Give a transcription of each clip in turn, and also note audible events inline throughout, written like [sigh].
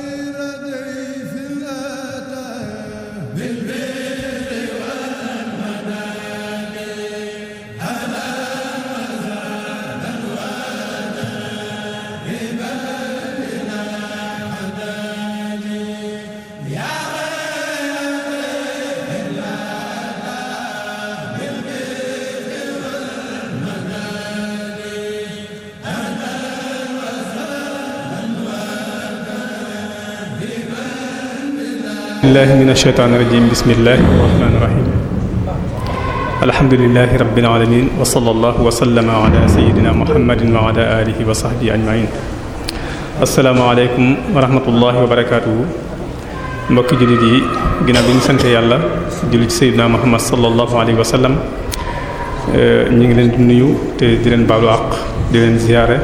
خير دين billahi min asheytaan irajim bismillahi irrahmani irahim alhamdulilahi rabbil alamin wa sallallahu wa sallama ala sayidina muhammadin wa ala alihi wa sahbihi ajmain asalaamaaleykum wa rahmatullahi wa barakatuhu mbokki jullit yi ginnaaw bi ñu sant yàlla julli ci sayidina muhammad sallallahu alayhi wa sallam ñu ngi leen di nuyu te di leen baalu àq di leen ziyaare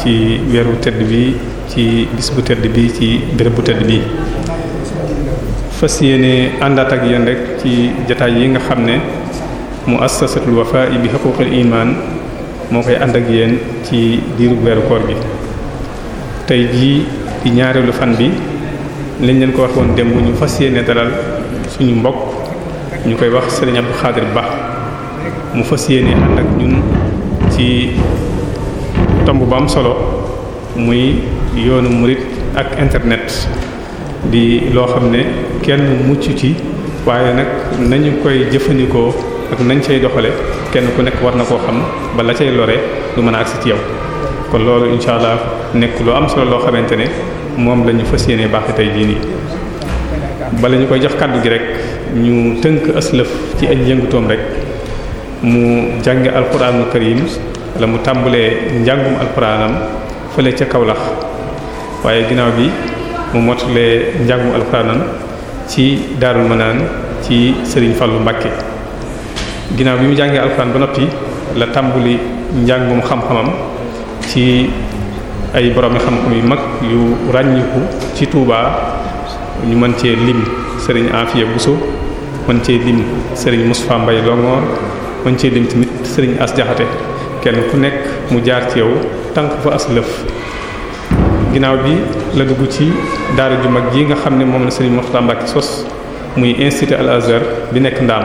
ci weeru tedd bi ci bis bu tedd bi ci béréb bu tedd bi fas yéene àndaat ak yéen rek ci jataay yi nga xam ne mu assasatul wafa bi xuquqil iman moo koy ànd ak yéen ci diiru weeru koor bi tey jii di ñaareelu fan bi lañ leen ko waxoon démb ñu fas yéene dalal suñu mbokk ñu koy wax Serigne Abdou Khadir Ba mu fas yéene ànd ak ñun ci tomb bu am solo muy yoonu murit ak internet di loo xam ne kenn mucc ci waaye nag nañu koy jëfandikoo ak nañ cay doxale kenn ku nekk war na koo xam ba la cay lore du mën a agsi ci yow kon loolu incha allah nekk lu am solo loo xamante ne moom la ñu fas yéene baax tey jii nii bala ñu koy jox kàddu gi rek ñu tënk aslëf ci ay yëngutoom rek mu jànge alquranul karim la mu tàmbalee njàngum alquranam fële ca kawlax waaye ginnaaw bi mu mottalee njàngu alxuraanam ci daarul manaan ci sëriñ Fallou Mbacké ginnaaw bi mu jàngee alxuraan ba noppi la tàmbuli njàngum xam-xamam ci ay boroomi xam-xam yu mag yu ràññiku ci tuuba ñu mën cee lim Serigne Afia Bousso mën cee lim Serigne Moustapha Mbaye Longoor mën cee lim tamit Serigne As Jaxate kenn ku nekk mu jaar ci yow tànk fa as lëf ginnaaw bi la dugg ci daara ju mag ji nga xam ne moom la Serigne Moustapha Mbacké sos muy institut Al Azhar bi nekk ndaam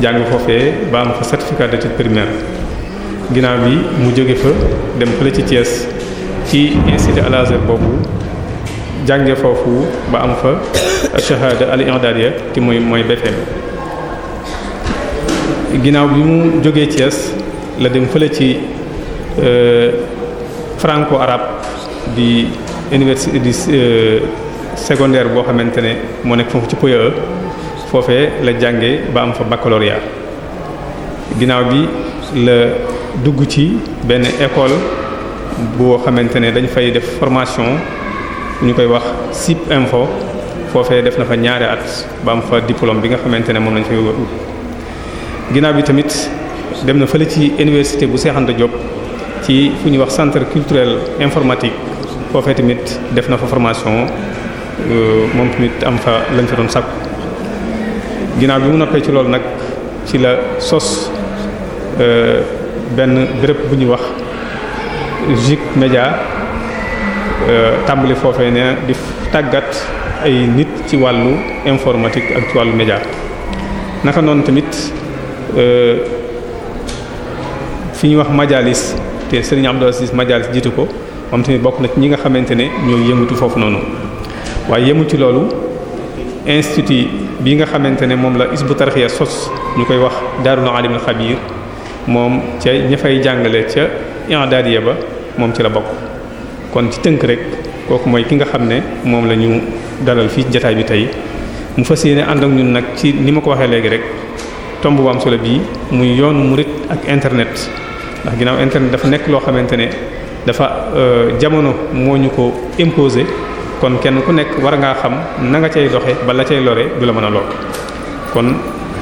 jàng foofee ba am fa certificat d'études primaires ginnaaw bi mu jóge fa dem fële ci Thiès ci institut boobu jànge foofu ba am fa shahada al i'dadiya te mooy mooy BFEM ginnaaw bi la dem fële ci euh, franco arabe di université di euh, secondaire boo xamante ne moo nekk foofu ci PUE e, foofee la jànge ba am fa baccalauréat ginnaaw bi la dugg ci benn école boo xamante ne dañ fay def formation ñu koy wax SIP info foofe def na fa ñaari at ba am fa diplôme bi nga xamante ne moom lañ fay ut ginnaaw bi tamit dem na fële ci université bu Cheikh Anta Diop ci fu ñuy wax centre culturel informatique foofee tamit def na fa formation euh, moom tamit am fa lañ fa doon sàkku ginnaaw bi mu noppee ci loolu nag ci la sos euh, benn béréb bu ñuy wax JIC Média euh, tàmbali foofee ne di tàggat ay nit ci wàllu informatique ak ci wàllu média naka noonu tamit fi ñuy wax Madialis te Serigne Abdou Aziz Madialis jiitu ko moom tamit bokk na ci ñi nga xamante ne ñooy yëngatu foofu noonu waaye yëmu ci loolu institut bi nga xamante ne moom la isbu tarxiya sos ñu koy wax daarul alimul xabir moom ca ña fay jàngale ca i'dadiya ba moom ci la bokk kon ci tënk rek kooku mooy ki nga xam ne moom la ñu dalal fii jataay bi tey mu fas yéene ànd ak ñun nag ci ni ma ko waxee léegi rek tomb bu am solo bii muy yoonu murit ak internet ndax ginnaaw internet dafa nekk loo xamante ne dafa euh, jamono moo ñu ko imposer kon kenn ku nekk war a ngaa xam na nga cay doxe ba la cay lore du la mën a lor kon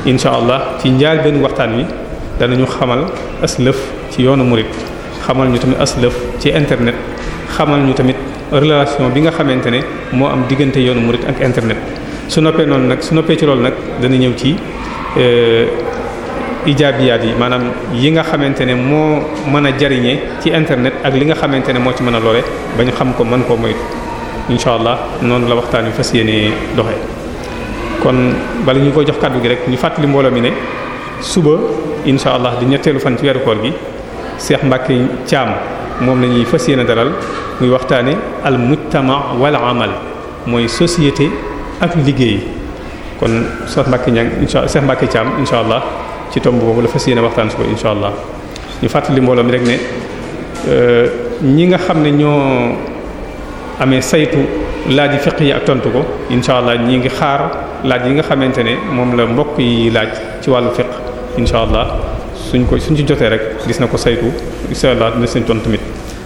incha allah ci njaal benn waxtaan wi danañu xamal aslëf ci yoonu murid xamal ñu tamit aslëf ci internet xamal ñu tamit relation bi nga xamante ne moo am diggante yoonu murid ak internet su noppee noonu nag su noppee ci loolu nag dana ñëw ci euh, ijaabiyaat yi maanaam yi nga xamante ne moo mën a jariñe ci internet ak li nga xamante ne moo ci mën a lore ba ñu xam ko mën koo moytu incha allah noonu la waxtaan wi fas yéenee doxee. kon bala ñu ko jox kàddu gi rek ñu fàttali mbooloo mi ne suba incha allah di ñetteelu fan ci weeru koor gi Cheikh Mbacke Thiam moom la ñuy fas yéene dalal muy waxtaane al mujtama wal amal mooy société ak liggéey kon Cheikh Mbacke Niang incha Cheikh Mbacke Thiam allah. ci tomb boobu la fas yéene waxtaan su ko incha allah ñu fàttali mbooloo rek ne euh, ñi nga xam ne ñoo amee saytu laaj yi fiq yi ak tontu ko incha allah ñii ngi xaar laaj yi nga xamante ne moom la mbokk yi laaj ci wàllu fiq incha allah suñ ko suñ ci jotee rek gis na ko saytu incha allah dina seen tontu tamit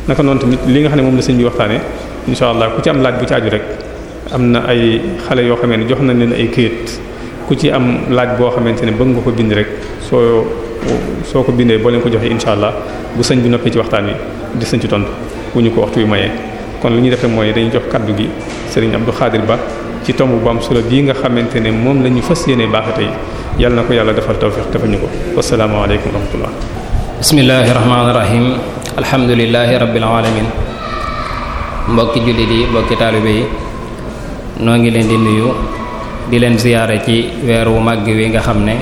naka noonu tamit li nga xam ne moom la sëñ bi waxtaane incha allah ku ci am laaj bu ci aju rek am na ay xale yoo xamee ne jox nañ leen ay këyit ku ci am laaj boo xamante ne bëgg nga ko bind rek soo soo ko bindee boo leen ko joxee incha allah bu sëñ bi noppee ci waxtaan wi di sëñ ci tontu bu ñu ko waxtu wi mayee. kon li ñuy defee mooy dañuy jox kaddu gi sëriñ Abdou Khadir Ba ci tomb bu am solo bii nga xamante ne moom la ñu fas yéenee baaxe tey yàlla na ko yàlla defal tawfiq defal ñu ko wasalaamaaleykum wa rahmatullah. bismillahi rahmaani rahim alhamdulillahi rabbil alamin mbokki jullit yi mbokki taalibe ngi leen di leen ziyaare ci weer wu màgg wi nga xam ne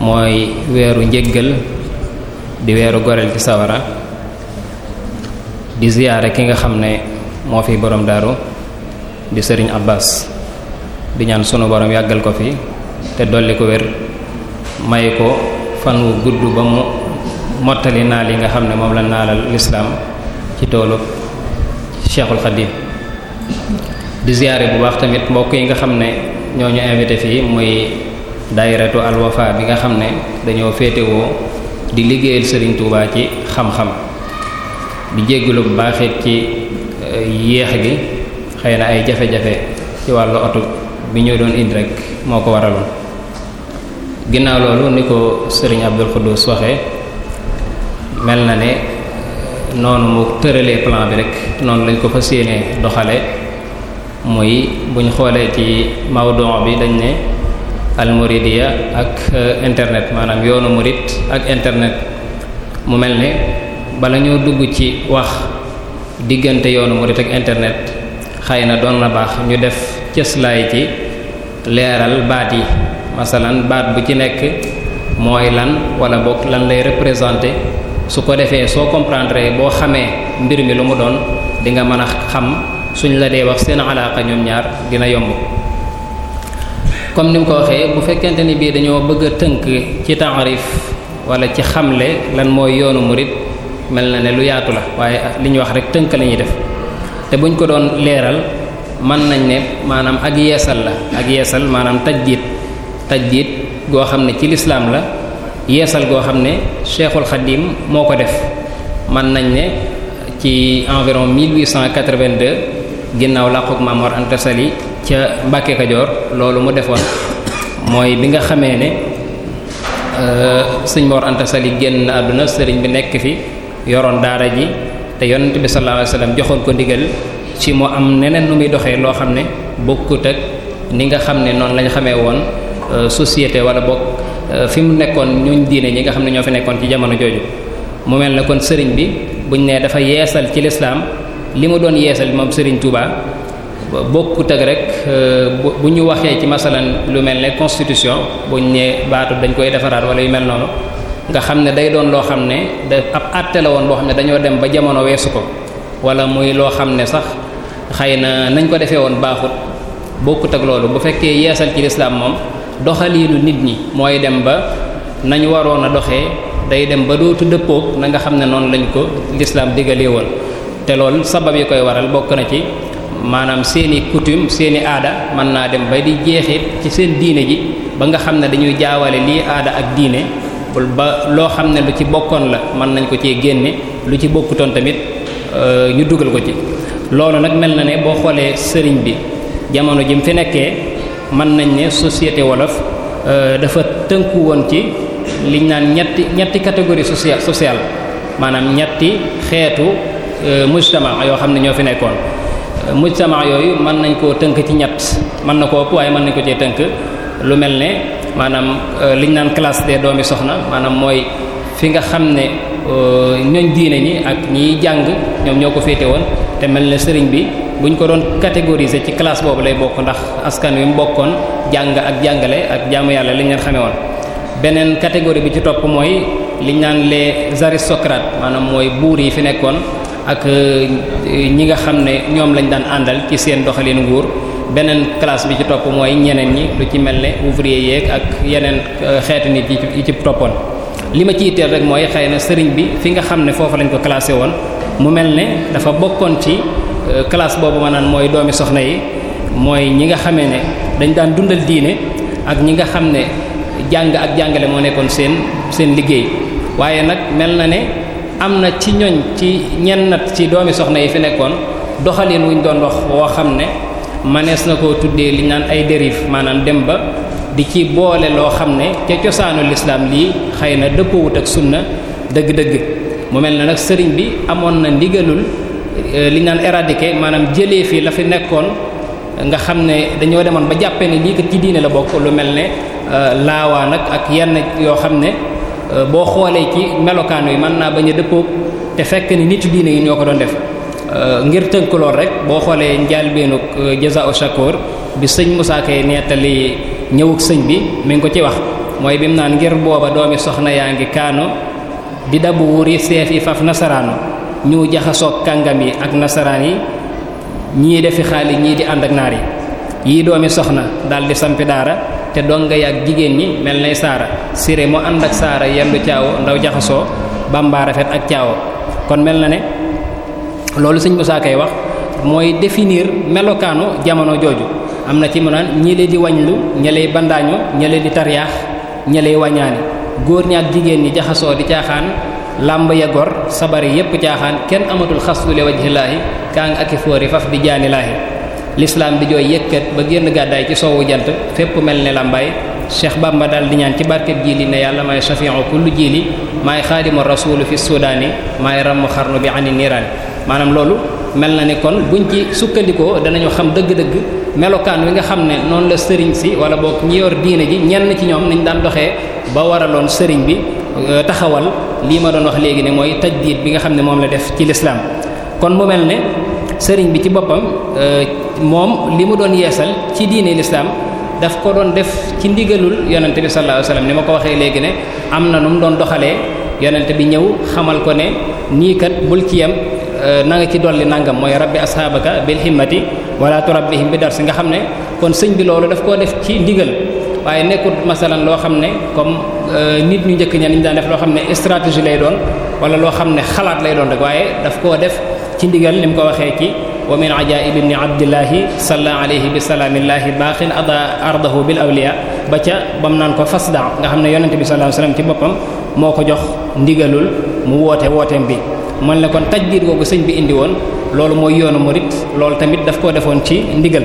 mooy weeru njëggal di weeru goreel ci sawara di ziyaare ki nga xam ne moo fi borom daaru di sëriñ abbas di ñaan sunu boroom yàggal ko fi te dolli ko wér maye ko fan wu gudd ba mu mottali naal yi nga xam ne moom la naalal lislaam ci toolu cheikhul xadim di ziyaare bu baax tamit mbokk yi nga xam ne ñoo ñu invité fii muy daayiratu Al bi nga xam ne dañoo féetewoo di liggéeyal sëriñ Touba ci xam-xam di jéggulu bu baaxit ci eh, yéex gi xëy na ay jafe-jafe ci wàllu oto bi ñoo doon indi rek moo ko waraloon ginnaaw loolu ni ko Serigne Abdul Xuddus waxee mel na ne eh, noonu mu tëralee plan bi rek noonu lañ ko fas yéenee doxale muy buñ xoolee ci mawdon bi dañ ne almuridiya ak euh, internet maanaam yoonu morit ak internet mu mel ne bala ñoo dugg ci wax diggante yoonu murid ak internet xëy na doon na baax ñu def cëslaay ci leeral baat yi masalan baat bu ci nekk mooy lan wala boog lan lay représenter su ko defee soo comprendre boo xamee mbir mi lu mu doon di mën a xam suñ la dee wax seen alaaqa ñoom ñaar dina yomb comme ni mu ko waxee bu fekkente ni bii dañoo bëgg a tënk ci taarif wala ci xamle lan mooy yoonu murid mel na ne lu yaatu la waaye li ñu wax rek tënk lañuy def te buñ ko doon leeral mën nañ ne maanaam ak yeesal la ak yeesal maanaam taj tajdiid goo xam ne ci lislaam la yeesal goo xam ne Cheikhul Xadim moo ko def mën nañ ne ci environ ginnaaw làqug Maam Mor Anta Sali ca Mbàkke Kajoor loolu mu defoon mooy bi nga xamee ne euh, sëñ Mor Anta Sali génn àdduna sëriñ bi nekk fi yoroon daara ji te yonent bi sallallahu alayhi wasallam joxoon ko ndigal ci mu am neneen nu muy doxee loo xam ne bokkut ak ni nga xam ne noonu lañ xamee woon euh, société wala bokk euh, fi mu nekkoon ñuñ diine ñi nga xam ne ñoo fi nekkoon ci jamono jooju mu mel ne kon sëriñ bi buñ ne dafa yeesal ci lislaam li mu doon yeesal moom seriñ Touba bokkut ak rek euh, bu ñu waxee ci masalan lu mel ne constitution buñ nee baatu dañ koy defaraat wala yu mel noonu nga xam ne day doon loo xam ne da ab àtte la woon boo xam ne dañoo dem ba jamono weesu ko wala muy loo xam ne sax xëy na nañ ko defee woon baaxut bokkut ak loolu bu fekkee yeesal ci lislaam moom doxaliinu nit ñi mooy dem ba nañu waroon a doxee day dem ba dootu dëppoog na nga xam ne noonu lañ ko lislaam diggalee woon te loolu sabab yi koy waral bokk na ci maanaam seeni coutume seeni aada mën naa dem ba di jeexit ci seen diine ji ba nga xam ne dañuy jaawale lii aada ak diine ba loo xam ne lu ci bokkoon la mën nañ ko cee génne lu ci bokkutoon tamit euh, ñu dugal ko ci loolu nag mel na ne boo xoolee sëriñ bi jamono ji mu fi nekkee mën nañ ne société wolof euh, dafa tënku woon ci liñ naan ñetti ñetti catégorie sociale sociale maanaam ñetti xeetu Euh, mujtama yoo xam ne ñoo fi nekkoon euh, mujtama yooyu mën nañ koo tënk ci ñett mën na koo ëpp waaye mën nañ ko cee tënk lu mel ne maanaam euh, liñ naan classe des doomi soxna maanaam mooy fi nga xam ne ñooñ diine ñi ak ñiy jàng ñoom ñoo ko féete woon te mel ne sëriñ bi buñ ko doon catégoriser ci classe boobu lay bokk ndax askan wi mu bokkoon jàng ak jàngale ak jaamu yàlla liñ leen xamee woon beneen catégorie bi ci topp mooy liñ naan les aristocrates maanaam mooy buur yi fi nekkoon ak eh, ñi nga xam ne ñoom lañ daan àndal ci seen doxalin nguur beneen classe bi ci topp mooy ñeneen ñi lu ci mel ne ouvrier yeeg ak yeneen eh, xeetu nit yi ci toppoon li ma ciy teel rek mooy xëy na sëriñ bi fi nga xam ne foofu lañ ko classé woon mu mel ne dafa bokkoon ci eh, classe boobu ma naan mooy doomi soxna yi mooy ñi nga xamee ne dañ daan dundal diine ak ñi nga xam ne jàng ak jàngale moo nekkoon seen seen liggéey waaye nag mel na ne am na ci ñoñ ci ñenn ñennat ci doomi soxna yi fi nekkoon doxalin wuñ doon dox woo xam ne manees na koo tuddee li naan ay dérive maanaam dem ba di ci boole loo xam ne ca cosaanu lislaam lii xëy na dëppoowut ak sunna dëgg-dëgg mu mel na nag sëriñ bi amoon na ndigalul euh, li naan éradiquer maanaam jëlee fii la fi nekkoon nga xam ne dañoo demoon ba jàppee ne lii kat ci diine la bokk lu mel ne euh, laawaan ak ak yenn yoo xam ne Euh, boo xoolee ci melokaan yi mën naa bañ a dëppoo te fekk ni nitu diine yi ñoo ko doon def euh, ngir tënk lool rek boo xoolee njaalbeenug euh, jasa o shakoor bi sëñ Moussa Kay nettali ñëwug sëñ bi mu ngi ko ci wax mooy bi mu naan ngir booba doomi soxna yaa ngi kaanu di dabu wuri seef yi faf nasaraano ñu jaxasoog kàngam yi ak nasaraan yi ñii defi xaalis ñii di ànd ak naar yi yii doomi soxna daal sampi daara te donga yaag jigéen ñi mel nay saara siré mu ànd ak saara yendu caaw ndaw jaxasoo bamba rafet ak caaw kon mel na ne loolu sëñ Musaa Kay wax mooy définir melokaanu jamono jooju am na ci mu naan ñi lee di wañlu ña bandaañu ña di tariyaax ña lay wañaani góor ñaak jigéen ñi jaxasoo di caaxaan làmb ya gor sabar yépp caaxaan kenn amatul xas ule wajhilaahi kaa nga aki fóori faf di jaanilaahi lislaam di jooy yëkkat ba génn gàddaay ci soowu jant fépp mel ne làmbaay Cheikh Bamba daal di ñaan ci barkeb jiili ne yàlla may safi'u kullu jiili maay xaadimu rasuulu fi sudaani maay ramm xarnu bi ani niiraani maanaam loolu mel na ni kon buñ ci sukkandikoo danañu xam dëgg-dëgg melokaan wi nga xam ne noonu la sëriñ si wala bokk ñi yor diine ji ñenn ci ñoom nañ daan doxee ba waraloon sëriñ bi euh, taxawal lii ma doon wax léegi ne mooy tajdiid bi nga xam ne moom la def ci lislaam sëriñ bi ci boppam euh, moom li mu doon yeesal ci diine lislaam daf ko doon def ci ndigalul yonente bi sallallahu alayhi wasallam ni ma ko waxee léegi ne am na nu mu doon doxalee yonente bi ñëw xamal ko ne nii kat bul ci yam euh, na nga ci dolli nangam mooy rab rabbi asxaabaka bil himmati wala turabbihim bi dar si nga xam ne kon sëñ bi loolu daf koo def ci ndigal waaye nekkut masalan loo xam ne comme euh, nit ñu njëkk ña ñu daan def loo xam ne stratégie lay doon wala loo xam ne xalaat lay doon rek ci ndigal ni mu ko waxee ci wa min ajaib ibni abdillahi salla alayhi bi salaamillahi baaxin ada ardahu bil awliya ba ca bam naan ko fas daa nga xam ne yonente bi sallallahu alayhi ci boppam moo ko jox ndigalul mu woote wooteem bi mën na kon tajdiid googu sëñ bi indi woon loolu mooy yoonu morit loolu tamit daf koo defoon ci ndigal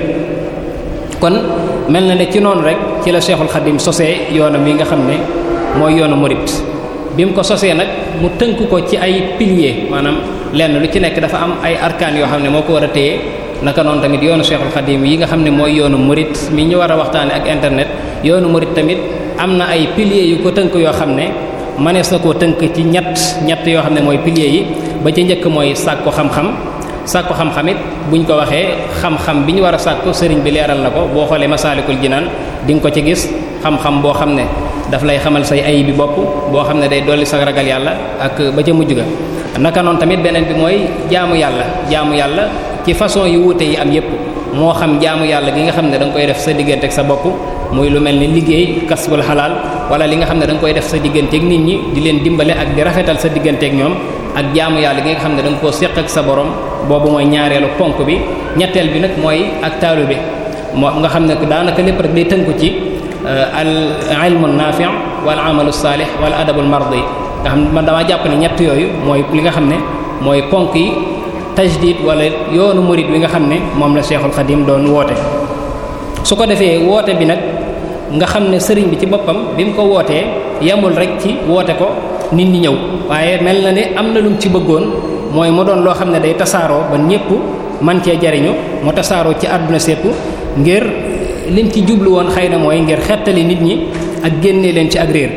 kon mel na ne ci noonu rek ci la Cheikhul Khadim sosee yoonam yi nga xam ne mooy yoonu morit bi mu ko sosee nag mu tënk ko ci ay piliers lenn lu ci nekk dafa am ay arkaan yoo xam ne moo ko war a téye naka noonu tamit yoonu Cheikhul Khadim yi nga xam ne mooy yoonu murit mi ñu war a waxtaane ak internet yoonu murit tamit am na ay piliers yu ko tënk yoo xam ne manees na ko tënk ci ñett ñett yoo xam ne mooy piliers yi ba ci njëkk mooy sàkku xam-xam sàkku xam-xam it buñ ko waxee xam-xam bi ñu war a sàkku sëriñ bi leeral na ko boo xoolee Masaalikul Jinaan di nga ko ci gis xam-xam boo xam ne daf lay xamal say ayib bi bopp boo xam ne day dolli sa ragal yàlla ak ba ca mujj naka noonu tamit beneen bi mooy jaamu yàlla jaamu yàlla ci façon yu wuute yi am yépp moo xam jaamu yàlla gi nga xam ne da nga koy def sa diggante ak sa bopp muy lu mel ni liggéey kasbul xalaal wala li nga xam ne da koy def sa diggante nit ñi di leen dimbale ak di rafetal sa diggante ak ñoom ak jaamu yàlla gi nga xam ne da nga koo séq ak sa borom boobu mooy ñaareelu ponk bi ñetteel bi nag mooy ak taalu bi moo nga xam ne daanaka lépp rek day tënku ci euh, al ilmu naafi' wal amalu saalih wal adabul mardi nga xam man damaa jàpp ne ñett yooyu mooy li nga xam ne mooy ponk yi tajdid wala yoonu murid wi nga xam ne moom la Cheikhul Khadim doon woote su ko defee woote bi nag nga xam ne sëriñ bi ci boppam bi mu ko wootee yemul rek ci woote ko nit ñi ñëw waaye mel na ne am na lu ci bëggoon mooy mu doon loo xam ne day tasaaroo ba ñépp man cee jariñu mu tasaaroo ci àdduna sépp ngir lim ci jublu woon xëy na mooy ngir xettali nit ñi ak génne leen ci ak réer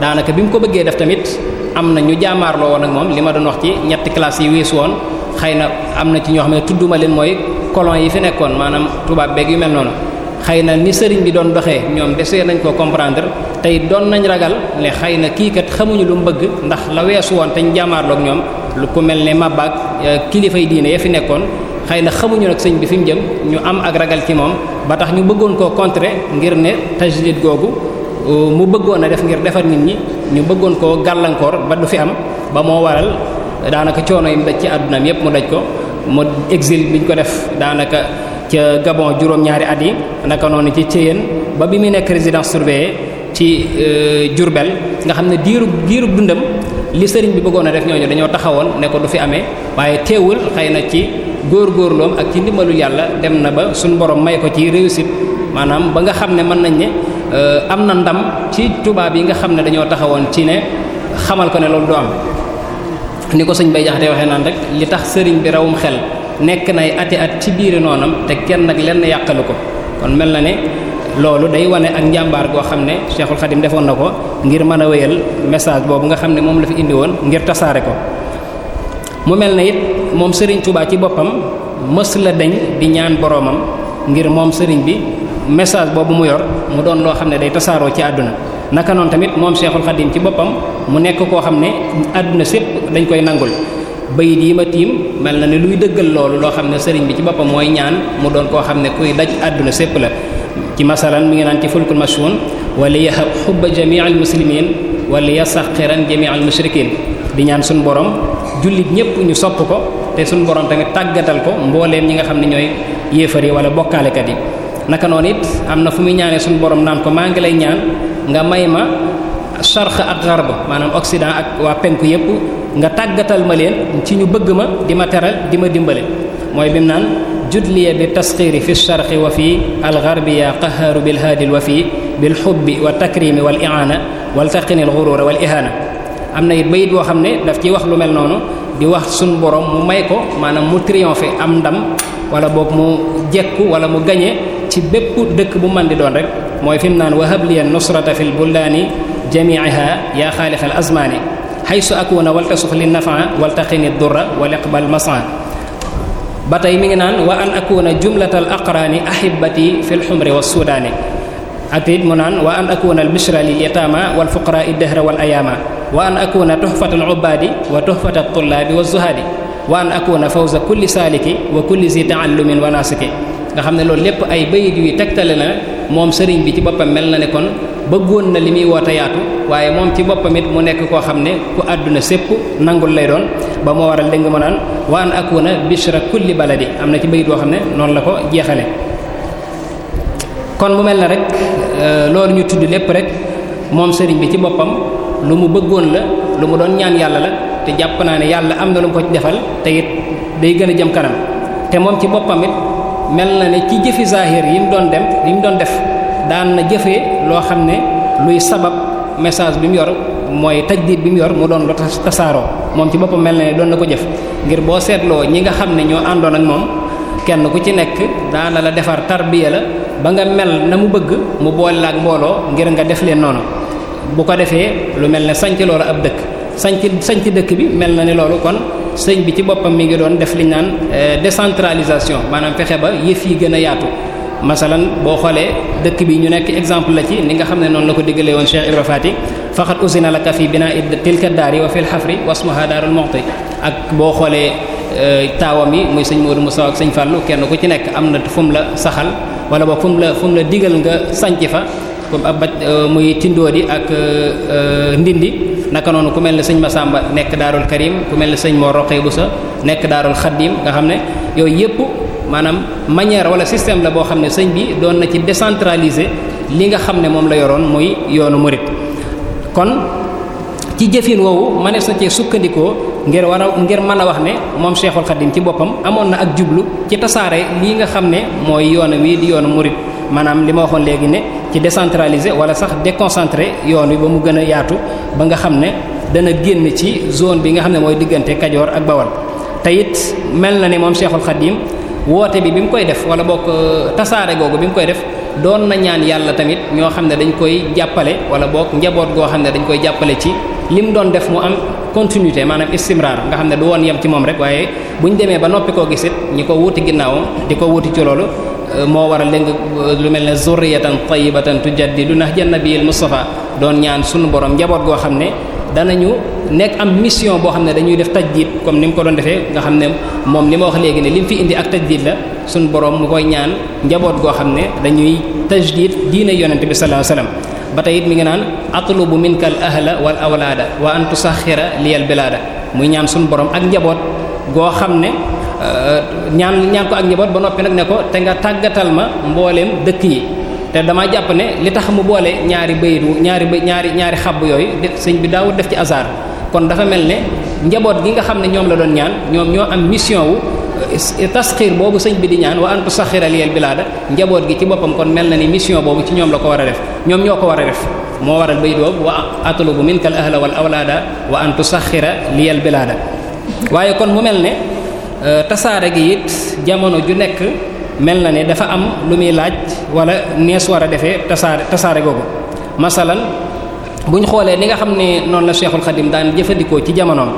daanaka bi mu ko bëggee def tamit am na ñu jaamaarloo woon ak moom li ma doon wax ci ñetti classes yi weesu woon xëy na am na ci ñoo xam ne tudduma leen mooy colon yi fi nekkoon maanaam tubaab beeg yu mel noonu xëy na ni sëriñ bi doon doxee ñoom desee nañ koo comprendre tey doon nañ ragal ne xëy na kii kat xamuñu lu bëgg ndax la weesu woon te ñu ñoom lu ku mel ne mabbaag eh, kilifay diine fi nekkoon xëy na xamuñu nag sëñ bi fi mu jëm ñu am ak ragal ci moom ba tax ñu bëggoon koo contrer ngir ne tajdid googu mu bëggoon a def ngir defar nit ñi ñu bëggoon koo gàllankoor ba du fi am ba moo waral daanaka coono yi mu daj ci àddunaam yépp mu daj ko mu exil biñ ko def daanaka ca Gabon juróom-ñaari at yi naka noonu ci Thiéyène ba bi muy nekk résidence surveillée ci euh, Diourbel nga xam ne diiru diiru dundam li sëriñ bi bëggoon a def ñooñu dañoo taxawoon ne ko du fi amee waaye teewul xëy na ci góor góorloom ak ci ndimbalu yàlla dem na ba suñu borom may ko ci réussite maanaam Euh, am na ndam ci tubaab yi nga xam ne dañoo taxawoon ci ne xamal ko ne loolu du am ni ko sëñ bay jaxte waxee naan rek li tax sëriñ bi rawum xel nekk nay ati at ci biiri noonam te kenn nag lenn yàqalu ko kon mel na ne loolu day wane ak njàmbaar goo xam ne Cheikhul Khadim defoon na ko ngir mën a wéyal message boobu nga xam ne moom la fi indi woon ngir tasaare ko mu mel na it moom sëriñ Touba ci boppam mës la dañ di ñaan boroomam ngir moom sëriñ bi message boobu mu yor mu doon loo xam ne day tasaaroo ci àdduna naka noonu tamit moom Cheikhul Khadim ci boppam mu nekk koo xam ne àdduna sépp dañ koy nangul bayit yi ma tiim mel na ne luy dëggal loolu loo xam ne sëriñ bi ci boppam mooy ñaan mu doon koo xam ne kuy daj àdduna sépp la ci masalan mi ngi naan ci fulkul mashhun wala yahab xubba jamii al muslimin wala yasaqiran jamii al mushrikin di ñaan suñu borom jullit ñépp ñu sopp ko te suñu borom tamit tàggatal ko mbooleem ñi nga xam ne ñooy yéefar wala bokkaalekat yi naka noonu it am na fu muy ñaanee suñu borom naan ko maa ngi lay ñaan nga may ma charq ak garba maanaam occident ak waa penku yépp nga tàggatal ma leen ci ñu bëgg ma di ma teral di ma dimbale mooy bi mu naan judliya bi tasxiiri fi charqi wa fii algarbi yaa qaxaaru bilhaadil wa fii bilxubbi wa takrimi wal iaana wal taqini al gurura wal ihaana am na it bayit boo xam ne daf ciy wax lu mel noonu di wax suñ borom mu may ko maanaam mu triompher am ndam wala boog mu jekku wala mu gañe ci bépp dëkk bu man di doon rek mooy fi mu naan wahabliya nusrata fi l bullaani jamiiha yaa xaalix al azmaani xaysu akuna waltasuf li nafaa waltaqini durra wal iqbal masan ba tey mi ngi naan wa an akuna jumlatal aqraani ahibati fi lxumri wa sudaani ak it mu naan wa an akuna al bishra lil yataama wal fuqaraa dahra wal wa an akuna tuhfata al ubadi wa tuhfata al tullaabi wa zuhaadi wa an akuna fawza kulli saaliki wa kulli zi taallumin wa nasiki nga xam ne loolu lépp ay bayit yuy tegtale na moom sëriñ bi ci boppam mel na ne kon bëggoon na li muy woote yaatu waaye moom ci boppam it mu nekk koo xam ne ku àdduna sépp nangul lay doon ba moo waral dégg nga ma naan wa an akuna bishra kulli baladi am na ci bayit boo xam ne noonu la ko jeexale kon mu mel na rek euh, loolu ñu tudd lépp rek moom sëriñ bi ci boppam lu mu bëggoon la lu mu doon ñaan yàlla la te jàpp naa ne yàlla am na lu mu ko ci defal te it day gën a jëm kanam te moom ci boppam it mel na ne ci jëfi zahir yi mu doon dem yi mu doon def daan na jëfee loo xam ne luy sabab message bi mu yor mooy diir bi mu yor mu doon lu tasaaroo moom ci boppam mel na ne doon na ko jëf ngir boo seetloo ñi nga xam ne ñoo àndoon ak moom kenn ku ci nekk daana la defar tarbiya la ba nga mel na mu bëgg mu boole la ak mbooloo ngir nga def leen noonu bu ko defee lu mel ne sanc loolu ab dëkk sanc sanc dëkk bi mel na ne loolu kon sëñ bi ci boppam mi ngi doon def li ñu naan euh, décentralisation maanaam fexe ba yëf yi gën a yaatu masalan boo xoolee dëkk bi ñu nekk exemple la ci ni nga xam ne noonu la ko diggalee woon Cheikh Ibra Fati faqat usina laka fi binaa tilka daari wa fil xafri wasmuha daarul muxti ak boo xoolee euh, taawam yi muy sëñ Modou Moussa ak sëñ Fallou kenn ku ci nekk am na fu mu la saxal wala boog fu mu la digal nga sanc fa comme ab baj euh, muy Tindóodi ak euh, euh, Ndindi naka noonu ku mel ne sëñ Masamba nekk daarul Karim ku mel ne sëñ Mor Roqee sa nekk daarul Xaddim nga xam ne yooyu yëpp maanaam manière wala système la boo xam ne sëñ bi doon na ci décentraliser li nga xam ne moom la yoroon muy yoonu murit kon ci jëfin woowu mënees na cee sukkandikoo ngir war a ngir mën a wax ne moom Cheikhul Khadim ci boppam amoon na ak jublu ci tasaare lii nga xam ne mooy yoon wi di yoonu murit maanaam li ma waxoon léegi ne ci décentraliser wala sax déconcentrer yoon wi ba mu gën a yaatu ba nga xam ne dana génn ci zone bi nga xam ne mooy diggante Kajoor ak Bawol te it mel na ni moom Cheikhul Khadim woote bi bi mu koy def wala bokk euh, tasaare googu bi mu koy def doon na ñaan yàlla tamit ñoo xam ne dañ koy jàppale wala bokk njaboot goo xam ne dañ koy jàppale ci li mu doon def mu am continuité maanaam istimraar nga xam ne du woon yem ci moom rek waaye bu demee ba noppi koo gisit ñi ko wuuti ginnaawam di ko wuuti ci loolu euh, moo waral léegi euh, lu mel ne zurriyatan tayyibatan tujaddidu nahja nabiyil mustafa doon ñaan sunu borom njaboot goo xam ne danañu nekk am mission boo xam ne dañuy def tajdiid comme ni mu ko doon defee nga xam ne moom li ma wax léegi ne li mu fi indi ak tajdiid la suñu borom mu koy ñaan njaboot goo xam ne dañuy tajdiid diine yonent bi sallallahu alayhi wasallam ba tey it mi ngi naan atlubu minka al ahla wal awlaada wa an tusaxira liyal bilaada muy ñaan suñu borom ak njaboot goo xam ne euh, ñaan ñaan ko ak njaboot ba noppi nag ne ko te nga tàggatal ma mbooleem dëkk yi te damaa jàpp ne li tax mu boole ñaari bayit ñaari bay ñaari ñaari xabb yooyu def sëñ bi daawul def ci hasard kon dafa mel ne njaboot gi nga xam ne ñoom la doon ñaan ñoom ñoo am mission wu wa antu saxiral yel bilaada njaboot gi ci boppam kon mel na ni ñoom la ko war a def ñoom ñoo ko war a def moo waral bay doobu wa atlubu minka al ahla wal awlaada wa antu saxira waaye kon mu mel ne euh, tasaare gi it jamono ju nekk mel na ne dafa am lu muy laaj wala nees war a defee tasaare tasaare googu masalan bu ñu xoolee ni nga xam ne noonu la Cheikhul Khadim daan jëfandikoo ci jamonoom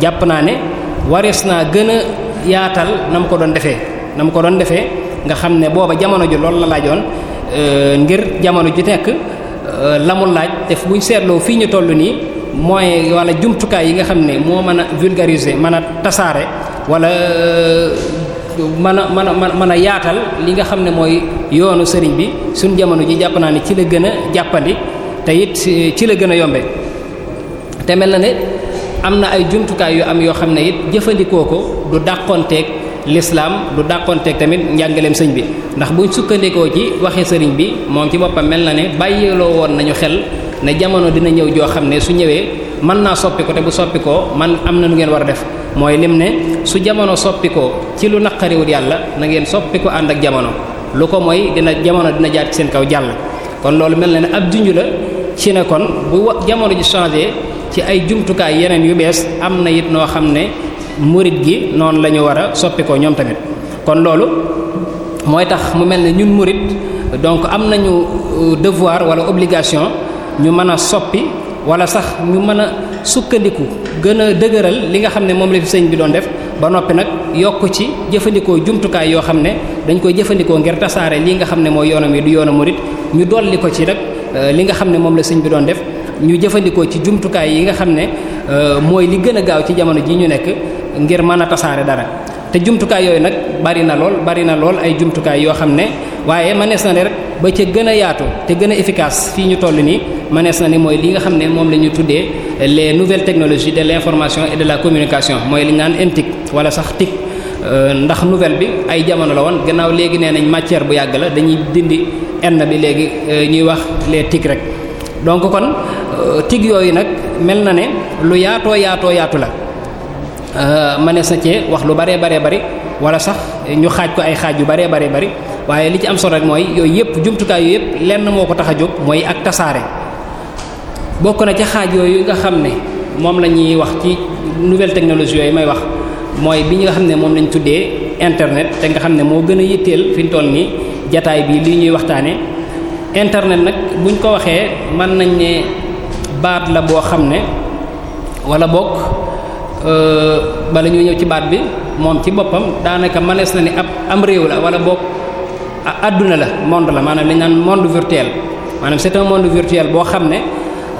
jàpp naa ne warees naa gën yaatal na mu ko doon defee na mu ko doon defee nga xam ne booba jamono ji loolu la laajoon euh, ngir jamono ji nekk euh, la mu laaj def buñ seetloo fii ñu toll nii mooy walla jumtukaay yi nga xam ne moo mën a vulgariser mën a tasaare wala euh, mën a mën a mën a yaatal li nga xam ne mooy yoonu sëriñ bi suñ jamono ji jàpp naa ne ci la gën a jàppandi te it ci la gën a yombe te mel na ne am na ay jumtukaay yoo am yoo xam ne it jëfandikoo ko du dàqonteeg lislaam du dàqonteeg tamit njàngaleem sëñ bi ndax bu sukkandikoo ci waxee sëriñ bi moom ci boppam mel na ne bàyyiloo woon nañu xel ne jamono dina ñëw joo xam ne su ñëwee mën naa soppi ko te bu soppi koo man am na nu ngeen war a def mooy lim ne su jamono soppi ko ci lu naqariwul yàlla na ngeen soppi ko ànd ak jamono lu ko mooy dina jamono dina jaar ci seen kaw jàll kon loolu mel na ne ab junj la ci ne kon bu jamono ji changé ci ay jumtukaay yeneen yu bees am it noo xam ne murit gi noonu la ñu war a soppi ñoom tamit kon loolu mooy tax mu mel ne ñun murit donc am nañu euh, devoir wala obligation ñu mën a soppi wala sax ñu mën a sukkandiku gën a dëgëral li nga xam ne moom la fi sëñ bi doon def ba noppi nag yokk ci jëfandikoo jumtukaay yoo xam ne dañ koy jëfandikoo ngir tasaare lii nga xam ne mooy yoonam yi du yoonu murit ñu dolli ko ci nag euh, li nga xam ne moom la sëñ bi doon def ñu jëfandikoo ci jumtukaay yi nga xam ne euh, mooy li gën a gaaw ci jamono ji ñu nekk ngir mën a tasaare dara te jumtukaay yooyu nag bari na lool bari na lool ay jumtukaay yoo xam ne waaye manees na ne rek ba ca gën a yaatu te gën a efficace fii ñu toll nii manees na ni mooy li nga xam ne moom la ñu tuddee les nouvelles technologies de l'information et de la communication mooy li ñu naan NTIC wala sax TIC euh, ndax nouvelle bi ay jamono la woon gannaaw léegi nee nañ matière bu yàgg la dañuy dindi N bi léegi euh, ñuy wax les TIC rek donc kon euh, TIC yooyu nag mel na ne lu yaatoo yaatoo yaatu la Euh, mënees na cee wax lu baree baree bari wala sax ñu xaaj ko ay xaaj yu baree baree bari waaye li ci am solo rek mooy yooyu yëpp jumtukaay yooyu yëpp lenn moo ko tax a jóg mooy ak tasaare bokk na ca xaaj yooyu nga xam ne moom la ñuy wax ci nouvelle technologie yooyu may wax mooy bi ñu nga xam ne moom lañu tuddee internet te nga xam ne moo gën a yitteel fi ñu toll nii jataay bii li ñuy waxtaane internet nag buñ ko waxee mën nañ ne baat la boo xam ne wala bokk Euh, bala ñuy ñëw ci baat bi moom ci boppam daanaka mënees na ni ab am réew la wala boog àdduna la monde la maanaam li ñu naan monde virtuel maanaam c'est un monde virtuel boo xam ne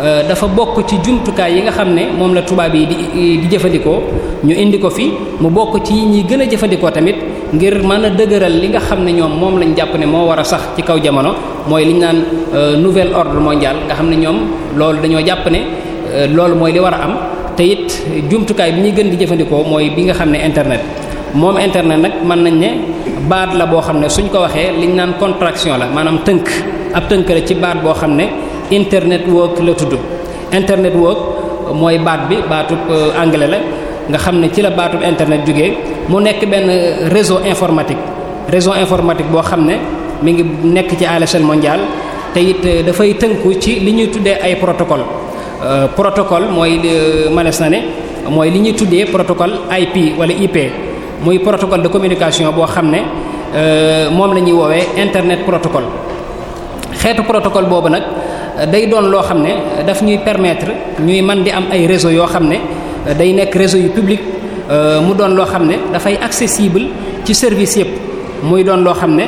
euh, dafa bokk ci jumtukaay yi nga xam ne moom la tubaab yi di di jëfandikoo ñu indi ko fi mu bokk ci ñi gën a jëfandikoo tamit ngir mën a dëgëral li nga xam ne ñoom moom lañ jàpp ne moo war a sax ci kaw jamono mooy li ñu naan euh, nouvel ordre mondial nga xam ne ñoom loolu dañoo jàpp ne loolu mooy li war a am. te it jumtukaay bi ñuy gën di jëfandikoo mooy bi nga xam ne internet moom internet nag mën nañ ne baat la boo xam ne suñ ko waxee li liñ naan contraction la maanaam tënk ab tënk la ci baat boo xam ne internet work la tudd internet work mooy baat bi baatub euh, anglais la nga xam ne ci la baatub internet jógee mu nekk benn réseau informatique réseau informatique boo xam ne mu ngi nekk ci à l'échelle mondiale te it euh, dafay tënku ci li ñuy tuddee ay protocole Euh, protocole mooy euh, manes na ne mooy li ñuy tuddee protocole IP wala IP muy protocole de communication boo xam ne euh, moom la ñuy woowee internet protocole xeetu protocole boobu nag day doon loo xam ne daf ñuy permettre ñuy man di am ay réseau yoo xam ne day nekk réseau yu public mu doon loo xam ne dafay accessible ci service yépp muy doon loo xam ne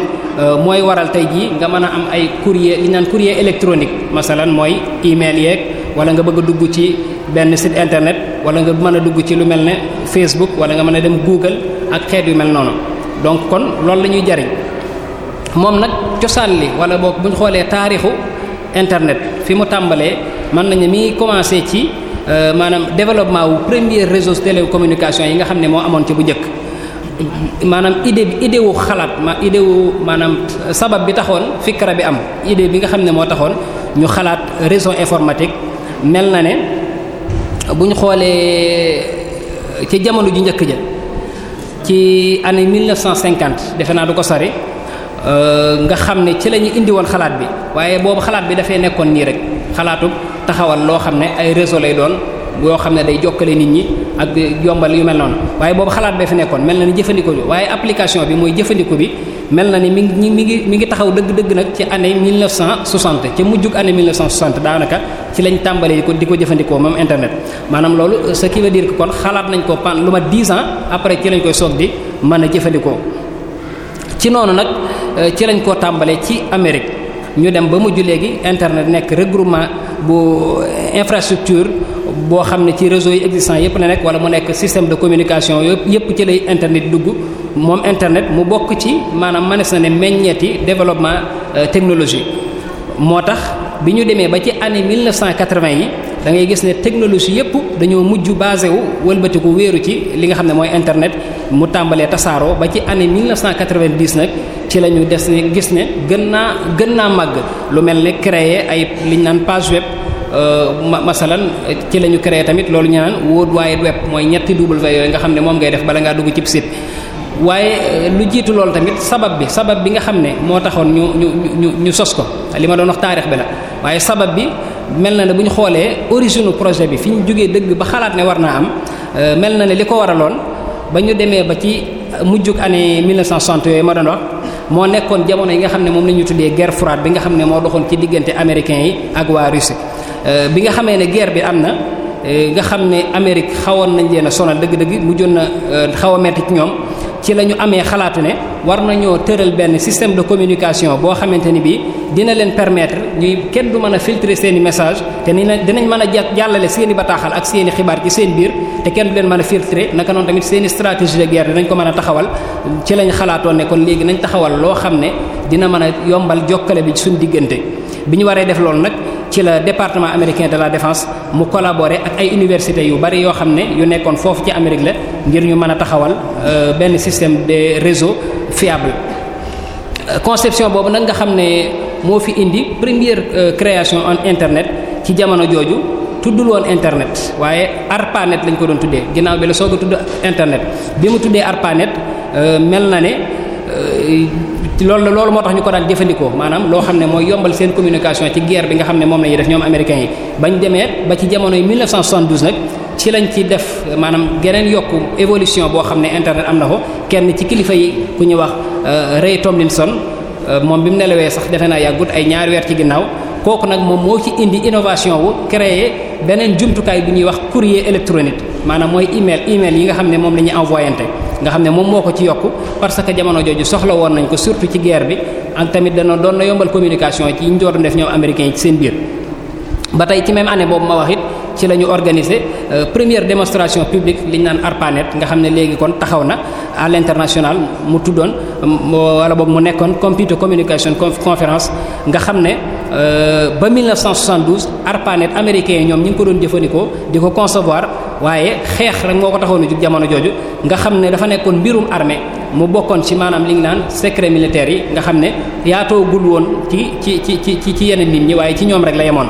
mooy waral tey jii nga mën a am ay courrier li naan courrier électronique masalan mooy email yeeg wala nga bëgg a dugg ci benn site internet wala nga mën a dugg ci lu mel ne Facebook wala nga mën a dem Google ak xeet yu mel noonu donc kon loolu la ñuy jariñ moom nag cosaan li wala boog bu ñu xoolee taarixu internet fi mu tàmbalee man nañu mi ngi commencé ci euh, maanaam développement wu premier réseau télécommunication yi nga xam ne moo amoon ci bu njëkk maanaam idée bi idée wu xalaat ma idée wu maanaam sabab bi taxoon fikra bi am idée bi nga xam ne moo taxoon ñu xalaat réseau informatique mel na ne bu ñu xoolee ci jamono ji njëkk ja ci année 1950 defe naa du ko sori euh, nga xam ne ci lañuy indi woon xalaat bi waaye boobu xalaat bi dafay nekkoon nii rek xalaatu taxawal loo xam ne ay réseau lay doon yoo xam ne day jokkale nit ñi ak yombal yu mel noonu waaye boobu xalaat bee fi nekkoon mel na ni jëfandikoo bi waaye application bi mooy jëfandikoo bi mel na ni mi ngi mi ngi mi ngi taxaw dëgg-dëgg nag ci année 1960 ca mujjug année 1960 daanaka ci lañ tàmbalee ko di ko jëfandikoo moom internet maanaam loolu ce qui veut kon xalaat nañ ko pan lu ma 10 ans après ci lañ koy soog di mën a jëfandikoo ci noonu nag euh, ci lañ koo tàmbalee ci Amérique ñu dem ba mujj léegi internet nekk regroupement bu infrastructure boo xam ne ci réseau yi existant yépp na nekk wala mu nekk système de communication yépp yépp ci lay internet dugg moom internet mu bokk ci maanaam mënees na ne meññeeti développement euh, technologie moo tax bi ñu demee ba ci année 1980 yi da ngay gis ne technologie yépp dañoo mujj basé wu wëlbatiku wéeru ci li nga xam ne mooy internet mu tàmbalee tasaaroo ba ci année 1990 nag ci la ñu des ne gis ne gën naa gën naa màgg lu mel ne créer ay liñ naan page euh, ma masalan ci la ñu créer tamit loolu ñu naan World Wide Web mooy ñetti double V yooyu nga xam ne moom ngay def bala ngaa dugg cib site waaye euh, lu jiitu loolu tamit sabab bi sabab bi nga xam ne moo taxoon ñu ñu ñu ñu sos ko li ma doon wax taarix bi la waaye sabab bi mel na ne bu ñu xoolee origine projet bi fi ñu jógee dëgg ba xalaat ne war naa am euh, mel na ne li ko waraloon ba ñu demee ba ci mujjug année 1960 yooyu ma doon wax moo nekkoon jamono yi nga xam ne moom la ñu tuddee guerre froide bi nga xam ne moo doxoon ci diggante américains yi ak waa Russie euh, bi nga xamee ne guerre bi am na euh, nga xam ne Amérique xawoon nañ leen a sonal dëgg-dëgg mujjoon na xaw a ñoom ci la ñu amee xalaatu ne. war nañoo tëral benn système de communication boo xamante ni bii dina leen permettre ñuy kenn du mën a filtrer seen message te ni na dinañ mën a jàllale seeni bataaxal ak seen xibaar ci seen biir te kenn du leen mën a filtrer naka noonu tamit seen i stratégie de guerre dinañ ko mën a taxawal ci lañ xalaatoon nekkoon léegi nañ taxawal loo xam ne dina mën a yombal jokkale bi suñ diggante bi ñu waree def loolu nag ci la département américain de la défense mu collaboré ak ay universités yu bari yoo xam ne yu nekkoon foofu ci Amérique la ngir ñu mën a taxawal euh, benn système de réseau fiable conception boobu nag nga xam ne moo fi indi première euh, création on internet ci jamono jooju tuddul woon internet waaye ARPANET lañ ko doon tuddee ginnaaw bi la soo ko tudd internet bi mu tuddee ARPANET euh, mel na ne euh, loolu loolu moo tax ñu ko daan jëfandikoo maanaam loo xam ne mooy yombal seen communication ci guerre bi nga xam ne moom la ñuy def ñoom américains yi bañ demee ba ci jamonoy 1972 nag. ci lañ ci def maanaam geneen yokk évolution boo xam ne internet am na ko kenn ci kilifa yi ku ñu wax euh, Ray Tomlinson euh, moom bi mu nelawee sax defe naa yàggut ay ñaari weer ci ginnaaw kooku nag moom moo ci indi innovation wu créer beneen jumtukaay bu ñuy wax courrier électronique maanaam mooy email email yi nga xam ne moom la ñuy envoyante nga xam ne moom moo ko ci yokku parce que jamono jooju soxla woon nañ ko surtout ci guerre bi ak tamit dana doon n yombal communication ci ñu doon def ñoom américains yi ci seen biir ci la ñu organiser euh, première démonstration publique li ñu naan ARPANET nga xam ne léegi kon taxaw na à l'international mu tuddoon wala boobu mu nekkoon computer communication conférence nga xam ne euh, ba 1972 ARPANET américains yi ñoom ñi ngi ko doon jëfandikoo di ko concevoir waaye xeex rek moo ko taxoon a jug jamono jooju nga xam ne dafa nekkoon mbirum armée mu bokkoon ci maanaam li ñu naan secret militaire yi nga xam ne yaatoogul woon ci ci ci ci ci yeneen nit ñi waaye ci ñoom rek la yemoon.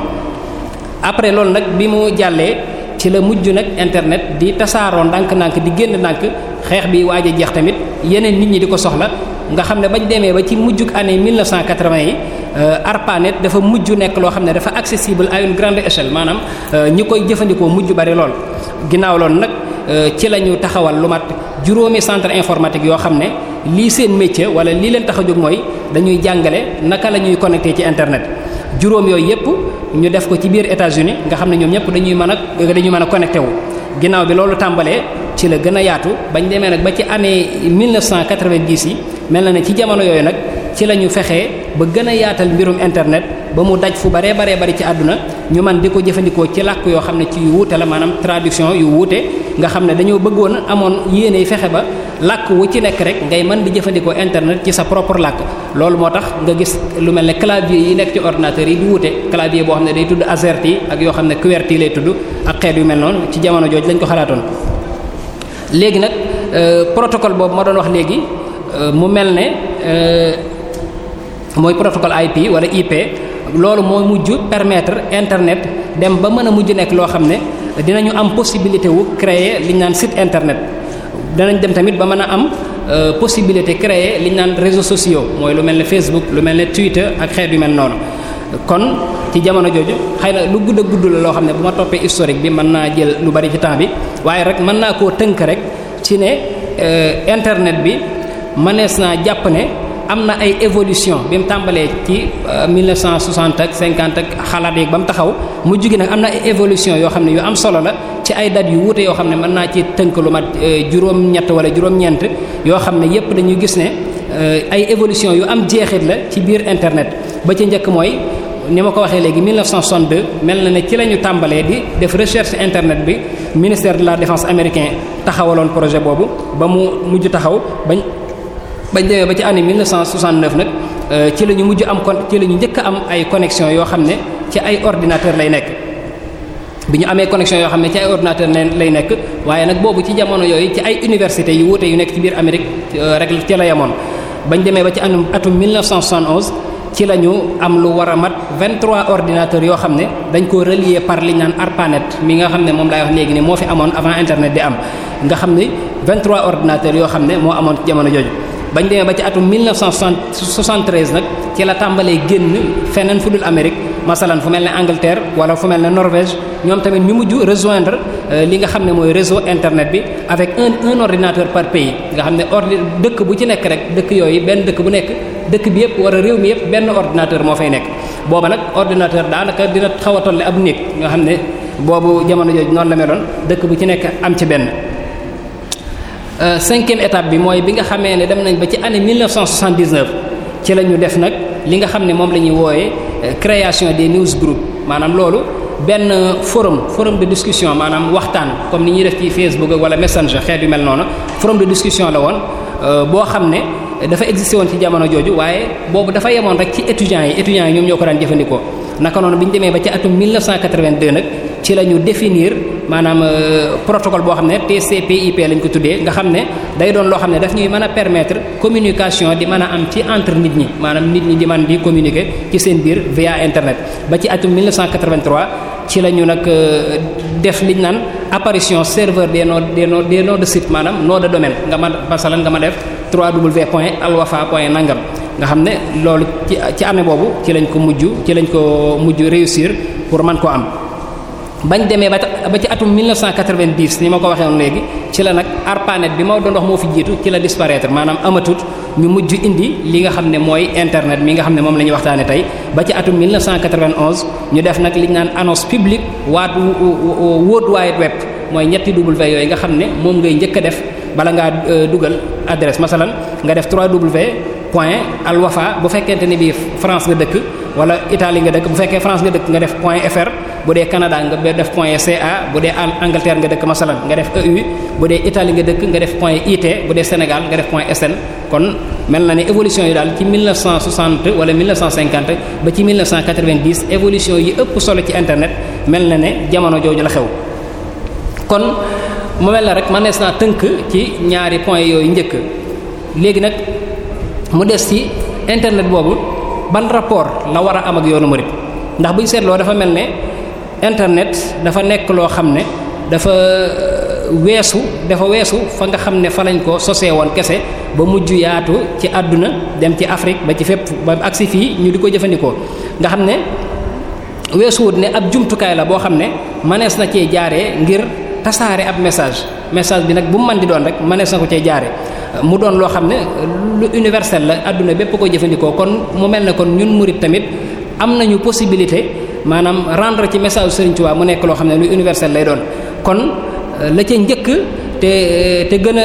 après loolu nag bi mu jàllee ci la mujj nag internet di tasaaroo ndànk-ndànk di génn ndànk xeex bi waaj a jeex tamit yeneen nit ñi di ko soxla nga xam ne bañ demee ba ci mujjug année 1980 yi euh, ARPANET dafa mujj nekk loo xam ne dafa accessible à une grande échelle maanaam euh, ñi koy jëfandikoo mujj bari lool ginnaaw loolu nag euh, ci la ñu taxawal lu mat juróomi centre informatique yoo xam ne lii seen métier wala lii leen tax a jóg mooy dañuy jàngale naka la ñuy connecté ci internet juróom yooyu yépp ñu def ko ci biir États-Unis nga xam ne ñoom ñépp dañuy mën a dañuy mën a connecté wu ginnaaw bi loolu tàmbalee ci la gën a yaatu bañ demee nag ba ci année 1990 yi mel na ne ci jamono yooyu nag ci la ñu fexee ba gën a yaatal mbirum internet ba mu daj fu baree baree bari ci àdduna ñu man di ko jëfandikoo ci làkk yoo xam ne ci yu wuute la maanaam tradition yu wuute nga xam ne dañoo bëggoon amoon yéene fexe ba làkk wu ci nekk rek ngay mën di jëfandikoo internet ci sa propre làkk loolu moo tax nga gis lu mel ne clavier yi nekk ci ordinateur yi di wute clavier boo xam ne day tudd AZERTY ak yoo xam ne QWERTY lay tudd ak xeet yu mel noonu ci jamono jooju lañ ko xalaatoon léegi nag euh, protocole boobu ma doon wax léegi euh, mu mel ne euh, mooy protocole IP wala IP loolu moo mujj permettre internet dem ba mën a mujj nekk loo xam ne dinañu am possibilité wu créer liñ naan site internet danañ dem tamit ba mën a am euh, possibilité créer li naan réseau sociaux mooy lu mel ne Facebook lu mel ne Twitter ak xeet yu mel noonu kon ci jamono jooju xëy na lu gudd gudd la loo xam ne bu ma toppee historique bi mën naa jël lu bari ci temps bi waaye rek mën naa koo tënk rek ci ne euh, internet bi mënees naa jàpp ne. am na ay évolution bi mu tàmbalee ci 1960 euh, ak 50 ak xalaat yeeg ba mu taxaw mujj gi nag am na ay évolution yoo xam ne yu am solo la ci ay dat yu wuute yoo xam ne mën naa ci tënk lu mat euh, juróom-ñett wala juróom-ñeent yoo xam ne yépp dañuy gis ne euh, ay évolution yu am jeexit la ci biir internet ba ci njëkk mooy ni ma ko waxee léegi 1962 mel na ne ci la ñu tàmbalee di def recherche internet bi ministère de la defence américain taxawaloon projet boobu ba mu mujj taxaw bañ. bañ demee ba ci année 1969 nag euh, ci la ñu mujj am kon ci la ñu njëkk am ay connexion yoo xam ne ci ay ordinateur lay nekk bi ñu amee connexion yoo xam ne ci ay ordinateur lay nekk waaye nag boobu ci jamono yooyu ci ay université yu wuute yu nekk ci biir Amérique euh, rek ci la yemoon bañ demee ba ci annum atum 1971 ci la ñu am lu war a mat 23 ordinateurs yoo xam ne dañ koo relier par li ñu naan ARPANET mi nga xam ne moom laay wax léegi ne moo fi amoon avant internet di am nga xam ne 23 ordinateurs yoo xam ne moo amoon ci jamono jooju bañ demee ba ci atum 1973 nag ci la tàmbalee génn feneen fu dul Amérique masalaan fu mel ne Angleterre wala fu mel ne Norvège ñoom tamit ñu mujj rejoindre euh, li nga xam ne mooy réseau internet bi avec un un ordinateur par pays nga xam ne ordi dëkk bu ci nekk rek dëkk yooyu benn dëkk bu nekk dëkk bi yëpp wala réew mi yëpp benn ordinateur moo fay nekk booba nag ordinateur daanaka dina xaw a tolle ab néeg ñoo xam ne boobu jamono jooju noonu la meloon dëkk bu ci nekk am ci benn. Euh, cinquième étape bi mooy bi nga xamee ne dem nañ ba ci année 1979 ci la ñu def nag li nga xam ne moom la ñuy wooyee euh, création des news group maanaam loolu benn euh, forum forum de discussion maanaam waxtaan comme ni ñuy def ci Facebook wala Messenger xeet yu mel noonu forum de discussion la woon boo xam ne dafa existé woon ci jamono jooju waaye boobu dafa yemoon rek ci étudiants yi étudiants yi ñoom ñoo ko daan jëfandikoo naka noonu bi ñu demee ba ci atum 1982 nag ci la ñu définir. maanaam euh, protocole boo xam ne TCPIP lañ ko tuddee nga xam ne day doon loo xam ne daf ñuy mën a permettre communication di mën a am ci entre nit ñi maanaam nit ñi di man di communiquer ci seen biir via internet ba ci atum 1983. ci la ñu nag euh, def liñ naan apparition serveur des noms des noms des noms de site maanaam nom de domaine nga ma masalan nga ma def www.alwafa.nangam nga xam ne loolu ci ci année boobu ci lañ ko mujj ci lañ ko mujj réussir pour man koo am. bañ demee ba ba ci atum 1990 ni ma ko waxee woon léegi ci la nag ARPANET bi Maodo Ndox moo fi jiitu ci la disparaître maanaam amatut ñu mujj indi li nga xam ne mooy internet mi nga xam ne moom la ñuy waxtaanee tey ba ci atum 1991 ñu def nag li ñu naan annonce publique waat World Wide Web mooy ñetti W yooyu nga xam ne moom ngay njëkk a def bala ngaa euh, dugal adresse masalan nga def 3W. point al bu fekkente ni bii France nga dëkk wala Italie nga dëkk bu fekkee France nga dëkk nga def point fr bu dee Canada nga def point ca bu dee Angleterre nga dëkk masalan nga def eu bu dee Italie nga dëkk nga def point it bu dee Sénégal nga def point sn kon mel na ne évolution yi daal ci 1960 wala 1950 ba ci 1990 évolution yi ëpp solo ci internet mel na ne jamono jooju la xew kon mu mel na rek mënees naa tënk ci ñaari point yooyu njëkk léegi mu des ci internet boobu ban rapport la war a am ak yoonu murid ndax buñ seetloo dafa mel ne internet dafa nekk loo xam ne dafa euh, weesu dafa weesu fa nga xam ne fa lañ ko sosee woon kese ba mujj yaatu ci àdduna dem ci Afrique ba ci fépp ba agsi fii ñu di ko jëfandikoo nga xam ne weesuwut ne ab jumtukaay la boo xam ne mënees na cee jaaree ngir tasaare ab message message bi nag bu mu mën di doon rek mënees na ko cee jaaree. mu doon loo xam ne lu universel la àdduna bépp koy jëfandikoo kon mu mel ne kon ñun murit tamit am nañu possibilité maanaam rendre ci message Serigne Touba mu nekk loo xam ne lu universel lay doon kon euh, la ca njëkk te te gën a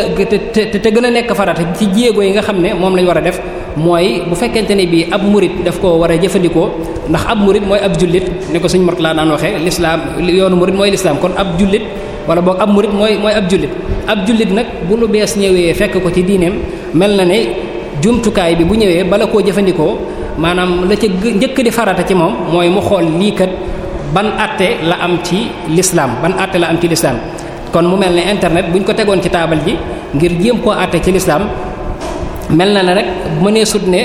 te te gën a nekk farata ci jéego yi nga xam ne moom lañ war a def mooy bu fekkente ni bii ab murit daf koo war a jëfandikoo ndax ab murit mooy ab jullit ne ko suñ Serigne laa daan waxee l'islam yoonu murit mooy l'islam kon ab jullit wala boog ab murit mooy mooy ab jullit ab jullit nag bu lu bees ñëwee fekk ko ci diineem mel na ne jumtukaay bi bu ñëwee bala koo jëfandikoo maanaam la ca njëkk di farata ci moom mooy mu xool lii kat ban atte la am ci lislaam ban atte la am ci lislaam kon mu mel ne internet bu ñu ko tegoon ci taabal ji ngir jéem koo atte ci lislaam mel na ne rek mënee sut ne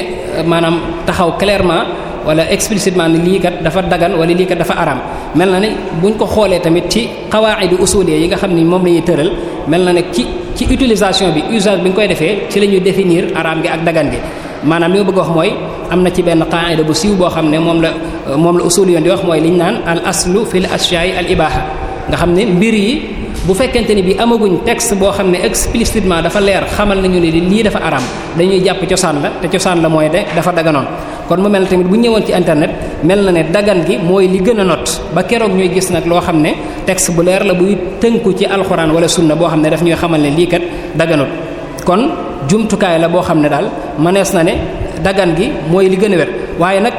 maanaam taxaw clairement wala explicitement ne lii kat dafa dagan wala lii kat dafa araam mel na ne buñ ko xoolee tamit ci xawaaidi usuliya yi nga xam ni moom la ñuy tëral mel na ne ci ci utilisation bi usage bi nga koy defee ci la ñuy définir araam gi ak dagan gi maanaam li ma bëgg wax mooy am na ci benn qaida bu siiw boo xam ne moom la moom la usuliyoon di wax mooy liñ naan al aslu fil ashyaa'i al ibaha nga xam ne mbir yi bu fekkente ni bi amaguñ texte boo xam ne explicitement dafa leer xamal nañu ne lii dafa araam dañuy jàpp cosaan la te cosaan la mooy de dafa daganoon kon mu mel ne tamit bu ñëwoon ci internet mel na ne dagan gi mooy li gën a not ba keroog ñuy gis nag loo xam ne texte bu leer la buy tënku ci alxuraan wala sunna boo xam ne daf ñuy xamal ne lii kat daganut kon jumtukaay la boo xam ne daal mënees na ne dagan gi mooy li gën a wér waaye nag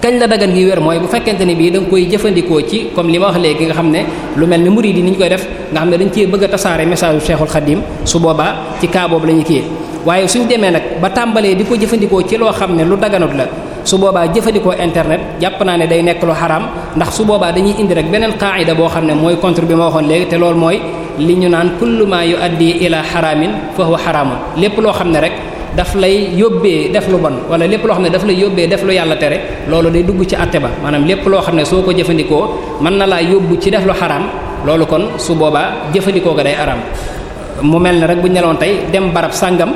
kañ la dagan gi wér mooy bu fekkente ne bii da koy jëfandikoo ci comme li ma wax léegi nga xam ne lu mel ne murid ni ñu koy def nga xam ne dañ cee bëgg a tasaare message bu Cheikhul Khadim su boobaa ci boobu la ñu kiyee waaye suñ demee nag ba tàmbalee di ko jëfandikoo ci loo xam ne lu daganut la su boobaa jëfandikoo internet jàpp naa ne day nekk lu xaraam ndax su boobaa dañuy indi rek beneen qaayida boo xam ne mooy contre bi ma waxoon léegi te loolu mooy li ñu naan kullu ma yuaddi ila xaraamin fa huwa xaraamun lépp loo xam ne rek daf lay yóbbee def lu bon wala lépp loo xam ne daf lay yóbbee def lu yàlla tere loolu day dugg ci àtte ba maanaam lépp loo xam ne soo ko jëfandikoo mën na laa yóbbu ci def lu xaraam loolu kon su boobaa jëfandikoo ko day araam mu mel ne rek bu ñu tey dem barab sàngam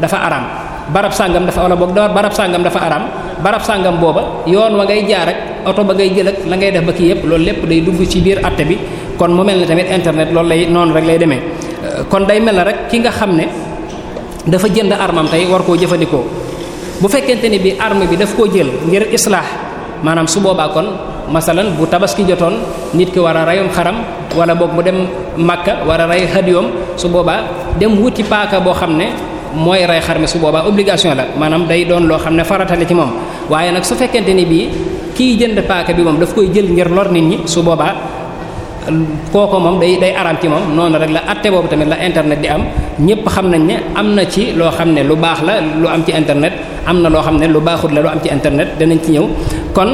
dafa araam barab sàngam dafa wala boog barab sàngam dafa araam barab sàngam booba yoon wa ngay jaar ak oto ba ngay jël ak la ngay def ba kii yépp loolu lépp day dugg ci biir àtte bi kon mu mel ne tamit internet loolu lay noonu rek lay demee kon day mel ne rek dafa jënd armam tey war koo jëfandikoo bu fekkente ni bii arme bi daf koo jël ngir islaax maanaam su boobaa kon masalan bu tabaski jotoon nit ki war a reyum xaram wala boog mu dem makka war a rey xadiyoom su boobaa dem wuti paaka boo xam ne mooy rey xar mi su boobaa obligation la maanaam day doon loo xam ne faratale ci moom waaye nag su fekkente ni bii kiy jënd paaka bi moom daf koy jël ngir lor nit ñi su boobaa kooko moom day day araam ci moom noonu rek la atte boobu tamit la internet di am ñëpp xam nañ ne am na ci loo xam ne lu baax la lu am ci internet am na loo xam ne lu baaxut la lu am ci internet danañ ci ñëw kon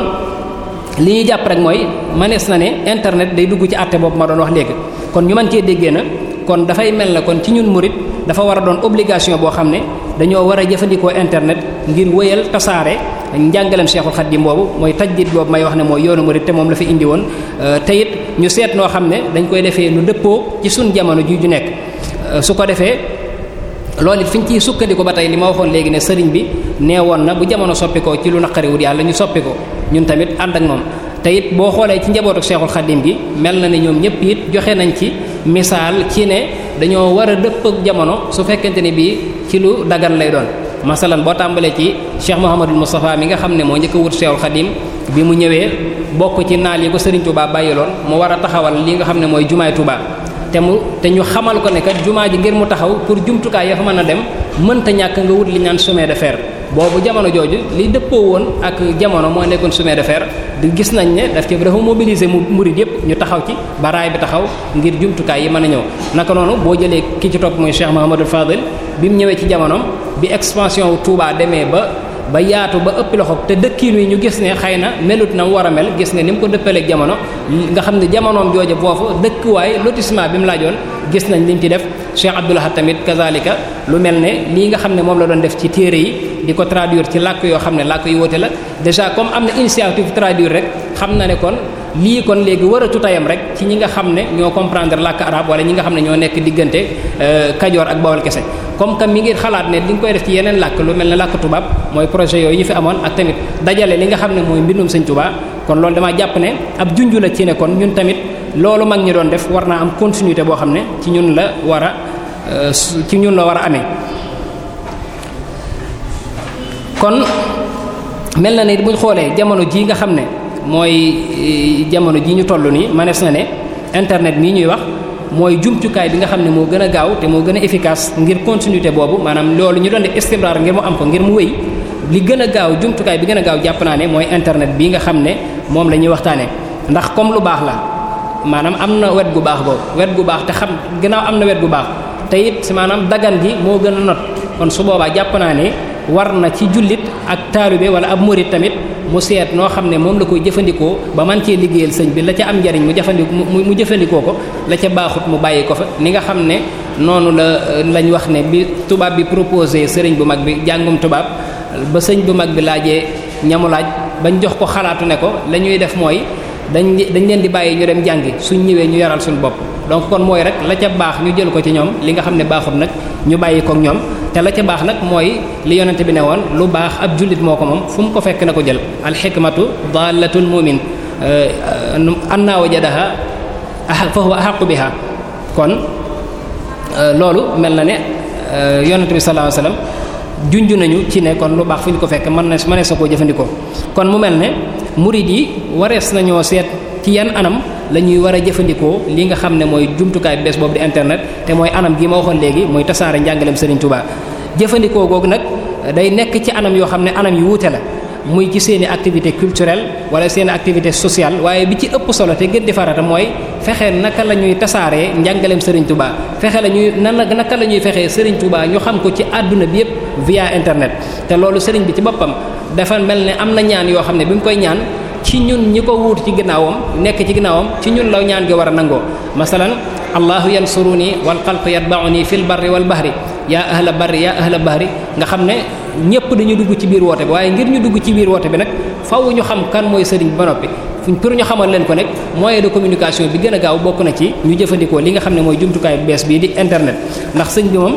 li ñuy jàpp rek mooy manees na ne internet day dugg ci atte boobu ma doon wax léegi kon ñu man cee déggee na kon dafay mel na kon ci ñun murit dafa war a doon obligation boo xam ne dañoo war a jëfandikoo internet ngir wëyal tasaare njàngaleem Cheikhul Khadim boobu mooy taj tajdid boobu may wax ne mooy yoonu murid te moom la fi indi woon euh, te it ñu seet noo xam ne dañ koy defee lu dëppoo ci suñ jamono ji ju nekk euh, su ko defee loolu it fi ñu ciy sukkandiku ba tey li ma waxoon léegi ne sëriñ bi nee woon na bu jamono soppikoo ci lu naqariwul yàlla ñu soppi ko ñun tamit ànd ak moom te it boo xoolee ci njabootu Cheikhul Khadim gi mel na ne ñoom ñëpp it joxe nañ ci misaal ci ne dañoo war a dëpp jamono su fekkente ne bii ci lu dagan lay doon masalan boo tàmbalee ci Cheikh Mouhamadul Moustapha mi nga xam ne moo njëkk a wut Seexul Xadim bi mu ñëwee bokk ci naal yi ko Serigne Touba bàyyiloon mu war a taxawal li nga xam ne mooy jumaay Touba te mu te ñu xamal ko ne kat jumaa ji ngir mu taxaw pour jumtukaay yoo fa mën a dem mënta ñàkk nga wut li ñaan chemin de fer boobu jamono jooju li dëppoo woon ak jamono moo nekkoon chemin de fer di gis nañ ne daf ci dafa mobiliser mu murid yëpp ñu taxaw ci ba raay bi taxaw ngir jumtukaay yi mën a ñëw naka noonu boo jëlee ci topp bi expansion wu Touba demee ba ba yaatu ba ëpp loxo te dëkkiin wi ñu gis ne xëy na melut na mu war a mel gis nga ni mu ko dëppaleeg jamono nga xam ne jamonoom jooja foofu dëkkuwaay lotissement bi mu laajoon gis nañ li liñ ci def Cheikh Abdoul Ahad tamit kazalika lu mel ne lii nga xam ne moom la doon def ci téere yi di ko traduire ci làkk yoo xam ne làkk yi woote la déjà comme am na initiative traduire rek xam na ne kon lii kon léegi waratu tayam rek ci ñi nga xam ne ñoo comprendre làkk arab wala ñi nga xam ne ñoo nekk diggante euh, kajoor ak bawol kese comme que mi ngi xalaat ne li nga koy def yeneen làkk lu mel ne làkk mooy projet yooyu ñu fi amoon ak tamit dajale li nga xam ne mooy mbindum sëñ Tuubaa kon loolu damaa jàpp ne ab junju la ci ne kon ñun tamit loolu mag ñu doon def war naa am continuité boo xam ne ci ñun la war a euh, ci ñun la war a amee kon mel na ne buñ xoolee jamono jii nga xam ne mooy eh, jamono ji ñu toll nii manees na ne internet mii ñuy wax mooy jumtukaay bi nga xam ne moo gën a gaaw te moo gën a efficace ngir continuité boobu maanaam loolu ñu doon def istimrar ngir mu am ko ngir mu wéy li gën a gaaw jumtukaay bi gën a gaaw jàpp naa ne mooy internet bii nga xam ne moom la ñuy waxtaanee ndax comme lu baax la maanaam am na wet gu baax boobu wet gu baax te xam gannaaw am na wet gu baax te it maanaam daggan gi moo gën a not kon su boobaa jàpp naa ne. war na ci jullit ak taalibe wala ab murit tamit mu seet noo xam ne moom la koy jëfandikoo ba man cee liggéeyal sëñ bi la ca am njariñ mu jëfandikoo mu jëfandikoo ko la ca baaxut mu bàyyi ko fa li nga xam ne noonu la lañu wax ne bi tubaab bi proposé sëriñ bu mag bi jàngum tubaab ba sëñ bu mag bi laajee ñamu laaj bañ jox ko xalaatu ne ko la ñuy def mooy dañ di dañ leen di bàyyi ñu dem jàngi suñ ñëwee ñu yaral suñu bopp donc kon mooy rek la ca baax ñu jël ko ci ñoom li nga xam ne baaxut nag ñu bàyyi ko ñoom te la ca baax nag mooy li yonente bi ne woon lu baax ab jullit moo ko moom fu mu ko fekk na ko jël alxikmatu daalatul mumin euh, anna wajadaha fa huwa ahaqu biha kon euh, loolu mel na ne euh, yonente bi sallallahu alayhi wasallam nañu ci ne kon lu baax fu ñu ko fekk mën na mënees na koo jëfandikoo kon mu mel ne murid yi warees nañoo seet ci yan anam la ñuy war a jëfandikoo li nga xam ne mooy jumtukaay bu bees boobu di internet te mooy anam gi ma waxoon léegi mooy tasaare njàngaleem Serigne Touba jëfandikoo googu nag day nekk ci anam yoo xam ne anam yu wuute la muy ci seeni activité culturelle wala seen activité social waaye bi ci ëpp solo te gën di farata mooy fexe naka la ñuy tasaaree njàngaleem Serigne Touba fexe la ñuy nan naka la ñuy fexee Serigne ñu xam ko ci àdduna bi yëpp via internet te loolu Serigne bi ci boppam dafa mel am na ñaan yoo xam ne bi mu koy ñaan. ci ñun ñi ko wuut ci ginnaawam nekk ci ginnaawam ci ñun law ñaan gi war a nangoo masalan allahu yansuruni wal xalqu yatba'uni fil bari wal bahri yaa ahla bari yaa ahla bahri nga xam ne ñëpp dañu dugg ci biir woote bi waaye ngir ñu dugg ci biir woote bi nag faw ñu xam kan mooy sëriñ bi ba noppi fuñ pour ñu xamal leen ko nag moyen de communication bi gën a gaaw bokk na ci ñu jëfandikoo li nga xam ne mooy jumtukaay bu bees bii di internet ndax sëñ bi moom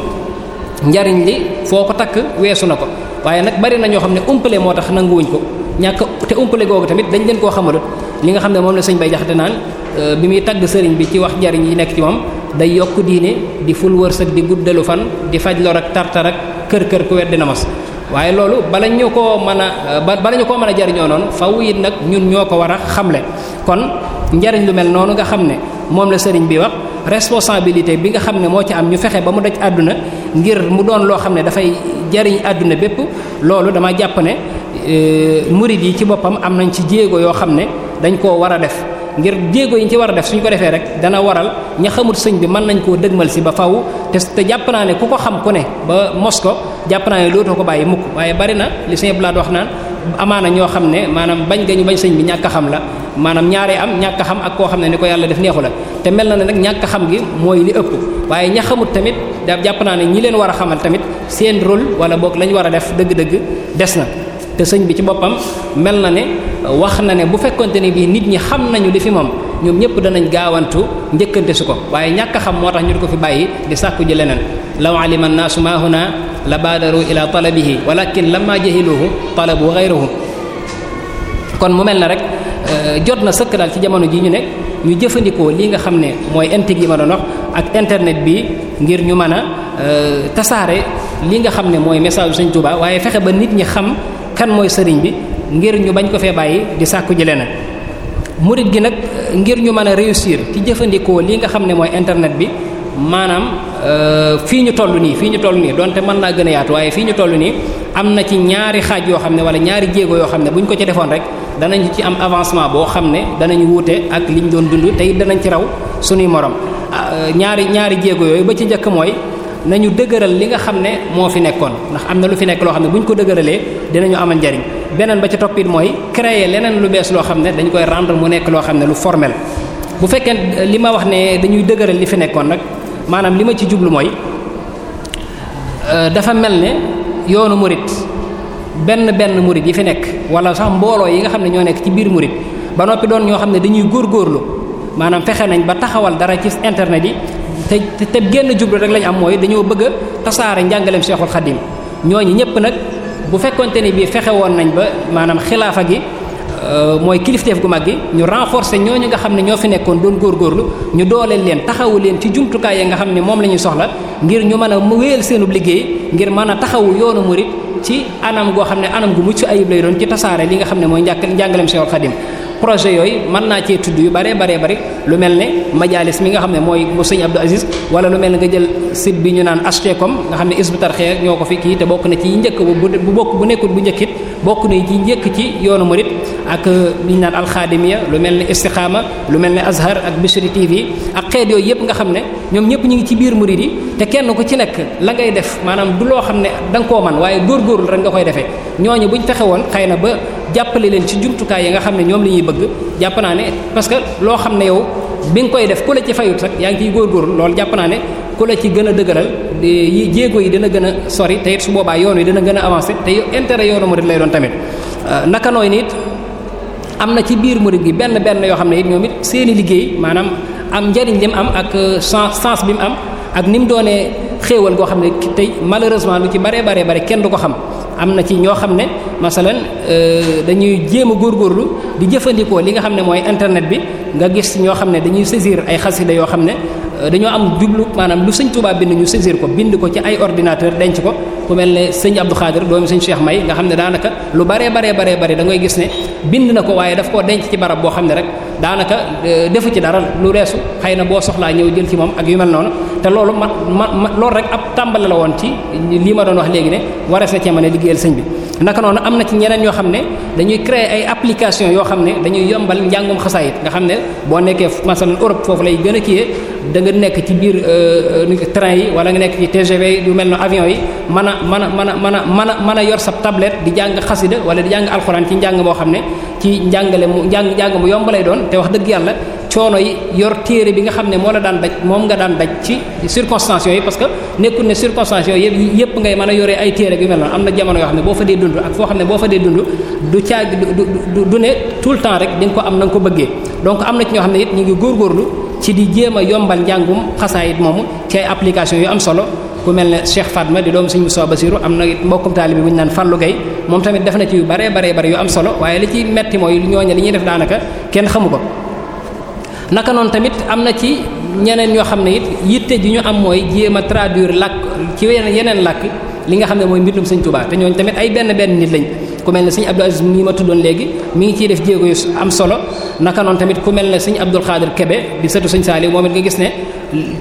njariñ li foo ko takk weesu na ko waaye nag bari na ñoo xam ne umpale moo tax nanguwuñ ko ñàkk te umpale googu tamit dañu leen koo xamalut li nga xam ne moom la sëñ bay jaxate naan euh, bi muy tagg sëriñ bi ci wax jariñ yi nekk ci moom day yokk diine di ful wërsëg di guddalu fan di faj lor ak tartar ak kër kër ku weddi na waaye loolu bala ñu koo mën a euh, bala ñu koo mën a jariñoo noonu faw it nag ñun ñoo ko war a xamle kon njariñ lu mel noonu nga xam ne moom la sëriñ bi wax responsabilité bi nga xam ne moo ci am ñu fexe ba mu daj àdduna ngir mu doon loo xam ne dafay jariñ àdduna bépp loolu dama jàpp ne Euh, murid yi ci boppam am nañ ci jéego yoo xam ne dañ koo war a def ngir jéego yi ci war a def suñ ko defee rek dana waral ña xamut sëñ bi mën nañ koo dëgmal si ba faw te te jàpp naa ne ku ko xam ku ne ba mos ko jàpp naa ne dootoo ko bàyyi mukk waaye bari na li sëñ Blaad wax naan amaana ñoo xam ne bañ gañu bañ sëñ bi ñàkk a xam la maanaam ñaaree am ñàkk xam ak koo xam ne ni ko yàlla def neexu la te mel na ne nag ñàkk xam gi mooy li ëpp waaye ña xamut tamit da jàpp naa ne ñi leen war a xamal tamit seen rôle wala boog lañ war a def dëgg-dëgg des na te sëñ bi ci boppam mel na ne wax na ne bu fekkonte ne bii nit ñi xam nañu li fi moom ñoom ñëpp danañ gaawantu njëkkante su ko waaye ñàkk xam moo tax ñu di ko fi bàyyi di sàkku ji leneen law alima nnaasu maa naa la baadaru ila talabihi walakin lamma jahiluhu talabu ghayruhu kon mu mel na rek euh, jot na sëkk daal ci jamono ji ñu ne ñu jëfandikoo lii nga xam ne mooy intig yi ma doon ak internet bi ngir ñu mën a euh, tasaare li nga xam ne mooy message Sëñ Tuubaa waaye fexe ba nit ñi xam kan mooy sëriñ bi ngir ñu bañ ko fee bàyyi di sàkku ji leneen murid gi nag ngir ñu mën a réussir ci jëfandikoo li nga xam ne mooy internet bi maanaam euh, fii ñu toll nii fii ñu toll nii donte mën naa gën a yaatu waaye fii ñu toll nii am na ci ñaari xaaj yoo xam ne wala ñaari jéego yoo xam ne bu ñu ko ci defoon rek danañ ci am avancement boo xam ne danañ wuute ak ñu doon dund tey danañ ci raw suñuy morom ah, euh, ñaari ñaari jéego yooyu ba ci njëkk mooy. nañu dëgëral li nga xam ne moo fi nekkoon ndax am na lu fi nekk loo xam ne bu ñu ko dëgëralee dinañu amal njariñ beneen ba ca toppit mooy créer leneen lu bees loo xam ne dañ koy rendre mu nekk loo xam ne lu formel bu fekkee euh, li ma wax ne dañuy dëgëral li fi nekkoon nag maanaam li ma ci jublu mooy euh, dafa mel ne yoonu murit benn benn murit yi fi nekk wala sax mbooloo yi nga xam ne ñoo nekk ci biir murit ba noppi doon ñoo xam ne dañuy góor góorgóorlu maanaam fexe nañ ba taxawal dara ci internet yi te te génn jublu rek lañ am mooy dañoo bëgg a tasaare njàngaleem Cheikhul Khadim ñooñu ñëpp nag bu fekkonte ne bii fexe woon nañ ba maanaam xilaafa gi euh, mooy kilifteef gu mag gi ñu renforcer ñooñu nga xam ne ñoo fi nekkoon doon góorgóorlu ñu dooleel leen taxawu leen ci jumtukaay yi nga xam ne moom la ñuy soxla ngir ñu mën a wéyal seenub liggéey ngir mën a taxawu yoonu murit ci anam goo xam ne anam gu mucc ayib lay doon ci tasaare li nga xam ne mooy njàngaleem Cheikhul Khadim projet yooyu mën naa cee tudd yu baree baree bari lu mel ne majalis mi nga xam ne mooy mu sëñ Abdou Aziz wala lu mel ne nga jël site bi ñu naan HTCOM nga xam ne isbu ko fi kii te bokk na bu bu bokk bu nekkul bu njëkkit bokk na ci yoonu murit ak li euh, ñu naan alxaadimiya lu mel ne istixaama lu mel ne azhar ak Bichri TV ak xeet yooyu yëpp nga xam ne ñoom ñëpp ñu ngi ci biir murit yi te kenn ku ci nekk la ngay def maanaam du loo xam ne danga nga koo man waaye góorgóorlu rek nga koy defee ñooñu buñ fexe woon xëy na ba jàppale leen ci jumtukaay yi nga xam ne ñoom la ñuy bëgg jàpp naa ne parce que loo xam ne yow bi nga koy def ku la ci fayut rek yaa ngi ciy góorgóorlu loolu jàpp naa ne ku la ci gën a dëgëral yi jéego yi dina gën a sori te it su boobaa yoon yi dina gën a avancé te intére yoonu murid lay doon tamit euh, naka nooy nit am na ci biir murid gi benn benn yoo xam ne it ñoom it seeni liggéey maanaam am njariñ li mu am ak euh, sens sens bi mu am ak ni mu doonee xéewal goo xam ne tey malheureusement lu ci baree bare bare kenn du ko xam am na ci ñoo xam ne masalan euh, dañuy jéem a góorgóorlu di jëfandikoo li nga xam ne mooy internet bi nga gis ñoo xam ne dañuy saisir ay xasida yoo xam ne dañoo am jublu maanaam lu sëñ Touba bind ñu saisir ko bind ko ci ay ordinateur denc ko ku mel ne sëñ Abdou Khadir doomu sëñ Cheikh May nga xam ne daanaka lu baree baree baree baree dangay gis ne bind na ko waaye daf koo denc ci barab boo xam ne rek daanaka euh, defu ci dara lu reesu xëy na boo soxlaa ñëw jël ci moom ak yu mel noonu te loolu ma ma loolu rek ab tàmbali la woon ci lii ma doon wax léegi ne warees na cee mën a liggéeyal sëñ bi naka noonu am na ci ñeneen ñoo xam ne dañuy créer ay application yoo xam ne dañuy yombal njàngum xasaayit nga xam ne boo nekkee masalan Europe foofu lay gën a kiyee da nga nekk ci biir euh, euh, train yi wala nga nekk ci TGV yi du mel ne avion yi mën a mën a mën a mën a mën a mën a yor sab tablette di jàng xasida wala di jàng alxuraan ci njàng moo xam ne ci njàngale mu njàng njàng mu yomb lay doon te wax dëgg yàlla coono yi yor téere bi nga xam ne moo la daan daj moom nga daan daj ci circonstances yi parce que nekkul ne circonstances yooyu yëpp yëpp ngay mën a yoree ay téere yu mel noonu am na jamono yoo xam ne boo fa dee dund ak foo xam ne boo fa dee dund du caag du du ne tout le temps rek di nga ko am na nga ko bëggee donc am na ci ñoo xam ne it ñu ngi góorgóorlu ci di jéem a yombal njàngum xasaayit moomu ci ay application yu am solo ku mel ne Cheikh Fatma di doomu Serigne Moussa Bassirou am na mbokkum taalibe bu ñu naan Fallou Gueye moom tamit def na ci yu bare bare bare am solo waaye li ci metti mooy ñooñu li ñuy def daanaka kenn xamu naka noonu tamit am na ci ñeneen ñoo xam ne it yitte ji ñu am mooy jéem a traduire làkk ci yeneen làkk li nga xam ne mooy mbindum sëñ Tuubaa te ñooñu tamit ay benn benn nit lañ ku mel ne sëñ Abdou Aziz mii ma tuddoon léegi mi ngi ciy def jéego yu am solo naka noonu tamit ku mel ne sëñ Kebe di sëtu sëñ Saaliw moom it gis ne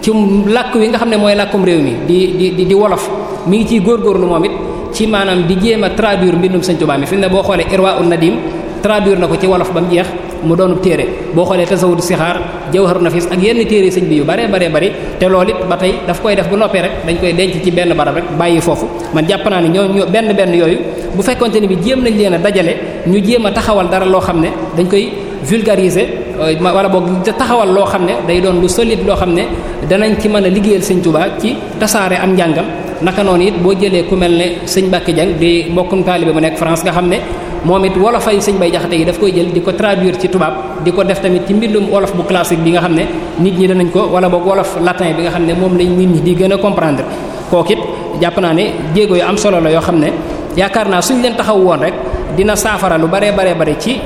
ci làkk wi nga xam ne mooy làkkum réew mi di di di wolof mu ngi ciy góorgóorlu moom it ci maanaam di jéem a traduire mbindum sëñ Tuubaa mi fi mu ne boo xoolee Irwa un Nadim traduire na ko ci wolof ba mu jeex mu doonub téere boo xoolee tasawudu sixaar jawharu nafis ak yenn téere sëñ bi yu bare bare bari te lool it ba tey daf koy def bu noppee rek dañ koy denc ci benn barab rek bàyyi foofu man jàpp naa ne ñoo ñoo benn benn yooyu bu fekkonte ni bi jéem nañ leen a dajale ñu jéem a taxawal dara loo xam ne dañ koy vulgariser euh, wala boog taxawal loo xam ne day doon lu solide loo xam ne danañ ci mën a liggéeyal sëñ Tuubaa ci tasaare am njàngam naka noonu it boo jëlee ku mel ne sëñ Mbacke Dieng di mbokkum taalibe mu nekk France nga xam ne moom it wolofay sëñ Bay Jaxate yi daf koy jël di ko traduire ci tubaab di ko def tamit ci mbindum wolof bu classique bi nga xam ne nit ñi danañ ko wala boog wolof latin bi nga xam ne moom lañ nit ñi di gëna a comprendre kooku jàpp naa ne jéego yi am solo la yoo xam ne yaakaar naa suñ leen taxaw woon rek dina saafara lu baree baree bare ci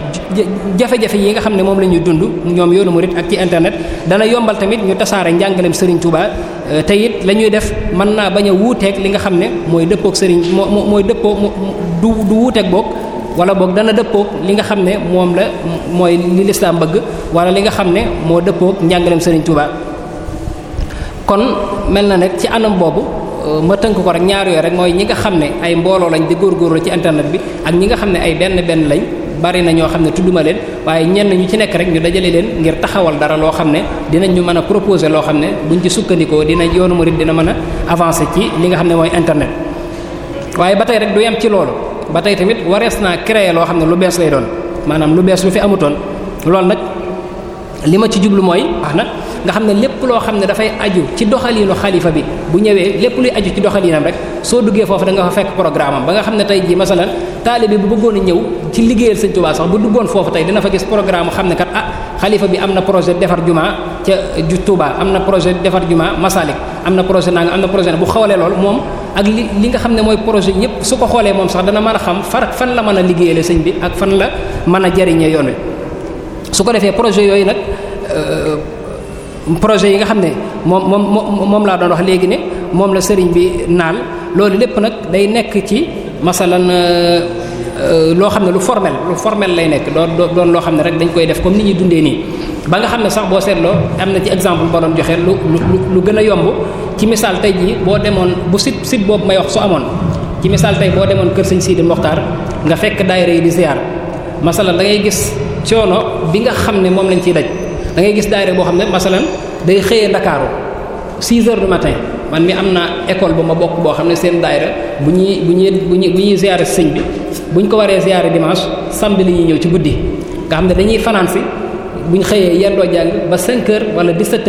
jafe-jafe yi nga xam ne moom la ñuy dund ñoom yoonu murid ak ci internet dana yombal tamit ñu tasaare njàngaleem Serigne Touba euh, la ñuy def mën naa bañ a wuuteeg li nga xam ne mooy dëppoog sëriñ moo mooy dëppoo du du wuuteeg boog wala boog dana dëppoog li nga xam ne moom la mooy li lislaam bëgg wala li nga xam ne moo dëppoog njàngaleem sëriñ Touba. kon mel na nag ci anam boobu euh, ma tënk ko rek ñaar yooyu rek mooy ñi nga xam ne ay mbooloo lañ di la ci internet bi ak ñi nga xam ne ay benn benn lañ. bari na ñoo xam ne tudduma leen waaye ñenn ñu ci nekk rek ñu dajale leen ngir taxawal dara loo xam ne dinañ ñu mën a proposer loo xam ne buñ ci sukkandikoo dina yoonu murid dina mën a avancé ci li nga xam ne mooy internet waaye ba tey rek du yem ci loolu ba tey tamit warees naa créer loo xam ne lu bees lay doon maanaam lu bees lu fi amutoon loolu nag li ma ci jublu mooy wax na nga xam ne lépp loo xam ne dafay aju ci doxaliinu xalifa bi bu ñëwee lépp luy aju ci doxaliinam rek soo duggee foofu da nga fa fekk programme am ba nga xam ne tey jii masalan taalibe bu bëggoon a ñëw ci liggéeyal Sëñ Tuubaa sax bu duggoon foofu tey dina fa gis programme xam ne kat ah xalifa bi am na projet defar jumaa ca ju Tuubaa am na projet am na projet nanga am na projet bu xoolee loolu moom ak li li nga xam ne mooy projet yépp su ko xoolee moom sax dana mën a xam far fan la mën a liggéeyale sañ bi ak fan la mën a jariñe yoon wi su ko defee projet projet yi nga xam ne moom moom moom laa doon wax léegi ne moom la sëriñ bi naan loolu lépp nag day nekk ci masalan euh, euh, loo xam ne lu formel lu formel lay nekk doon doon loo xam ne rek dañ koy def comme ni ñuy dundee nii ba nga xam ne sax boo seetloo am na ci exemple ba doon joxe lu lu lu gën a yomb ci misaal tey jii boo demoon bu site sit boobu may wax su amoon ci misaal tey boo demoon kër sëñ Sidi Mokhtar nga fekk daayira yi di ziar masalan da ngay gis coono bi nga xam ne moom lañ ciy daj. da ngay gis daayira boo xam ne masalan day xëyee ndakaaru 6 heures du matin man mi am naa école bu ma bokk boo xam ne seen daayira bu ñuy bu ñuy bu ñuy bu ñuy ziyaare sëñ bi bu ñu ko waree ziyaare dimanche samedi li ñuy ñëw ci guddi nga xam ne dañuy fanaan si bu ñu xëyee yendoo jàng ba 5 heures wala 17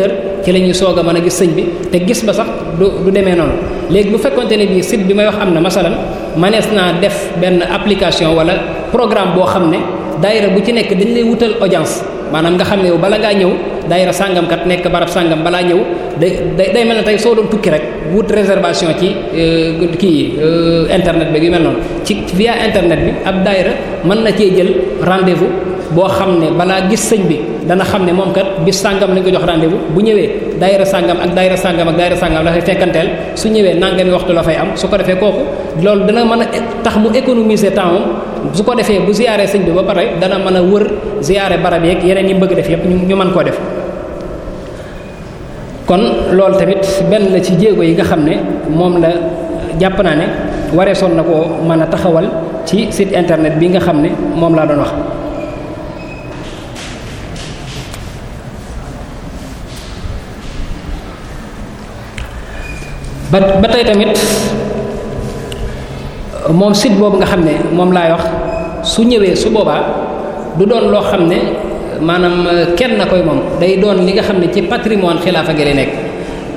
ci la ñuy soog a mën a gis sëñ bi te gis ba sax du du demee noonu léegi bu fekkonte ne bii site bi may wax am na masalan manees naa def benn application wala programme boo xam ne daayira bu ci nekk dañ lay wutal audience maanaam nga xam ne yow bala ngaa ñëw daayira sàngam nekk barab sàngam balaa ñëw day day mel na tey soo doon tukki rek wut réservation ci euh, kii euh, internet bi yu mel noonu ci via internet bi ab daayira mën na cee jël rendez-vous boo xam ne balaa gis sëñ bi dana xam ne moom kat bis sàngam lañ ko jox rendez bu ñëwee daayira sàngam ak day sàngam ak daayira sàngam la fay fekkanteel su ñëwee nangami waxtu la fay am su ko defee kooku loolu dana mën a tax mu économiser temps su ko defee bu ziyaare sëñ bi ba pare dana mën a wër ziyaare barab yeeg yeneen yi bëgg def yépp ñu man koo def kon loolu tamit benn la ci jéego yi nga xam ne moom la jàpp naa ne wareesoon na koo mën a taxawal ci sit internet bi nga xam ne moom laa doon wax ba ba tey tamit moom site boobu nga xam ne moom laay wax su ñëwee su boobaa du doon loo xam ne maanaam kenn na koy moom day doon li nga xam ne ci patrimoine xilaafa gi lay nekk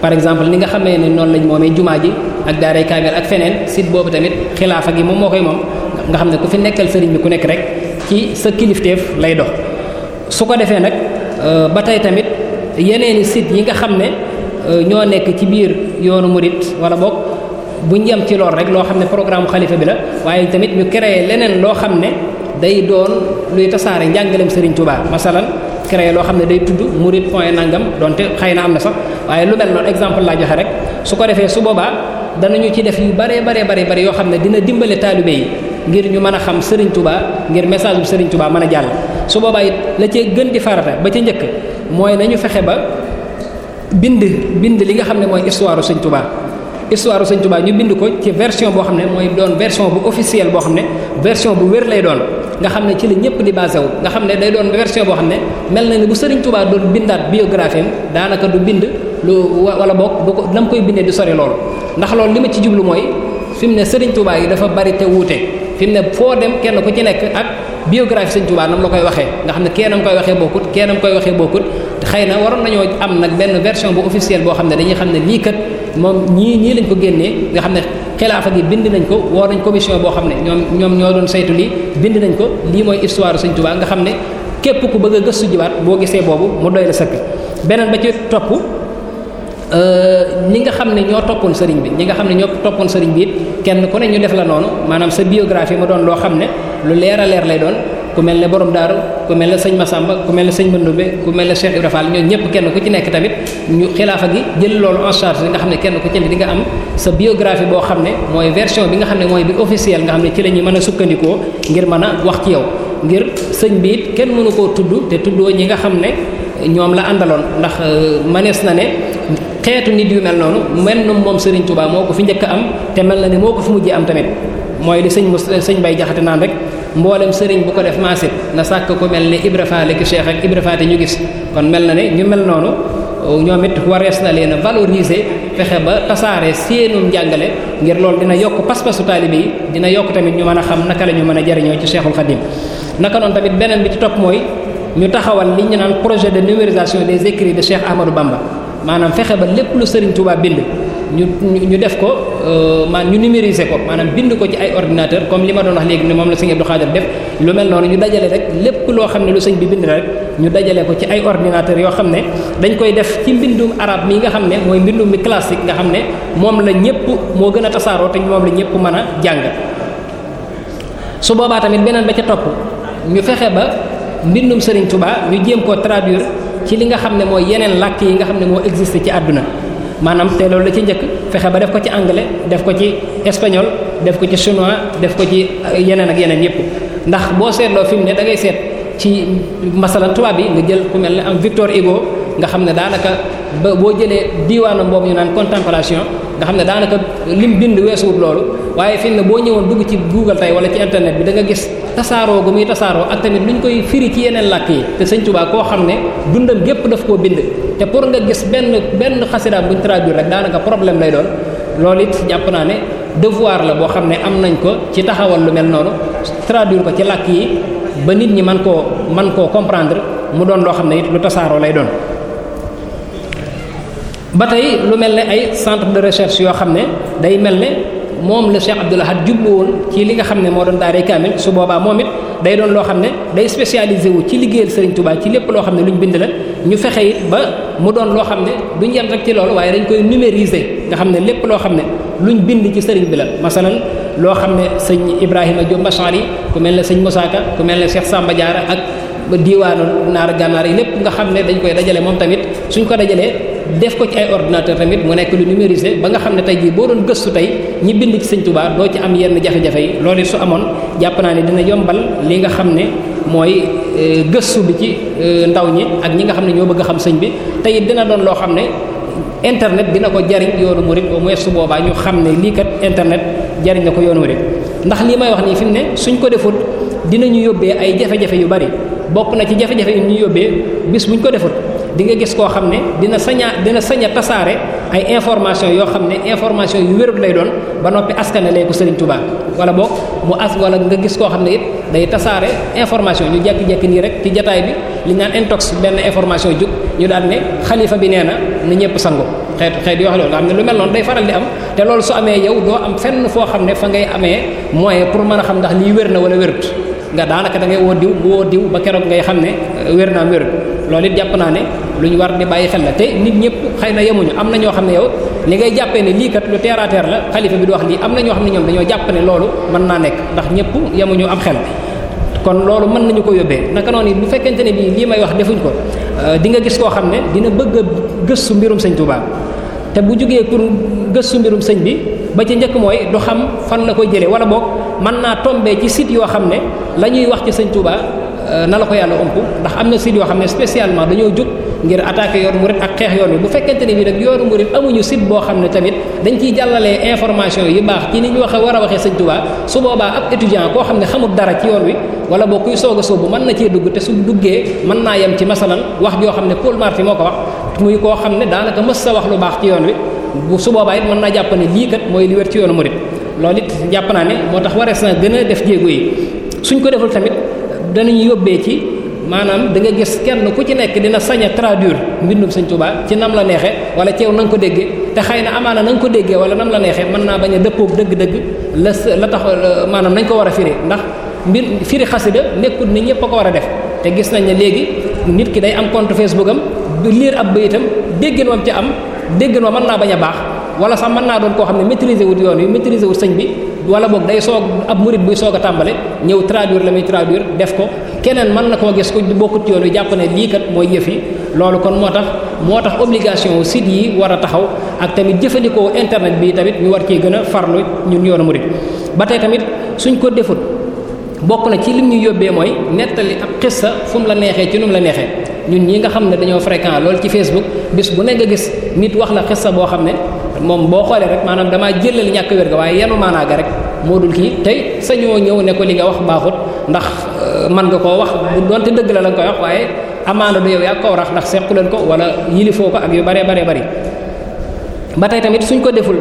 par exemple ni nga xamee ne noonu lañ moomee jumaa ji ak daaray kaamil ak feneen site boobu tamit xilaafa gi moom moo koy moom nga xam ne ku fi nekkal sëriñ bi ku nekk rek ci sa kilifteef lay dox su ko defee nag euh, ba tey tamit yeneeni sit yi nga xam ne euh, ñoo nekk ci biir yoonu murit wala bokk bu ñu yem ci lool rek loo xam ne programme xalifa bi la waaye tamit ñu créé leneen loo xam ne day doon luy tasaare njàngaleem Serigne Touba masalan créé loo xam ne day tudd murid point nangam donte xëy na am na sax waaye lu mel noonu exemple laa joxe rek su ko defee su boobaa danañu ci def yu bare bare bare bare yoo xam ne dina dimbale taalibe yi ngir ñu mën a xam Serigne Touba ngir message bu Serigne Touba mën a jàll su boobaa it la cee gën di farata ba ca njëkk mooy nañu fexe ba bind bind li nga xam ne mooy histoire Serigne Touba histoire Sëñ Tuubaa ñu bind ko ci version boo xam ne mooy doon version bu officielle boo xam ne version bu wér lay doon nga xam ne ci la ñëpp di basé wu nga xam ne day doon version boo xam ne mel na ni bu Sëriñ Tuubaa doon bindaat biographie am daanaka du bind lu wala boog du ko la koy bindee di sori loolu ndax loolu li ma ci jublu mooy fi mu ne Sëriñ Tuubaa yi dafa bari te wuute fi mu ne foo dem kenn ku ci nekk ak biographie Sëñ Tuubaa nam la koy waxee nga xam ne keenam koy waxee bokkut keenam koy waxee bokkut xëy na waroon nañoo am na benn version bu officielle boo xam ne dañuy xam ne lii kat moom ñii ñii lañ ko génnee nga xam ne xilaafa gi bind nañ ko woo nañ commission boo xam ne ñoom ñoom ñoo doon saytu lii bind nañ ko lii mooy histoire Sëñ Tuubaa nga xam ne képp ku bëgg a gëstu jiwaat boo gisee boobu mu doy la sëkk beneen ba ci topp euh, ñi nga xam ne ñoo toppoon sëriñ bi ñi nga xam ne ñoo toppoon sëriñ bi kenn ku ne ñu def la noonu maanaam sa biographie ma doon loo xam ne lu leer a leer lay doon ku mel ne borom daaru ku mel ne sëñ ma Massamba ku mel ne sëñ Mandumbe ku mel na Cheikh Ibra Fall ñëpp kenn ku ci nekk tamit ñu xilaafa gi jël loolu en bi nga xam ne kenn ku ci ne di nga am sa biographie boo xam ne mooy version bi nga xam ne mooy bi officielle nga xam ne ci la mën a sukkandikoo ngir mën a wax ci yow ngir sëñ bi it kenn mënu koo tudd te tuddoo ñi nga xam ne ñoom la àndaloon ndax euh, manees na ne xeetu nit yu mel noonu mel na moom Serigne Touba moo ko fi njëkk a am te mel na ne moo ko fi mujjee am tamit mooy li sëñ sëñ bay Jaxate naan rek mboolem sëriñ bu ko def maasit na sàkk ku mel ne Ibra Faal ki Cheikh ak Ibra Faati ñu gis kon mel na ne ñu mel noonu ñoom it warees na leen a valoriser fexe ba tasaare seenum njàngale ngir loolu dina yokk pas-pasu taalibe yi dina yokk tamit ñu mën a xam naka la ñu mën a jariñoo ci Cheikhul Khadim naka noonu tamit beneen bi ci topp mooy ñu taxawal li ñu naan projet de numérisation des écrits de Cheikh Ahmadou Bamba maanaam fexe ba lépp lu Serigne tubaa bind ñu ñu def ko euh, man ñu numériser ko maanaam bind ko ci ay ordinateur comme li ma doon wax léegi ne moom la sëñ Abdou Khadir def lu mel noonu ñu dajale rek lépp loo xam ne lu sëñ bi bind rek ñu dajale ko ci ay ordinateur yoo xam ne dañ koy def ci mbindum arab mi nga xam ne mooy mbindum mi classique nga xam ne moom la ñëpp moo gën a tasaaroo te moom la ñëpp mën a jàng su boobaa tamit beneen ba ca topp ñu fexe ba mbindum Serigne Touba ñu jéem koo traduire ci li nga xam ne mooy yeneen làkk yi nga xam ne moo existé ci àdduna maanaam te loolu la ci njëkk fexe ba def ko ci anglais def ko ci espagnol def ko ci chinois def ko ci euh, yeneen ak yeneen yépp ndax boo seetloo fi mu ne dangay seet ci masalan tubaab yi nga jël ku mel ne am Victor Hugo nga xam ne daanaka ba boo jëlee diiwaanam boobu ñu naan contemplation nga xam ne daanaka lim bind weesuwut loolu waaye fi ne boo ñëwoon dugg ci Google tey wala ci internet bi danga nga gis tasaaroo gu muy tasaaroo ak tamit luñ koy firi ci yeneen làkk yi te Sëñ Tuubaa koo xam ne dundam gépp daf koo bind te pour nga gis benn benn xasidaam buñ traduire rek daanaka problème lay doon loolu it jàpp naa ne devoir la boo xam ne am nañ ko ci taxawal lu mel noonu traduire ko ci làkk yi ba nit ñi man koo man koo comprendre mu doon loo xam ne lu tasaaroo lay doon ba tey lu mel ne ay centre de recherche yoo xam ne day mel ne moom la Cheikh Abdoul Ahad jublu woon ci li nga xam ne moo doon daaray kaamil su boobaa moom it day doon loo xam ne day spécialisé wu ci liggéeyal Serigne Touba ci lépp loo xam ne luñ bind la ñu fexe ba mu doon loo xam ne duñ yem rek ci loolu waaye dañ koy numériser nga xam ne lépp loo xam ne luñ bind ci Serigne bi la masalan loo xam ne sëñ Ibrahima Diop Bachar yi ku mel ne sëñ Moussa Ka ku mel ne Cheikh Samba Diarra ak diiwaanu naar gànnaar yi lépp nga xam ne dañ koy dajale moom tamit suñ ko dajalee def ko ci ay ordinateur tamit mu nekk lu numérisé ba nga xam ne tey jii boo doon gëstu tey ñi bind ci sëñ Tuubaa doo ci am yenn jafe-jafe yi loolu su amoon jàpp naa ne dina yombal li nga xam ne mooy euh, gëstu bi ci euh, ndaw ñi ak ñi nga xam ne ñoo bëgg a xam sëñ bi tey dina doon loo xam ne internet dina ko jariñ yoonu murid au moins su boobaa ñu xam ne lii kat internet jariñ na ko yoonu murid ndax lii may wax nii fi ne suñ ko deful dinañu yóbbee ay jafe yu bari bokk na ci jafe-jafe yu ñu yóbbee bis buñ ko deful di nga gis koo xam ne dina saña dina sañ a tasaare ay information yoo xam ne information yu wérut lay doon ba noppi askane lay ko Sëriñ Tuubaa wala boog mu as wala nga gis koo xam ne it day tasaare information ñu jekki-jekki nii rek ci jataay bi li naan intox benn information jóg ñu daal ne xalifa bi nee na na ñëpp sango xeet xeet yoo xam ne xam ne lu mel noonu day faral di am te loolu su amee yow doo am fenn foo xam ne fa ngay amee moyen pour mën a xam ndax lii wér na wala wérut nga daanaka da ngay woo diw woo diw ba keroog ngay xam ne euh, wér naa wérut loolu it jàpp naa ne lu ñu war di bàyyi xel la te nit ñëpp xëy na yemuñu am na ñoo xam ne yow li ngay jàppee ne lii kat lu terre la xalifa bi di wax lii am na ñoo xam ne ñoom dañoo jàpp ne loolu mën naa nekk ndax ñëpp yemuñu am xel kon loolu mën nañu ko yóbbee naka noonu it bu fekkente ne bii lii may wax defuñ ko euh, di nga gis koo xam ne dina bëgg a gëstu mbirum sëñ te bu jugee pour gëstu mbirum sëñ bi ba ci njëkk mooy du xam fan la koy jëlee wala boog mën naa tombee ci sit yoo xam ne la ñuy wax ci sëñ Euh, na la ko yàlla ëmp ndax am na site yoo xam ne spécialement dañoo jóg ngir attaquer yoonu murid ak xeex yoon wi bu fekkente ne bi nag yoonu murid amuñu site boo xam ne tamit dañ ciy jàllalee information yu baax ci ni wax waxe war a waxee sëñ Tuubaa su boobaa ab étudiant koo xam ne xamul dara ci yoon wi wala boo kuy soog a sóobu mën na cee dugg te su duggee mën naa yem ci masalan wax joo xam ne Paul Marty moo ko wax muy koo xam ne daanaka mës sa wax lu baax ci yoon wi bu su boobaa it mën naa jàpp ne mooy li wér ci yoonu murid loolu it jàpp naa ne moo tax warees na gën def jéego yi danañu yóbbee ci maanaam da nga gis kenn ku ci nekk dina sañ a traduire mbindum sañ Tuubaa ci nam la neexee wala ceew yow na nga ko déggee te xëy na amaana na nga ko déggee wala nam la neexee mën naa bañ a dëgg-dëgg la la tax maanaam nañ ko war a firi ndax mbir firi xasida nekkul nañ ñëpp a ko war a def te gis nañ ne léegi nit ki day am compte Facebook am liir ab bayitam déggin wam ci am déggin wa mën naa bañ a baax wala sax man naa doon koo xam ne maîtriser wut yoon yu maîtriser wut sëñ bi wala boog day soog ab murit buy soog a tàmbale ñëw traduire la muy traduire def ko keneen mën na koo gis ku bokkut yoon wi jàpp ne lii kat mooy yëf yi loolu kon moo tax moo tax obligation wu site yi war a taxaw ak tamit jëfandikoo internet bi tamit ñu war cee gën a farlu ñun yoonu murit ba tey tamit suñ ko defut bokk na ci lim ñuy yóbbee mooy nettali ab xissa fu mu la neexee ci nu la neexee ñun ñi nga xam ne dañoo fréquent loolu ci Facebook bis bu nekk nga gis nit wax la xissa boo xam ne. moom boo xoolee rek maanaam damaa jëlal ñàkk wér ga waaye yenu maanaa ga rek moo dul kii tey sañoo ñëw ne ko li nga wax baaxut ndax euh, man nga koo wax bu doonte dëgg la la nga koy wax waaye amaana du yow yaa ko rax ndax sequ leen ko wala yilifoo ko ak yu baree baree bari ba tey tamit suñ ko deful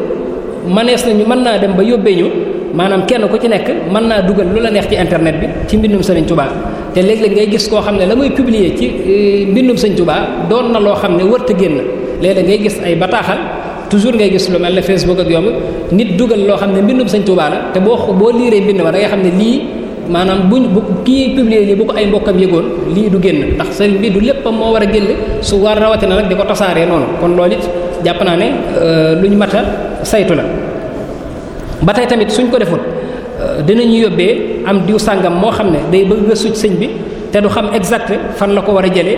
manees nañu mën naa dem ba yóbbee ñu maanaam kenn ku ci nekk mën naa dugal lu la neex ci internet bi ci mbindum Sëriñ jubaa te léeg-léeg ngay gis koo xam ne la muy publier ci euh, mbindum Sëriñ Tubaa doon na loo xam ne wërta génn léeg gis ay bataaxal toujours ngay gis lu mel ne Facebook ak yomb nit dugal loo xam ne mbindum sëñ Tuubaa la te boo boo liiree mbind ma da nga xam ne lii maanaam buñ bu kii publier lii bu ko ay mbokkam yëgoon lii du génn ndax sëriñ bi du léppam moo war a génn su war rawatina nag di ko tasaaree noonu kon loolu it jàpp naa ne euh, lu ñu mat a saytu la ba tey tamit suñ ko deful euh, dinañu yóbbee am diw sàngam moo xam ne day bëgg a sëñ bi te du xam exact fan la ko war a jëlee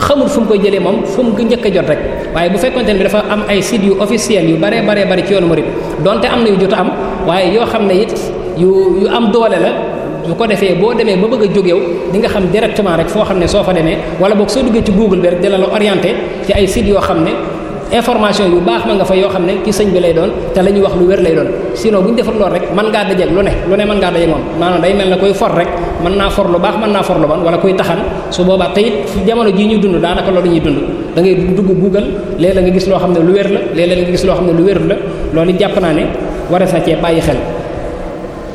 xamul fu mu ko jëlee moom fu mu njëkk jot rek waaye bu fekkonte ne bi dafa am ay sites yu officiels yu baree baree bari ci yoonu murid donte am na yu jot am waaye yoo xam ne it yu yu am doole la bu ko defee boo demee ba bëgg a jógeew di nga xam directement rek foo xam ne soo fa demee wala boog soo duggee ci Google bi rek dina la orienté ci ay sites yoo xam ne information yu baax ma nga fa yoo xam ne ci sëñ bi lay doon te la ñuy wax lu wér lay doon sinon bu ñu defar lool rek mën ngaa dajeeg lu ne lu ne mën ngaa dajeeg moom maanaam day mel ne koy for rek mën naa for lu baax mën naa for lu bon wala koy taxan su boobaa te it jamono jii ñu dund daanaka loolu ñuy dund da ngay dugg Google léeg-léeg nga gis loo xam ne lu wér la léeg-léeg gis loo xam ne lu la loolu jàpp naa ne warees na cee bàyyi xel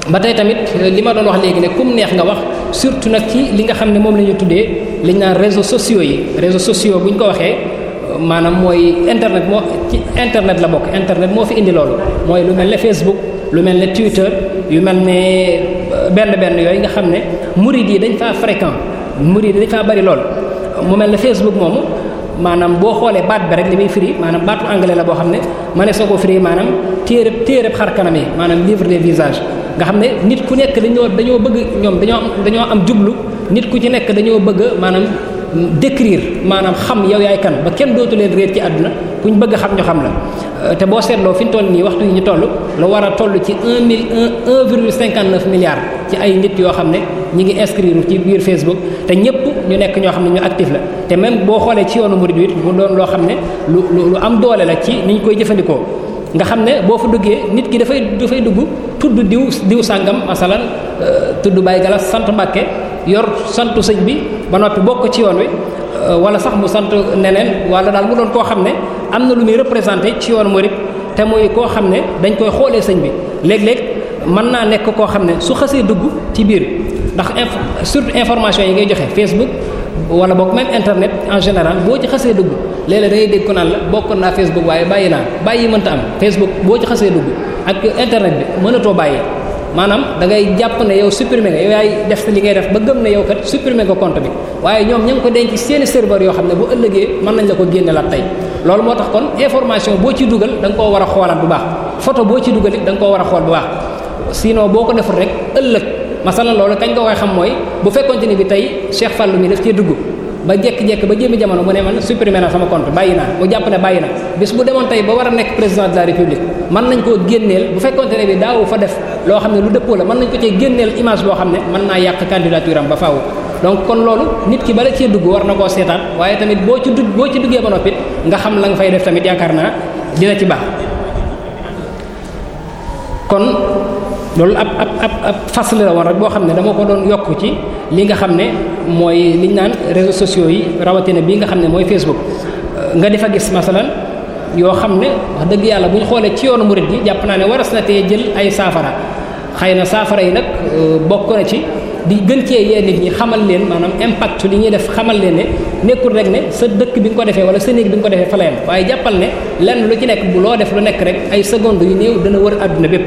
ba tey tamit eh, li ma doon wax léegi ne kum neex nga wax surtout nag ci li nga xam ne moom la ñu tuddee liñ naan réseaux sociaux yi réseaux sociaux buñ ko waxee maanaam mooy internet moo ci internet la bokk internet moo fi indi loolu mooy lu mel ne Facebook lu mel ne Twitter yu mel ne euh, benn benn yooyu nga xam ne murid yi dañ faa fréquent murid yi dañ faa bari lool mu mel ne Facebook moomu maanaam boo xoolee baat bi rek li muy firi maanaam baatu anglais la boo xam ne ma ne soo ko firi maanaam téereb téereb xar kanam maanaam livre des visages nga xam ne nit ku nekk dañoo dañoo bëgg ñoom dañoo am dañoo am jublu nit ku ci nekk dañoo bëgg maanaam décrire maanaam xam yow yaay kan ba kenn dootu leen réer ci àdduna ku ñu bëgg a xam ñu xam la euh, te boo seetloo fi ñu toll nii waxtu yi ñu toll lu war a toll ci un mille un un virgule cinquante ci ay nit yoo xam ne ñi ngi inscrire ci biir Facebook te ñëpp ñu nekk ñoo xam ne ñu actif la te même boo xoolee ci yoonu murid it mu doon loo xam ne lu lu am doole la ci ni ñu koy jëfandikoo nga xam ne boo fa duggee nit ki dafay dafay dugg tudd diw diw sàngam masalan euh, tudd Baye Galas sant Mbàkke yor santu sëñ bi ba noppi bokk ci yoon wi euh, wala sax mu sant neneen wala daal mu doon koo xam ne am na lu muy représenté ci yoonu murid te muy koo xam ne dañ koy xoolee sëñ bi léeg-léeg mën naa nekk koo xam ne su xasee dugg ci biir ndax surtout information yi ngay joxe Facebook wala boog même internet en général boo ci xasee dugg léeg-léeg da ngay dégg ko naan la bokkoon naa Facebook waaye bàyyi naa bàyyi mënta am Facebook boo ci xasee dugg ak internet bi mënatoo bàyyi. maanaam dangay ngay jàpp ne yow supprimer nga yow yaay def li ngay def ba gëm ne yow kat supprimer nga compte bi waaye ñoom ña ko denc seeni serveur yoo xam ne bu ëllëgee mën nañ la ko génne la tey loolu moo tax boo ci dugal da koo war a bu baax photo boo ci dugal it da nga koo a xool bu baax sinon boo ko deful rek ëllëg masala loolu kañ nga koy xam mooy bu fekkonte ni bi tey Cheikh Fallou mi daf cee dugg ba jekk-jekk ba jëmi jamono mu ne man supprimer na sama compte bàyyi naa mu jàpp ne bàyyi na bis bu demoon tey war a nekk président de la république mën nañ koo génneel bu fekkonte ne bi daawu fa def loo xam ne lu dëppoo la mën nañ ko cee génneel image boo xam ne mën naa yàq candidature am ba faw donc kon loolu nit ki bala cee dugg war na koo seetaan waaye tamit boo ci boo ci duggee ba noppit nga xam la nga fay def tamit yaakaar naa dina ci baax kon loolu ab ab ab ab fasle la woon rek boo xam ne dama ko doon yokk ci li nga xam ne mooy liñ naan réseaux sociaux yi rawatina bii nga xam ne mooy Facebook nga defa gis masalan yoo xam ne wax dëgg yàlla bu ñu xoolee ci yoonu murid yi jàpp naa ne waras na tee jël ay saafara xëy na saafara yi nag euh, bokk na ci di gën cee yee nit ñi xamal leen maanaam impact li ñuy def xamal leen ne nekkul rek ne sa dëkk bi nga ko defee wala sa néeg bi nga ko defee fa waaye jàppal ne lenn lu ci nekk bu loo def lu nekk rek ay seconde yu néew dana wër àdduna bépp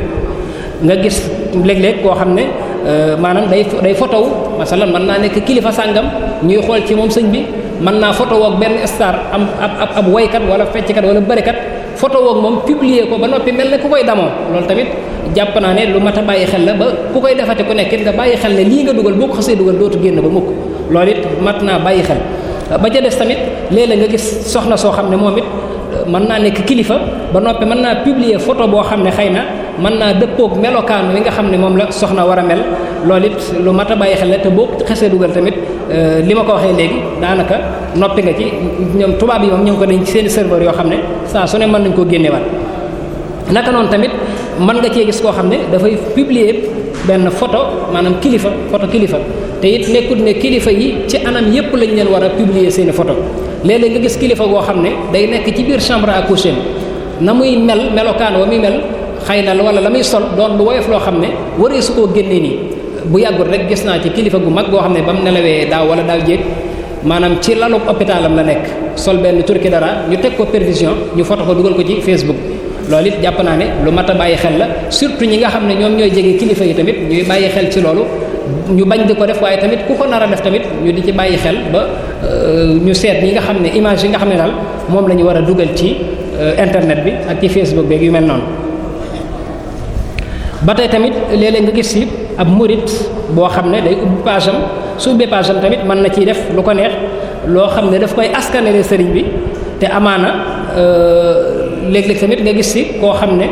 nga gis léeg-léeg koo xam ne euh, maanaam day day fotow masalan mën naa nekk kilifa sàngam ñuy xool ci moom sëñ bi mën naa photo woog benn star am ab ab waykat wala fecckat wala bërekat photo woog moom publier ko ba noppi mel na ku koy damoo loolu tamit jàpp naa ne lu mat a bàyyi xel la ba ku koy defate ku nekkit nga bàyyi xel ne lii nga dugal boo ko xasee dugal dootu génn ba mukk lool it mat naa bàyyi xel ba ca des tamit léeg nga gis soxna soo xam ne moom it mën naa nekk kilifa ba noppi mën naa publier photo boo xam ne xëy na mën naa dëppoog melokaanu li nga xam ne moom la soxna war a mel loolu it lu mat a bàyyi xel la te boo xasee dugal tamit euh, li ma ko waxee léegi daanaka noppi nga ci ñoom tubaab yi moom ñu ngi ko dañ ci seen serveur yoo xam ne saa su ne mën nañ koo génneewaat naka noonu tamit mën nga cee gis koo xam ne dafay publier benn photo maanaam kilifa photo kilifa te it nekkut ne kilifa yi ci anam yépp lañ leen war a publier seeni photo léeg-léeg nga gis kilifa goo xam ne day nekk ci biir chambre à na muy mel xëy na wala la muy sol doon lu woyof loo xam ne waree su koo génnee nii bu yàggul rek gis naa ci kilifa gu mag goo xam ne ba mu nelawee daaw wala daaw jéeg maanaam ci lalu hôpitalam la nekk sol benn turki dara ñu teg ko perfusion ñu foto ko dugal ko ci Facebook loolu it jàpp naa ne lu mat bàyyi xel la surtout ñi nga xam ne ñoom ñooy jege kilifa yi tamit ñuy bàyyi xel ci loolu ñu bañ di ko def waaye tamit ku ko nar a def tamit ñu di ci bàyyi xel ba euh, ñu seet ñi nga xam ne image yi nga xam ne daal moom la ñu war a dugal ci euh, internet bi ak ci Facebook beeg yu mel noonu. ba tey tamit léeg-léeg nga gis it ab murit boo xam ne day ubbi paasam su ubbee paasam tamit mën na ciy def lu ko neex loo xam ne daf koy askanale sëriñ bi te amaana euh, léeg-léeg tamit nga gis si koo xam ne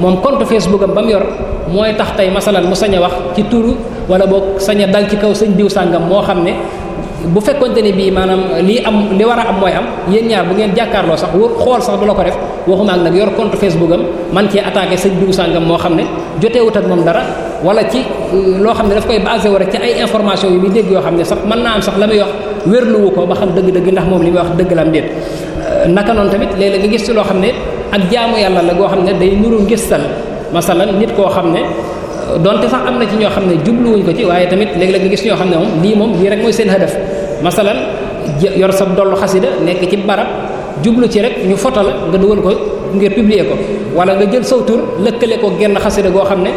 moom compte Facebook am ba mu yor mooy tax tey masalan mu sañ a wax ci turu wala boo sañ a dal ci kaw sañ diw sàngam moo xam ne bu fekkonte ne bii maanaam lii am li war a am mooy am yéen ñaar bu ngeen jàkkaarloo sax wóor xool sax du la ko def waxuma ak nag yor compte Facebook am man cee attaqué sëñ diw sàngam moo xam ne jotewut ak moom dara wala ci euh, loo xam ne daf koy basé war rek ci ay information yu muy dégg yoo xam ne sax mën naa am sax la muy wax wérluwu ko ba xam dëgg-dëgg ndax moom li muy wax dëgg la am euh, naka noonu tamit léeg-léeg nga gis ci loo xam ne ak jaamu yàlla la goo xam ne day nuru ngistal masalan nit koo xam ne donte sax am na ci ñoo xam ne jubluwuñ ko ci waaye tamit léeg-léeg nga gis ñoo xam ne moom lii moom lii rek mooy seen hadaf masalan yor sa dollu xasida nekk ci barab jublu ci rek ñu foto nga dugal ko ngir publier ko wala nga jël saw tur lëkkale ko genn xasida goo xam ne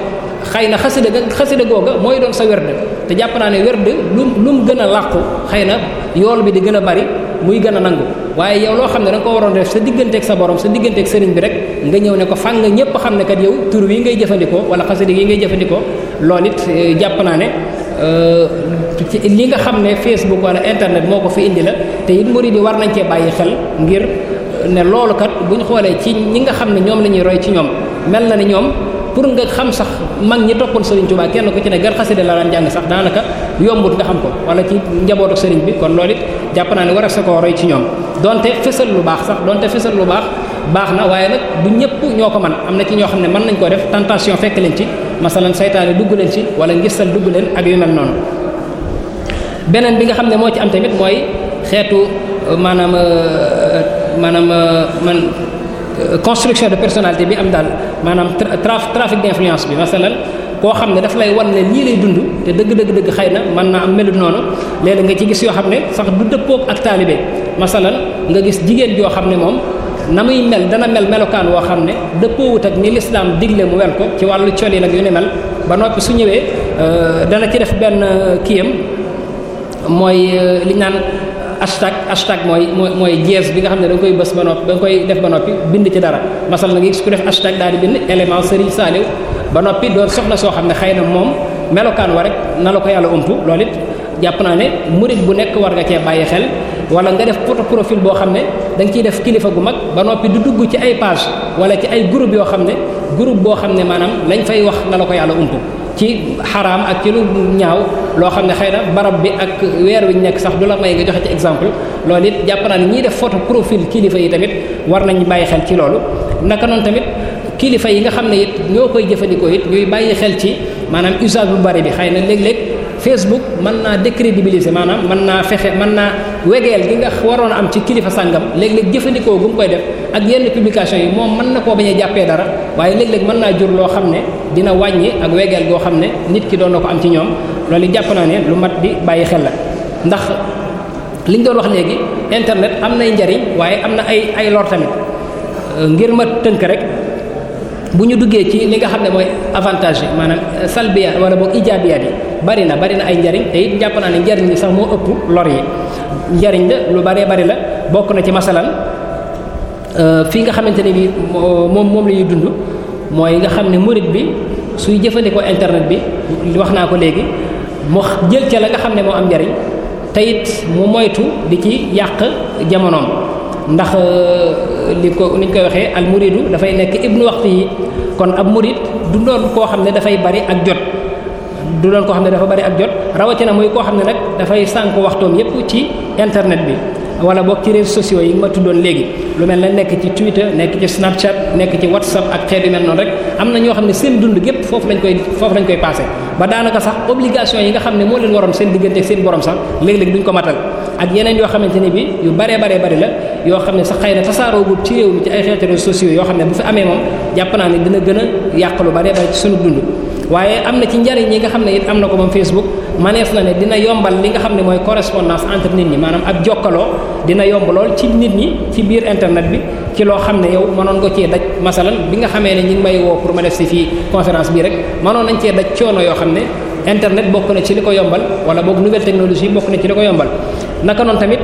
xëy na xasida ga xasida googa mooy doon sa werd te jàpp naa ne werd lu lu mu gën a làqu xëy na yool bi di gën a bari muy gën a nangu waaye yow loo xam ne da ko waroon def sa digganteeg sa borom sa digganteeg sëriñ bi rek nga ñëw ne ko fàng ñëpp xam ne kat yow tur wi ngay jëfandikoo wala xasida yi nga jëfandikoo loolu it eh, jàpp naa ne eh, ci li nga xam ne Facebook wala internet moo ko fi indi la te it murid yi war nañ cee bàyyi xel ngir ne loolukat bu ñu xoolee ci ñi nga xam ne ñoom la ñuy roy ci ñoom mel na ni ñoom. pour nga xam sax mag ñi toppoon Serigne Touba kenn ku ci ne gar xasida la daan jàng sax daanaka yombut nga xam ko wala ci njabootu Serigne bi kon lool it jàpp naa ne war a sa ko koo roy ci ñoom donte fësal lu baax sax donte fësal lu baax baax na waaye nag du ñëpp ñoo ko mën am na ci ñoo xam ne mën nañ koo def tentation fekk leen ci masalan saytaane dugg leen ci wala ngistal dugg leen ak yu mel noonu beneen bi nga xam ne moo ci am tamit mooy xeetu maanaam maanaam man Euh, construction de personalité bi am daal maanaam trafic d'influence bi masalan koo xam ne daf lay wan ne nii lay dund te dëgg dëgg dëgg xëy na mën naa am melut noonu léeg-léeg nga ci gis yoo xam ne sax du dëppoo ak taalibe masalan nga gis jigéen joo xam ne moom na muy mel dana mel melokaan woo xam ne dëppoowut ak ni lislaam digle mu wel ko ci wàllu col yi nag yu ne mel ba noppi su ñëwee euh, dana ci def benn euh, kiyam mooy li naan hashtag hashtag mooy mooy mooy jees bi nga xam ne da koy bës ba noppi da nga koy def ba noppi bind ci dara masal na nga gis ku def hashtag daal di bind élément Serigne Saliou ba noppi doon soxna soo xam ne xëy na moom melokaan wa rek na la ko yàlla umpu loolu it jàpp naa ne murit bu nekk war nga cee bàyyi xel wala nga def photo profil boo xam ne danga nga ciy def kilifa gu mag ba noppi du dugg ci ay page wala ci ay groupe yoo xam ne groupe boo xam ne maanaam lañ fay wax na la ko yàlla umpu ci xaraam ak ci lu ñaaw loo xam ne xëy na barab bi ak weer wi nekk sax du la may nga joxe ci exemple loolu it jàpp naa ne def photo profil kilifa yi tamit war nañ bàyyi xel ci loolu naka noonu tamit kilifa yi nga xam ne it ñoo koy jëfandikoo it ñuy bàyyi xel ci. maanaam usage bu bari bi xëy na léeg-léeg Facebook mën naa décrédibiliser maanaam mën naa fexe mën naa wegeel gi nga waroon a am ci kilifa sàngam léeg-léeg jëfandikoo gu mu koy def ak yenn publication yi moom mën na koo bañ a jàppee dara waaye léeg-léeg mën naa jur loo xam ne dina wàññi ak wegeel goo xam ne nit ki doon na ko am ci ñoom loolu jàpp naa ne lu mat bi bàyyi xel la ndax liñ doon wax léegi internet am nay njariñ waaye am na ay ay lor tamit ngir ma tënk rek. bu ñu duggee ci li nga xam ne mooy avantage yi maanaam euh, salbiya wala boog ijaabiya bi bari na bari na ay njariñ te jàpp naa ne njariñ li sax moo ëpp lor yi njariñ la lu baree bari la bokk na ci masalan euh, fii nga xamante ni bi moom moom la ñuy dund mooy nga xam ne murit bi suy jëfandikoo internet bi wax naa ko léegi mu jël ca la nga xam ne moo am njariñ te it mu moytu di ci yàq jamonoom ndax euh, lii ko ni ñu koy waxee al muridu dafay nekk ibnu waxtu yi kon ab murid du doon koo xam ne dafay bari ak jot du doon koo xam ne dafa bari ak jot rawatina muy koo xam ne nag dafay sànq waxtoom yépp ci internet bi wala boog ci réseaux sociaux yi nga ma tuddoon léegi lu mel na nekk ci Twitter nekk ci Snapchat nekk ci WhatsApp ak xeet yu mel noonu rek am na ñoo xam ne seen dund gépp foofu lañ koy foofu lañ koy passé ba daanaka sax obligation yi nga xam ne moo leen waroon seen diggante ak seen borom sax léeg-léeg duñ ko matal ak yeneen yoo xamante ne bi yu baree baree bari la yoo xam ne sax xëy na tasaaroo bu ci réew mi ci ay xeetu réseaux sociaux yoo xam ne bu fi amee moom jàpp naa ne dina gën a yàq lu baree bari dund waaye am na ci njariñ yi nga xam ne it am na ko moom Facebook manees na ne dina yombal li nga xam ne mooy correspondance entre nit ñi maanaam ab jokkaloo dina yomb lool ci nit ñi ci biir internet bi ci loo xam ne yow mënoon nga cee daj masalan bi nga xamee ne ñu ngi may woo pour def si fii conférence bii rek mënoon nañ cee daj coono yoo xam ne internet bokk na ci li ko yombal wala boog nouvelle technologie bokk na ci li ko yombal naka noonu tamit.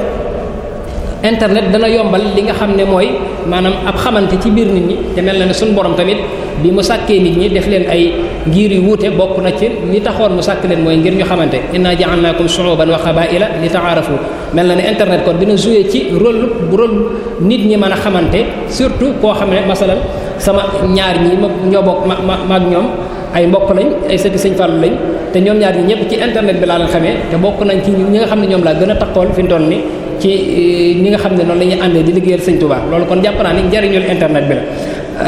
internet dana yombal li nga xam ne mooy maanaam ab xamante ci biir nit ñi te mel na ne suñu borom tamit bi mu sàkkee nit ñi def leen ay ngir yu wuute bokk na ci li taxoon mu sàkk leen mooy ngir ñu xamante inna ja'alnakum shu'uban wa qaba'ila li ta'arafu mel na ne internet kon dina joué ci rôle bu rôle nit ñi mën a xamante surtout koo xam ne masalan sama ñaar ñi ma ñoo bokk ma ma maag ñoom ay mbokk lañ ay sëti sëñ Fallou lañ te ñoom ñaar ñi ñëpp ci internet bi laa leen xamee bokk nañ ci ñi nga xam ne ñoom laa gën a takkool fi mu toll nii ci eh, ñi nga xam ne noonu la ñuy àndee di liggéeyal sëñ Tuubaa loolu kon jàpp naa ni njariñul internet bi la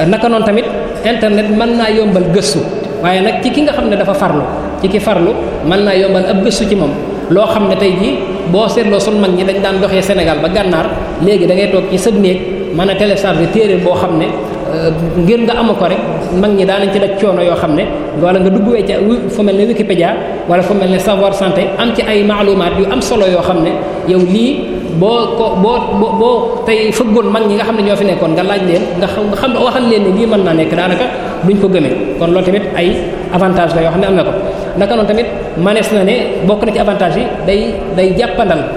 eh, naka noonu tamit internet man naa yombal gëstu waaye nag ci ki nga xam ne dafa farlu ci ki farlu mën naa yombal ab gëstu ci moom loo xam ne tey jii boo seetloo sunu mag ñi dañ daan doxee Sénégal ba gànnaar léegi da ngay toog ci sa néeg mën a télécharger téere boo xam ne eh, ngir nga ama ko rek mag ñi daanañ ci daj coono yoo xam ne wala nga dugg wee ca fu mel ne Wikipédia wala fu mel ne Savoir Santé ci ay maalumaat yu am solo yoo xam ne yow lii boo ko boo boo tey fëggoon mag ñi nga xam ne ñoo fi nekkoon nga laaj leen nga xam nga waxal leen ne lii mën naa nekk daanaka duñ ko gëmee kon loolu tamit ay avantage la yoo xam ne am na ko naka noonu tamit manees na ne bokk na ci avantage yi day day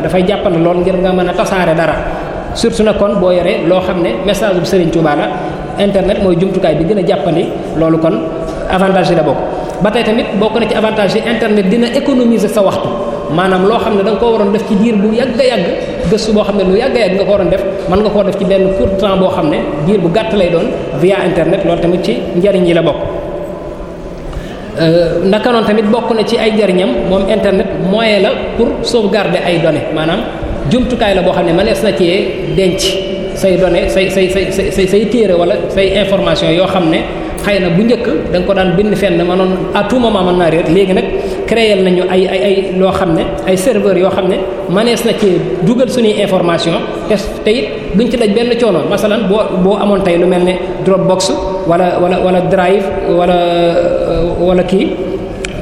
dafay jàppandal lool ngir nga mën a tasaare dara surtout nag kon boo yoree loo xam ne message bu Serigne Touba la internet mooy jumtukaay bi gën a jàppandi loolu kon avantage yi ba tey tamit bokk na ci avantage internet dina économiser sa waxtu maanaam loo xam ne da koo waroon def ci diir bu yàgg a yàgg bépp gëstu boo xam ne lu yàgg yàgg nga ko def mën nga koo def ci benn pour temps boo xam ne biir bu gàtt lay doon via internet loolu tamit ci njariñ yi la bokk euh, naka noonu tamit bokk na ci ay njariñam moom internet moyen la pour sauvegarder ay données maanaam jumtukaay la boo xam ne mënees na cee denc say données say say say say say téere wala say information yoo xam ne xëy na bu njëkk da ko daan bind fenn manoon à tout moment mën naa réer léegi nag créer nañu ay ay ay loo xam ne ay serveurs yoo xam ne manees na ci dugal suñuy information te te it duñ ci daj benn coono masalan boo boo amoon tey lu mel ne Dropbox wala wala wala Drive wala euh, wala kii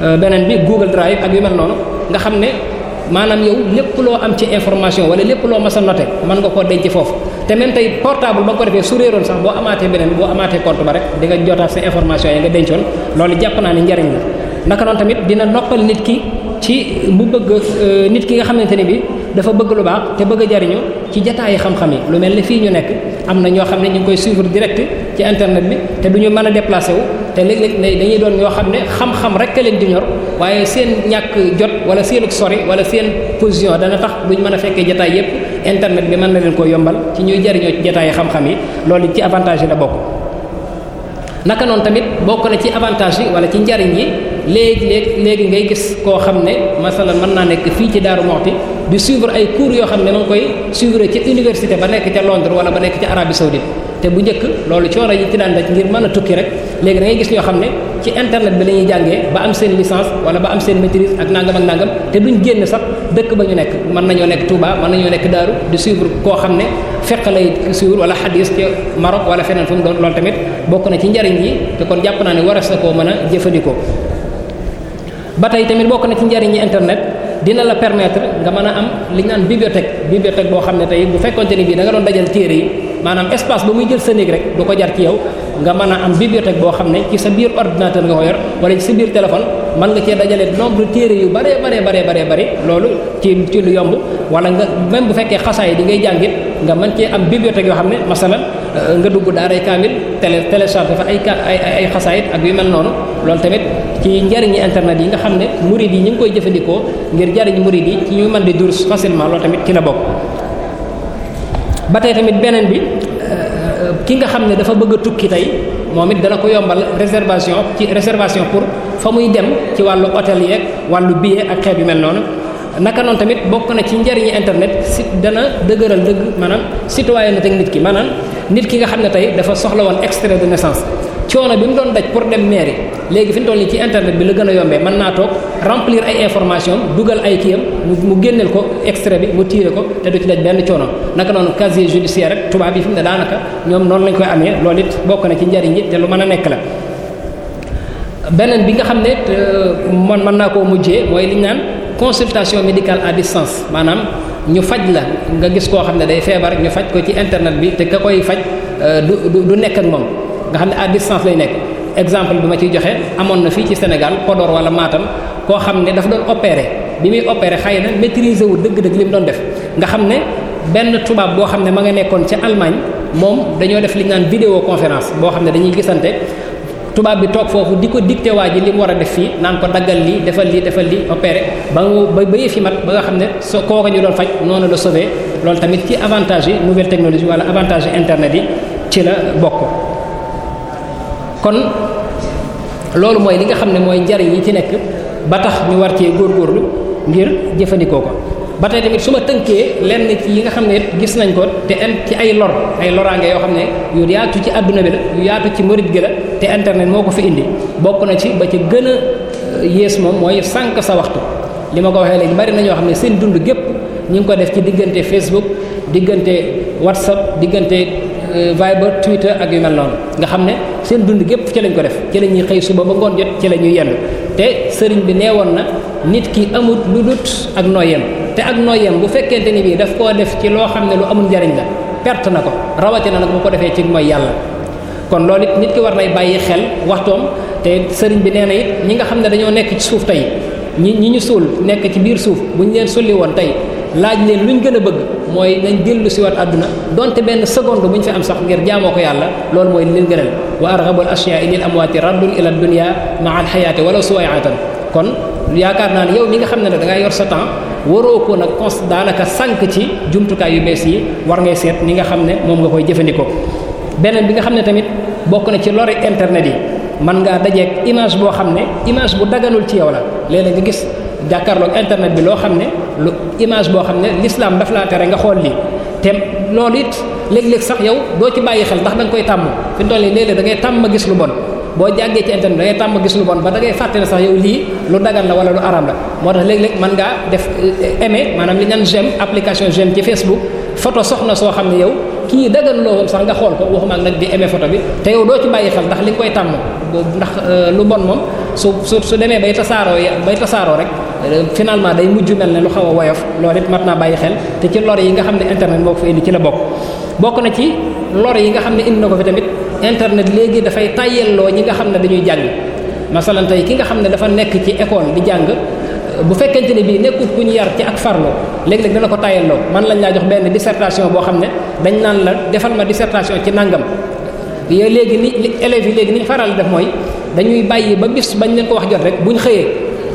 euh, beneen bi Google Drive ak yu mel noonu nga xam ne maanaam yow lépp loo am ci information wala lépp loo mas a noté mën nga koo denc foofu te même tey portable ba nga ko defee su sax boo amaatee beneen boo amaatee compte ba rek di jotaat sa information yi nga dencoon loolu jàpp naa ne njariñ la naka noonu tamit dina noppal nit ki ci mu bëgg euh, nit ki nga xamante ne bi dafa bëgg lu baax te bëgg jariñu ci jataayi xam-xam yi lu mel ni fii ñu nekk am na ñoo xam ne ñu ngi koy suivre direct ci internet bi te duñu mën a déplacé wu te léeg-léeg dañuy doon ñoo xam ne xam-xam rek leen di ñor waaye seen ñàkk jot wala seen sori wala seen position dana tax duñ mën a fekkee jataay yépp internet bi mën na leen ko yombal ci ñuy jariñoo ci jotaayu xam-xam yi loolu ci avantage yi la bokk naka noonu tamit bokk na ci avantage yi wala ci njariñ yi léegi léegi léegi ngay gis koo xam ne masalan mën naa nekk fii ci Daaru Muxti di suivre ay cour yoo xam ne ma ngi koy suivre ci université ba nekk ca Londres wala ba nekk ca Arabie Saoudite te bu njëkk loolu coono yi ci daan daj ngir mën a tukki rek léegi dangay gis ñoo xam ne ci internet bi la ñuy jàngee ba am seen licence wala ba am seen maîtrise ak nangam nangam te duñ génn sax dëkk ba ñu nekk mën nañoo nekk Touba mën nañoo nekk Daaru di suivre koo xam ne fekk lay suivre wala xadis ci Maroc wala feneen fu mu doon loolu tamit bokk na ci njariñ yi te kon jàpp naa ne war a koo mën a jëfandikoo ba tey tamit bokk na ci njariñ yi internet dina la permettre nga mën a am li ñu naan bibliothèque bibliothèque boo xam ne tey bu fekkonte ni bii da doon dajal téere yi maanaam espace ba muy jël sa néeg rek du ko jar ci yow nga mën a am bibliothèque boo xam ne ci sa biir ordinateur nga ko yor wala ci sa biir téléphone mën nga cee téere yu baree baree baree baree bëri loolu ci ci lu yomb wala nga même bu fekkee xasaay di ngay jàngit nga mën cee am bibliothèque yoo xam ne masalan euh, nga dugg daaray kaamil télé télécharge fa ay ay ay xasaayit ak yu mel noonu loolu tamit ci njariñi internet yi nga xam ne murid yi ñu ngi koy jëfandikoo ngir jariñ murid yi ci ñu mën di durs facilement loolu tamit ci la bokk ba tey tamit beneen bi euh, ki nga xam ne dafa bëgg a tukki tey moom it dana ko yombal réservation ci réservation pour fa muy dem ci wàllu hôtel yeeg wàllu billet ak xeet yu mel noonu naka noonu tamit bokk na ci njëriñu internet si dana dëgëral dëgg maanaam citoyenneté ak nit ki maanaam nit ki nga xam ne tey dafa soxla woon extrait de naissance coono bi mu doon daj pour dem mairie léegi fi ñu toll nii ci internet bi la gën a yombee mën naa toog remplir ay information dugal ay kiyam mu génneel ko extrait bi mu tiire ko te du ci daj benn coono naka noonu casier judiciaire rek tubaab yi fi mu ne daanaka ñoom noonu lañ koy amee loolu it bokk na ci njariñ te lu mën a nekk bi nga xam ne man mën naa koo mujjee mooy li ñu naan consultation médicale à distance maanaam ñu faj la nga gis koo xam ne day feebar ñu faj ko ci internet bi te ka koy faj euh, du du nekk ak moom nga xam ne à distance lay nekk exemple bi ma ciy joxe amoon na fii ci Sénégal Podor wala Matam koo xam ne dafa doon opéré bi muy opéré xëy na maîtriser wu dëgg-dëgg li mu doon def nga xam ne benn tubaab boo xam ne ma nga nekkoon ci Allemagne moom dañoo def li ñu naan vidéo conférence boo xam ne dañuy gisante tubaab bi toog foofu di ko dicté waa ji li mu war a def fii naan ko daggal li defal lii defal lii opéré ba ba ba yëf yi mat ba nga xam ne soo kooka ñu doon faj noonu la sauvé loolu tamit ci avantage yi wala avantage internet yi ci la bokk. kon loolu mooy li nga xam ne mooy njariñ yi ci nekk ba tax ñu war cee góor góorgóorlu ngir jëfandikoo ko ba tey tamit su ma tënkee lenn ci yi nga xam ne gis nañ ko te ci ay lor ay loraange yoo xam ne yu yaatu ci àdduna bi la yu yaatu ci murit gi te internet moo ko fi indi bokk na ci ba ci gën a euh, yées moom mooy sànq sa waxtu li ma ko waxee léegi bari na ñoo xam ne seen dund gépp ñu ngi ko def ci diggante Facebook diggante WhatsApp diggante euh, Viber Twitter ak yu mel noonu nga xam ne seen dund gépp ci lañ ko def ci la ñuy xëy suba ba ngoon jot ci la ñuy yendu te sëriñ bi nee woon na nit ki amut lu dut ak nooyeem te ak nooyeem bu fekkente ni bii daf koo def ci loo xam ne lu amul njariñ la perte na ko rawatina nag bu ko defee ci mooy yàlla kon loolu nit ki war nay bàyyi xel waxtoom te sëriñ bi nee na it ñi nga xam ne dañoo nekk ci suuf tey ñi ñi ñu suul nekk ci biir suuf bu ñu leen sulli woon tey laaj leen luñ gën a bëgg mooy nañ dellu siwaat àdduna donte benn seconde bu ñu fi am sax ngir jaamoo ko yàlla loolu mooy leen gënal wa arghabul ashya'i lil amwaati raddun ila dunya ma'a al hayati wala suwayatan kon yaakaar naa ne yow mi nga xam ne da ngaa yor sa temps waroo ko nag cons daanaka sànq ci jumtukaay yu bees yi war ngay seet ni nga xam ne moom nga koy jëfandikoo beneen bi nga xam ne tamit bokk na ci lore internet yi mën ngaa dajeeg image boo xam ne image bu daganul ci yow la léeg-léeg nga gis jàkkaarloog internet bi loo xam ne lu image boo xam ne l'islam daf laa tere nga xool lii te loolu it léeg-léeg sax yow doo ci bàyyi xel ndax da koy tàmm fi mu toll nii léeg-léeg da boo jàggee ci internet da ngay bon ba da ngay fàtte ne sax yow lu dagan la wala lu araam moo tax léeg-léeg mën ngaa def euh, aimer maanaam li ñan j'aime application j'aime ci Facebook photo soxna soo xam ne yow kii dagan loo sax nga xool ko waxuma ak nag di aimer photo bi te yow doo ci bàyyi xel ndax li nga koy tàmm ndax euh, lu bon moom su su su demee bay tasaaroo bay tasaaroo rek euh, finalement day mujj mel ne lu xaw a woyof loolu it mat naa bàyyi xel te ci lor yi nga xam ne internet moo ko fa indi ci la bokk bokk na ci lor yi nga xam ne indi na ko fi tamit internet léegi dafay tàyyelloo ñi nga xam ne dañuy jàng masalan tey ki nga xam ne dafa nekk ci école di jàng euh, bu fekkente ne bii nekkul ku ñu yar ci ak farlo léeg-léeg dana ko tàyyelloo man lañ laa jox benn dissertation boo xam ne dañ naan la defal ma dissertation ci nangam léegi ni yi léegi ni faral def mooy dañuy bàyyi ba bis bañ leen ko wax jot rek bu ñu xëyee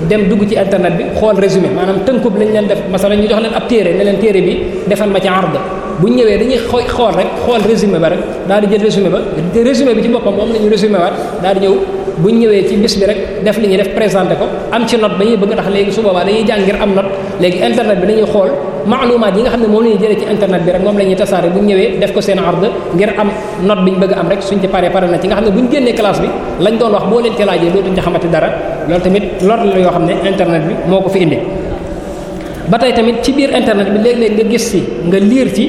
dem dugg ci internet bi xool résumé maanaam tënkub lañ leen def masala ñu jox leen ab téere ne leen téere bi defal ma ci arda bu ñu ñëwee dañuy xool xool rek xool résumé ba rek daal di jël résumé ba résumé bi ci boppam moom la ñu résumé waat daal di ñëw bu ñëwee ci bis bi rek def li ñuy def présenté ko am ci note ba ñuy bëgg tax léegi su boobaa dañuy jàng ngir am note léegi internet bi dañuy xool maalumaat yi nga xam ne moo la ñuy jëlee ci internet bi rek moom la tasaare bu ñëwee def ko seen ard ngir am note bi ñu bëgg am rek suñ ci paree pare na ci nga xam ne bu ñu génnee classe bi lañ doon wax boo leen ca laajee dootuñ ca dara loolu tamit lor la yoo xam ne internet bi moo ko fi indi ba tey tamit ci biir internet bi léeg-léeg nga gis si nga liir ci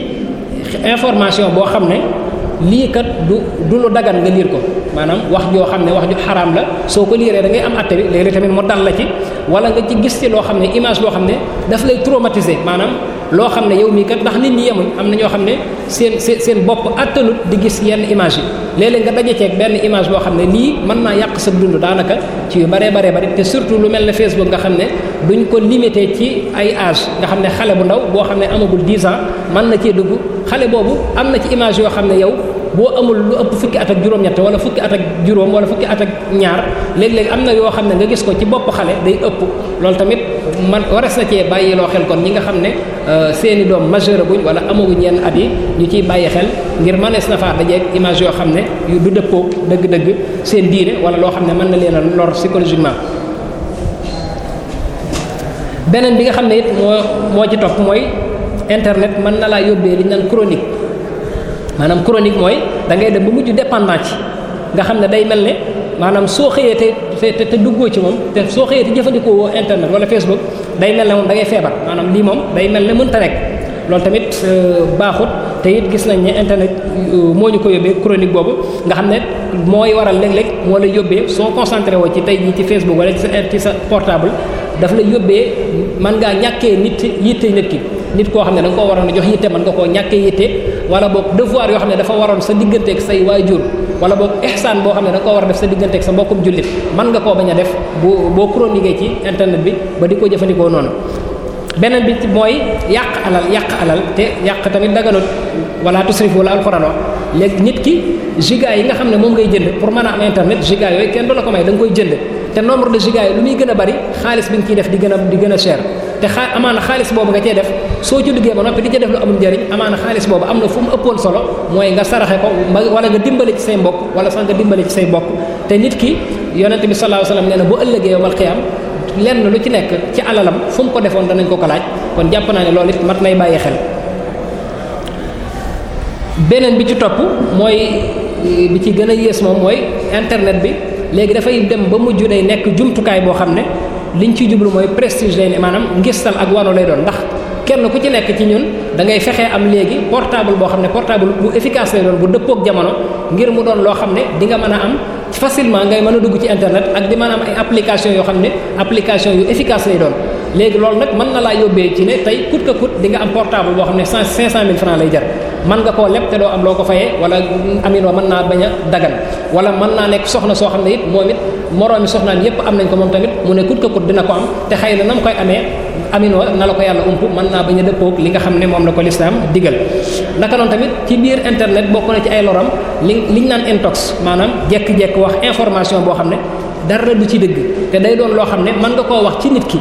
information boo xam ne lii kat du du lu dagan nga liir ko maanaam wax joo xam ne wax ju xaraam la soo ko liiree da ngay am atte bi léeg-léeg tamit mu dal la ci wala nga ci gis ci loo xam ne image loo xam ne dafa lay traumatiser maanaam loo xam ne yow mii kat ndax nit ñi yemuñ am na ñoo xam ne seen seen bopp attanut di gis yenn image yi léeg nga daje ceeg benn image boo xam ne lii mën naa yàq sa dund daanaka ci yu baree baree bari te surtout lu mel ne Facebook nga xam ne duñ ko limité ci ay age nga xam ne xale bu ndaw boo xam ne amagul 10 ans mën na cee dugg xale boobu am na ci image yoo xam ne yow boo amul lu ëpp fukki at ak juróom-ñett wala fukki at ak juróom wala fukki at ak ñaar léeg-léeg am na yoo xam ne nga gis ko ci bopp xale day ëpp lool tamit man wares na cee bàyyi loo xel kon ñi nga xam ne euh, seeni doom majeur wala amaguñ yenn at yi ñu ciy bàyyi xel ngir mënees na faa dajeeg image yoo xam ne du dëppoo dëgg-dëgg seen diine wala loo xam ne mën na leen lor lor psychologiquement beneen bi nga xam ne it moo moo ci topp mooy internet mën na laa yóbbee di ñu naan maanaam chronique mooy dangay ngay dem ba mujj dépendant ci nga xam ne day mel ne maanaam soo xëyee te te te duggoo ci moom te soo xëyee te jëfandikoo woo internet wala Facebook day mel ne moom da ngay feebar maanaam lii moom day mel ne mënta rek loolu tamit euh, baaxut te it gis nañ ne internet euh, moo ñu ko yóbbee chronique boobu nga xam ne mooy waral léeg-léeg moo la yóbbee soo concentré woo ci tey jii ci Facebook wala ci sa ci sa portable daf la yóbbee mën ngaa ñàkkee nit yitte nit ki nit koo xam ne da nga koo waroon a jox yitte mën nga koo ñàkkee yitte. wala boog devoir yoo xam ne dafa waroon sa digganteeg say waajur wala boog ihsaan boo xam ne da nga war a def sa digganteeg sa mbokkum jullit mën nga koo bañ a def boo boo liggéey ci internet bi ba di ko jëfandikoo noonu. beneen bi mooy yàq alal yàq alal te yàq tamit daganut wala tusrifu wala alxurano léegi nit ki giga yi nga xam ne moom ngay jënd pour mën a am internet giga yooyu kenn du la ko may da nga koy jënd. te nombre de giga yi lu muy gën a bari xaalis bi nga ciy def di gën a di gën a cher te xaa amaana xaalis boobu nga cee def soo ci liggéey ba noppi di ca def lu amul njëriñ amaana xaalis boobu am na fu mu ëppoon solo mooy nga saraxe ko wala nga dimbale ci say mbokk wala sax nga dimbale ci say mbokk te nit ki yonent bi sallallahu alayhi wasallam nee na bu ëllëgee yowmal xiyaam lu ci nekk ci alalam fu mu ko defoon danañ ko ko laaj kon jàpp naa ne loolu it mat nay bàyyi xel beneen bi ci topp mooy bi ci gën a yées moom mooy internet bi léegi dafay dem ba mujj day nekk jumtukaay boo xam ne li ñu ciy jublu mooy prestige lay ne maanaam ngistal ak wano lay doon ndax kenn ku ci nekk ci ñun da ngay fexee am léegi portable boo xam ne portable bu efficace lay doon bu dëppook jamono ngir mu doon loo xam ne di nga mën a am facilement ngay mën a dugg ci internet ak di mën a am application yoo xam ne application yu efficace lay doon léegi loolu nag mën na laa yóbbee ci ne tey coûte que coûte di am portable xam ne cinq cent mille francs jar mën nga koo leb te loo am loo ko fayee wala amin wa mën naa bañ a dagan wala mën naa nekk soxna soo xam ne it moom it moroomi soxnaam yépp am nañ ko moom tamit mu ne kut ka kut dina ko am te xëy na na mu koy amee amin wa na la ko yàlla ump mën naa bañ a li nga xam ne moom la ko lislaam digal naka noonu tamit ci biir internet bokk na ci ay loram li liñ naan intox maanaam jekk-jekk wax information boo xam ne dara du ci dëgg te day doon loo xam ne mën nga koo wax ci nit ki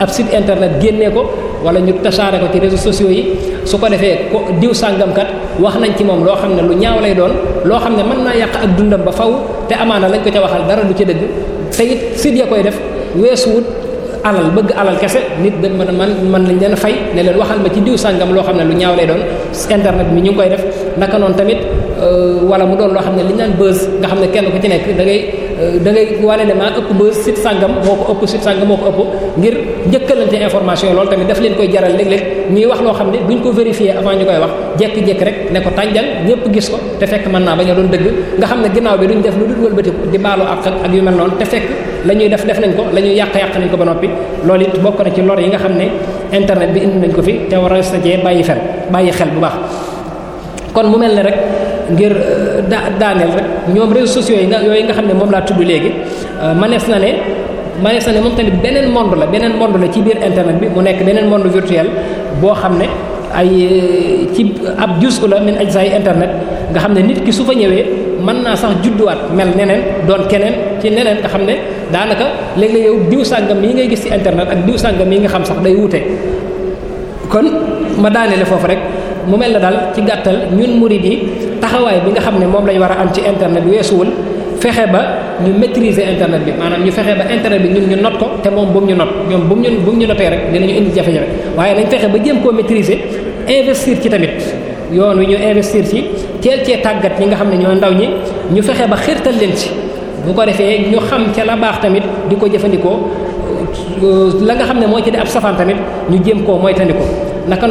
ab site internet génnee ko wala ñu tasaare ko ci réseaux sociaux yi su ko defee ko diw sàngamkat wax nañ ci moom loo xam ne lu ñaaw lay doon loo xam ne mën yàq ak dundam ba faw te amaana lañ ko ca waxal dara du ci dëgg te it sit koy def weesu wut bëgg alal kese nit da man man man lañ leen fay ne leen waxal ma ci diw sàngam loo xam ne lu ñaaw lay doon internet bi ñu ngi koy def naka noonu tamit euh, wala mu doon loo xam ne li ñu naan nga xam ne kenn ku ci nekk da ngay Euh, da ngay wane ne maa ëpp ba moo ko ëpp site sàngam moo ko ëpp ngir njëkkalante information loolu tamit daf leen koy jaral léeg-léeg ñuy wax loo xam ne buñ ko vérifier avant ñu koy wax jekki-jekki rek ne ko tànjal ñëpp gis ko te fekk mën naa bañ a doon dëgg nga xam ne ginnaaw bi duñ def lu dul wëlbatiku di baaloo ak ak yu mel noonu te fekk la ñuy def def nañ ko la ñuy yàq-yàq nañ ko ba noppi loolu it bokk na ci lor yi nga xam ne internet bi indi nañ ko fi te war a sajee bàyyi xel bàyyi xel bu baax kon mu ngir euh, da daaneel rek ñoom réseaux sociaux yi nga yooyu nga xam ne moom laa tudd léegi euh, manees na ne manees na ne moom tamit beneen monde la beneen monde la ci biir internet bi mu nekk beneen monde virtuel boo xam ne ay euh, ci ab jus la min ajsaay internet nga xam ne nit ki su ñëwee mën naa sax judduwaat mel neneen doon keneen ci neneen nga xam ne daanaka léeg-léeg yow diw sàngam yi ngay gis ci internet ak diw sàngam yi nga xam sax day wute kon ma daaneele foofu rek mu mel na daal ci gàttal ñun murid yi taxawaay bi nga xam ne moom la war a am ci internet weesuwul fexe ba ñu maîtriser internet bi maanaam ñu fexe ba internet bi ñun ñu not ko te moom bu mu ñu not ñoom bu mu ñu bu mu ñu notee rek dinañu indi jafe-jafe waaye nañ fexe ba jéem koo maîtriser investir ci tamit yoon wi ñu investir ci teel cee tàggat ñi nga xam ne ñoo ndaw ñi ñu fexe ba xirtal leen ci bu ko defee ñu xam ca la baax tamit di ko jëfandikoo euh, la nga xam ne moo ci di ab safaan tamit ñu jéem koo moytandiko naka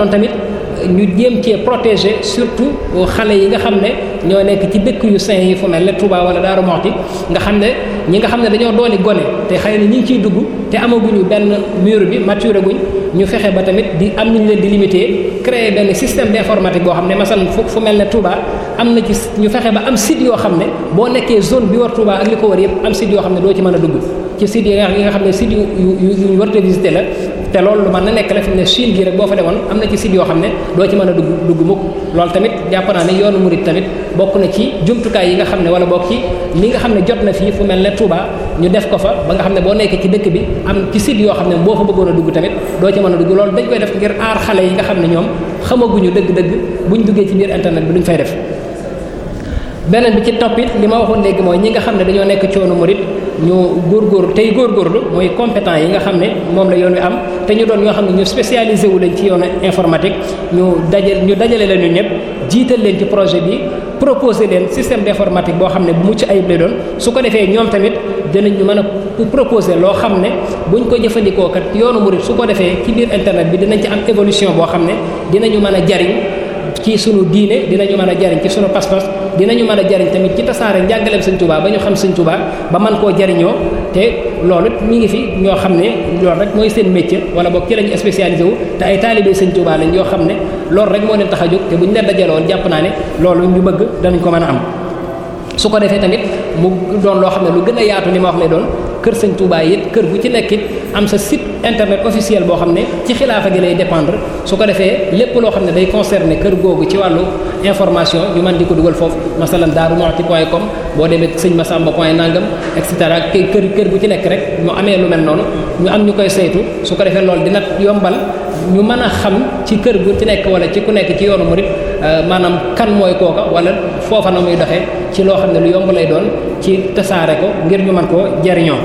ñu jéem cee protéger surtout xale yi nga xam ne ñoo nekk ci dëkk yu sain yi fu mel ne Touba wala Darou Moukhty nga xam ne ñi nga xam ne dañoo dooli gone te xëy na ñi ngi ciy dugg te amaguñu benn mur bi mature guñ ñu fexe ba tamit di am ñu leen di limité créer benn système d'informatique boo xam ne masalan fu fu mel ne Touba am na ci ñu fexe ba am site yoo xam ne boo nekkee zone bi war Touba ak li ko war yëpp am site yoo xam ne doo ci mën a dugg ci sites yi nga xam ne sites yu yu ñu war a visité la te loolu lu mën na nekk la fi mu ne Chine gii rek boo fa demoon am na ci sites yoo xam ne doo ci mën a dugg dugg mukk loolu tamit jàpp naa ne yoonu murit tamit bokk na ci jumtukaay yi nga xam ne wala bokk ci li nga xam ne jot na fii fu mel ne Touba ñu def ko fa ba nga xam ne boo nekkee ci dëkk bi am ci sites yoo xam ne boo fa bëggoon a dugg tamit doo ci mën a dugg loolu dañ koy def ngir aar xale yi nga xam ne ñoom xamaguñu dëgg-dëgg buñ duggee ci bi duñ fay def beneen bi ci toppit li ma waxoon léegi mooy ñi nga xam ne dañoo nekk coonu murit ñu góor góor tey góor góor góorgóorlu mooy compétent yi nga xam ne moom la yoon wi am te ñu doon ñoo xam ne ñu spécialisé wu lañ ci yoonu informatique ñu dajal ñu dajale leen ñu ñëpp jiital leen ci projet bi proposé leen système d'informatique boo xam ne bu mucc ayib lay doon su ko defee ñoom tamit dinañ ñu mën a proposer loo xam ne buñ ko jëfandikoo kat yoonu murit su ko defee ci biir internet bi dinañ ci am évolution boo xam ne dinañu mën a jariñ ci sunu diine dinañu mën a jariñ ci sunu pas dinañu mën a jariñ tamit ci tasaare njàngaleem sëñ Tuubaa ba ñu xam sëñ Tuubaa ba man koo jariñoo te loolu ñu ngi fi ñoo xam ne loolu rek mooy seen métier wala boog ci lañu spécialisé te ay taalibe sëñ Tuubaa lañ yoo xam ne loolu rek moo leen tax a jóg te bu ñu leen dajaloon jàpp naa ne loolu ñu bëgg danañ ko mën a am su ko defee tamit mu doon loo xam ne lu gën a yaatu li ma wax ne doon kër sëñ Touba it kër bu ci nekk it am sa site internet officiel boo xam ne ci xilaafa gi lay dépendre su ko defee lépp loo xam ne day concerner kër googu ci wàllu information ñu man di ko dugal foofu masalan Darou Mouhty point comme boo demee sëñ Massamba point nangam et cetera kër kër bu ci nekk rek mu amee lu mel noonu ñu am ñu koy saytu su ko defee loolu dina yombal ñu mën a xam ci kër bu ci nekk wala ci ku nekk ci yoonu murit euh, maanaam kan mooy kooka wala foofa na muy doxee. ci loo xam ne lu yomb lay doon ci tasaare ko ngir ñu man koo jariñoo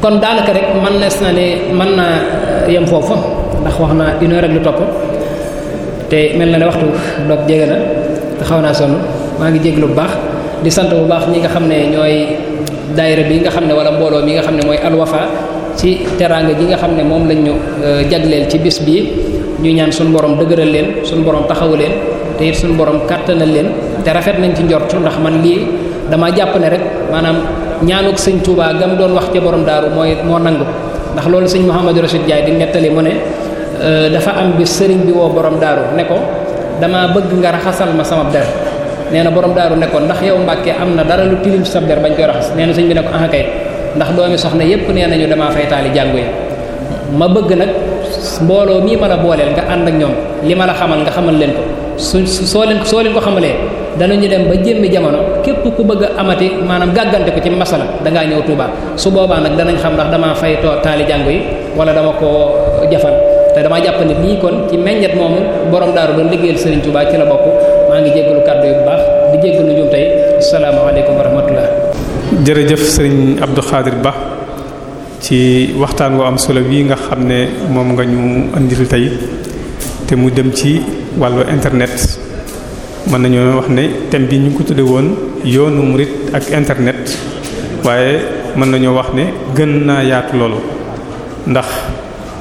kon daanaka rek man nees na ne man naa euh, yem foofu ndax wax naa une heure ak lu topp te mel na ne waxtu dog jege na te xaw naa sonn maa ngi jéglu bu baax di sant bu baax ñi nga xam ne ñooy daayira bi nga xam ne wala mbooloo mi nga xam ne mooy Al Wafa ci teraanga ji nga xam ne moom lañ ñu euh, jagleel ci bis bii ñu ñaan suñu borom dëgëral leen suñu borom taxawu leen te it suñu borom kàttanal leen te rafet nañ ci njortu ndax man lii dama jàpp ne rek maanaam ñaanuk sëñ Touba gam doon wax ca borom daaru mooy moo nangu ndax loolu sëñ Mouhamadou Rachid Diaye di nettali mu ne euh, dafa am bi sëriñ bi woo borom daaru ne ko dama bëgg nga raxasal ma sama der nee na borom daaru ne ko ndax yow Mbàkke am na dara lu tilim ci sa der bañ koy raxas nee na sëñ bi ne ko ah kay ndax doomi soxna yépp nee nañu damaa fay taali jàngu yi ma bëgg nag mbooloo mii ma la booleel nga ànd ak ñoom li ma la xamal nga xamal leen ko su soo leen soo leen ko xamalee danañu dem ba jëmmi jamono képp ku bëgg a amati maanaam gàggante ko ci masala da ñëw Touba su boobaa nag danañ xam ndax damaa fay too taali jàngu yi wala dama koo jafal te dama jàpp ne lii kon ci meññet moomu borom daaru ba liggéeyal Serigne Touba ci la bokk maa ngi jégg jéggalu kàddu yi bu baax di jéggalu ñoom tey asalaamaaleykum wa rahmatullah. jërëjëf Serigne Abdou Khadir Ba ci waxtaan wu am solo bii nga xam ne moom nga ñu andil tey te mu dem ci. wàllu internet mën nañoo wax ne thème bi ñu ngi ko tudde woon yoonu murit ak internet waaye mën nañoo wax ne gën naa yaatu loolu ndax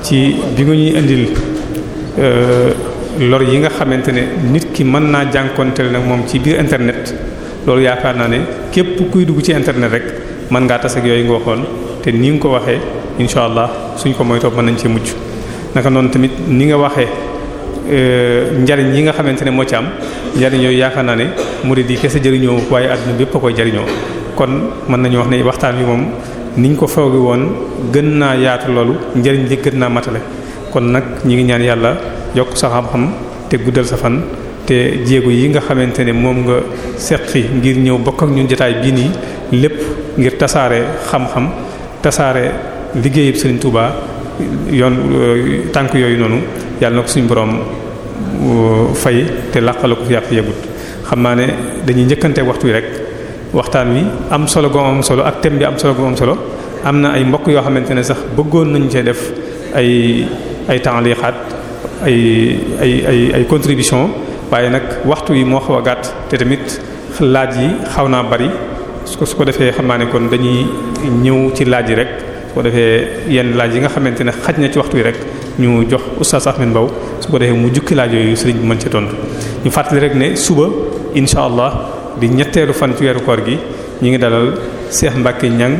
ci bi nga ñuy indil euh, lor yi nga xamante ne nit ki mën naa jànkonteel nag moom ci biir internet loolu yaakaar naa ne képp kuy dugg ci internet rek mën ngaa tas ak yooyu nga waxoon te ni nga ko waxee incha allah suñ ko moytoo mën nañ ci mujj naka noonu tamit ni nga waxee. Euh, njariñ yi nga xamante ne moo ci am njariñ yooyu yaakaar naa ne murid di kese jëriñoo waaye àdduna bépp a koy jariñoo kon mën nañu wax ne waxtaan wi moom niñ ko foogi woon gën naa yaatu loolu njariñ li gën naa matale kon nag ñu ngi ñaan yàlla yokk sa xam-xam te guddal sa fan te jéego yi nga xamante ne moom nga seqi ngir ñëw bokk ak ñu jotaay bii nii lépp ngir tasaare xam-xam tasaare liggéeyub Serigne Touba yoon tànk yooyu noonu yàlla na ko suñu borom Euh, fay te làqala ko fi yàq yegut xam naa ne dañuy njëkkante waxtu wi rek waxtaan wi am solo goom solo ak thème bi am solo goom solo am na ay mbokk yoo xamante ne sax bëggoon nañu cee def ay ay ta'liqat ay ay ay ay contribution waaye nag waxtu yi moo xaw a gàtt te tamit laaj yi xaw naa bari su ko su ko defee xam naa ne kon dañuy ñëw ci laaj yi rek ko defee yenn laaj yi nga xamante ne xaj na ci waxtu wi rek ñu jox oustaz Ahmed Mbow su ko defee mu jukki laajo yooyu sëriñ bi mën ci tontu ñu fàttali rek ne suba incha allah bi ñetteelu fan ci weeru koor gi ñu ngi dalal Cheikh Mbacke Niang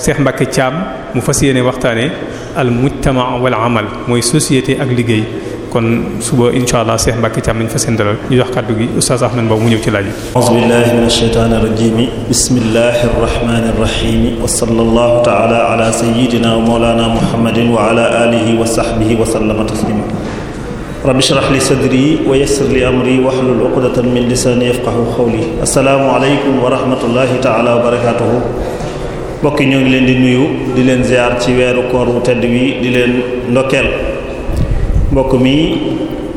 Cheikh Mbacke Thiam mu fas yéene waxtaanee al mujtama wal amal mooy société ak liggéey kon suba incha allah Cheikh Mbacke Thiam nañ fas yéene dalal ñu jox kàddu gi Oustaz Ahmed Mbow mu ñëw ci laaj yi. a'uuzu billaahi mina shaytaani rajiim bismillaahi rahmaani rahiim wa sallallaahu ta'aalaa alaa sayyidinaa wa mawlaanaa Muhammadin wa alaa aalihi wa sahbihi wa sallama tasliimaa rabbi shrah li sadri wa yassir li amri wahlul uqdatan min lisaani yafqahu qawli assalaamu aleykum wa rahmatullahi ta'aalaa wa barakaatuhu mbokk yi ñoo ngi leen di nuyu di leen ziar ci weeru koor wu tedd wi di leen ndokkeel mbokk mi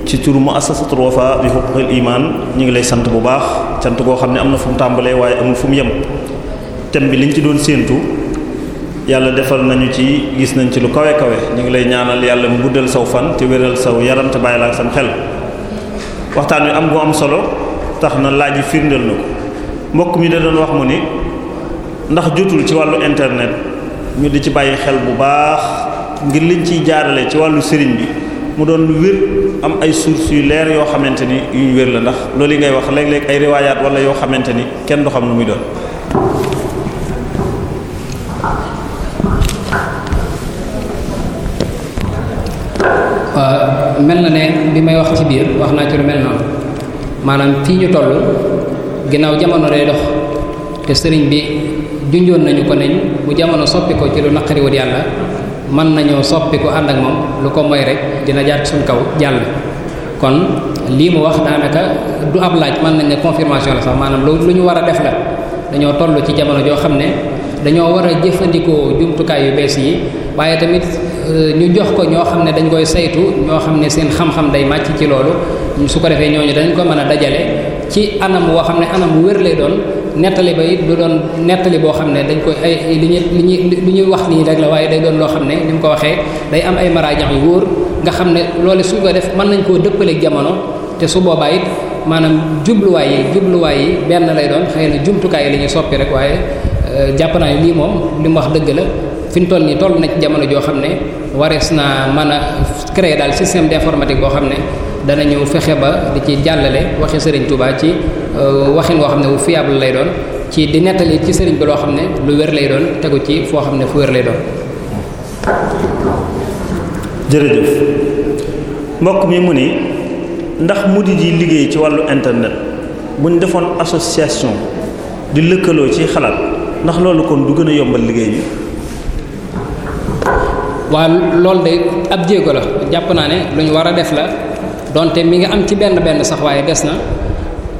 ci turu muassasatul wafa bi huquqil iman ñu ngi lay sant bu baax sant koo xam ne am na fu mu tàmbalee waaye amul fu mu yem thème bi liñ ci doon séentu yàlla defal nañu ci gis nañ ci lu kawe kawe ñu ngi lay ñaanal yàlla mu guddal saw fan te wéral saw yaram te bàyyi la ak sam xel waxtaan wi am gu am solo tax na laaj yi firndeel na ko mbokk mi da doon wax mu ni ndax jotul ci wàllu internet ñu di ci bàyyi xel bu baax ngir liñ ciy jaarale ci wàllu sëriñ bi mu doon lu wér am ay sources yu leer yoo xamante ni yuñ wér la ndax loolu yi ngay wax léeg-léeg ay riwaayaat wala yoo xamante ni kenn du xam lu muy doon. mel na ne bi may wax ci biir wax naa ci lu mel noonu maanaam fii ñu toll ginnaaw jamono day dox te sëriñ bi junjoon nañu ko neñ jamono soppi ko ci lu naqari mën nañoo soppi ko ànd ak moom lu ko mooy rek dina jaar suñ kaw jàll kon lii mu wax daanaka du ab laaj mën nañ ne confirmation la sax maanaam lu lu ñu war a def la dañoo toll ci jamono joo xam ne dañoo war a jëfandikoo jumtukaay yu bees yi waaye tamit euh, ñu jox ko ñoo xam ne dañ koy saytu ñoo xam ne seen xam-xam day màcc ci loolu su ko defee ñooñu dañ ko mën a dajale ci anam woo xam ne anam wér lay doon nettali ba it du doon nettali boo xam ne dañ koy ay li ñu li ñu li ñuy wax nii rek la waaye day doon loo xam ne ñu mu ko waxee day am ay maraajax yu wóor nga xam ne loole suñ ko def mën nañ koo dëppaleeg jamono te su boobaa it maanaam jubluwaay yi jubluwaay yi benn lay doon xëy jumtukaay yi la ñuy soppi rek waaye euh, jàpp naa lii moom li mu wax dëgg la fi mu toll nii toll na ci jamono joo xam ne warees naa mën a créer daal système d'informatique boo xam ne dana danañu fexe ba di ci jàllale waxi sëriñ Touba ci euh, waxin woo xam ne wu fiable lay doon ci di nettali ci sëriñ bi loo xam ne lu wér lay doon tegu ci foo xam ne fu wér lay doon. jërëjëf mbokk mi mu ni ndax mu di di liggéey ci wàllu internet buñ defoon association di lëkkaloo ci xalaat ndax loolu kon du gën a yombal liggéey bi. waaw loolu de ab jéego la jàpp naa ne lu ñu war a def la. donte mi nga am ci benn benn sax waaye des na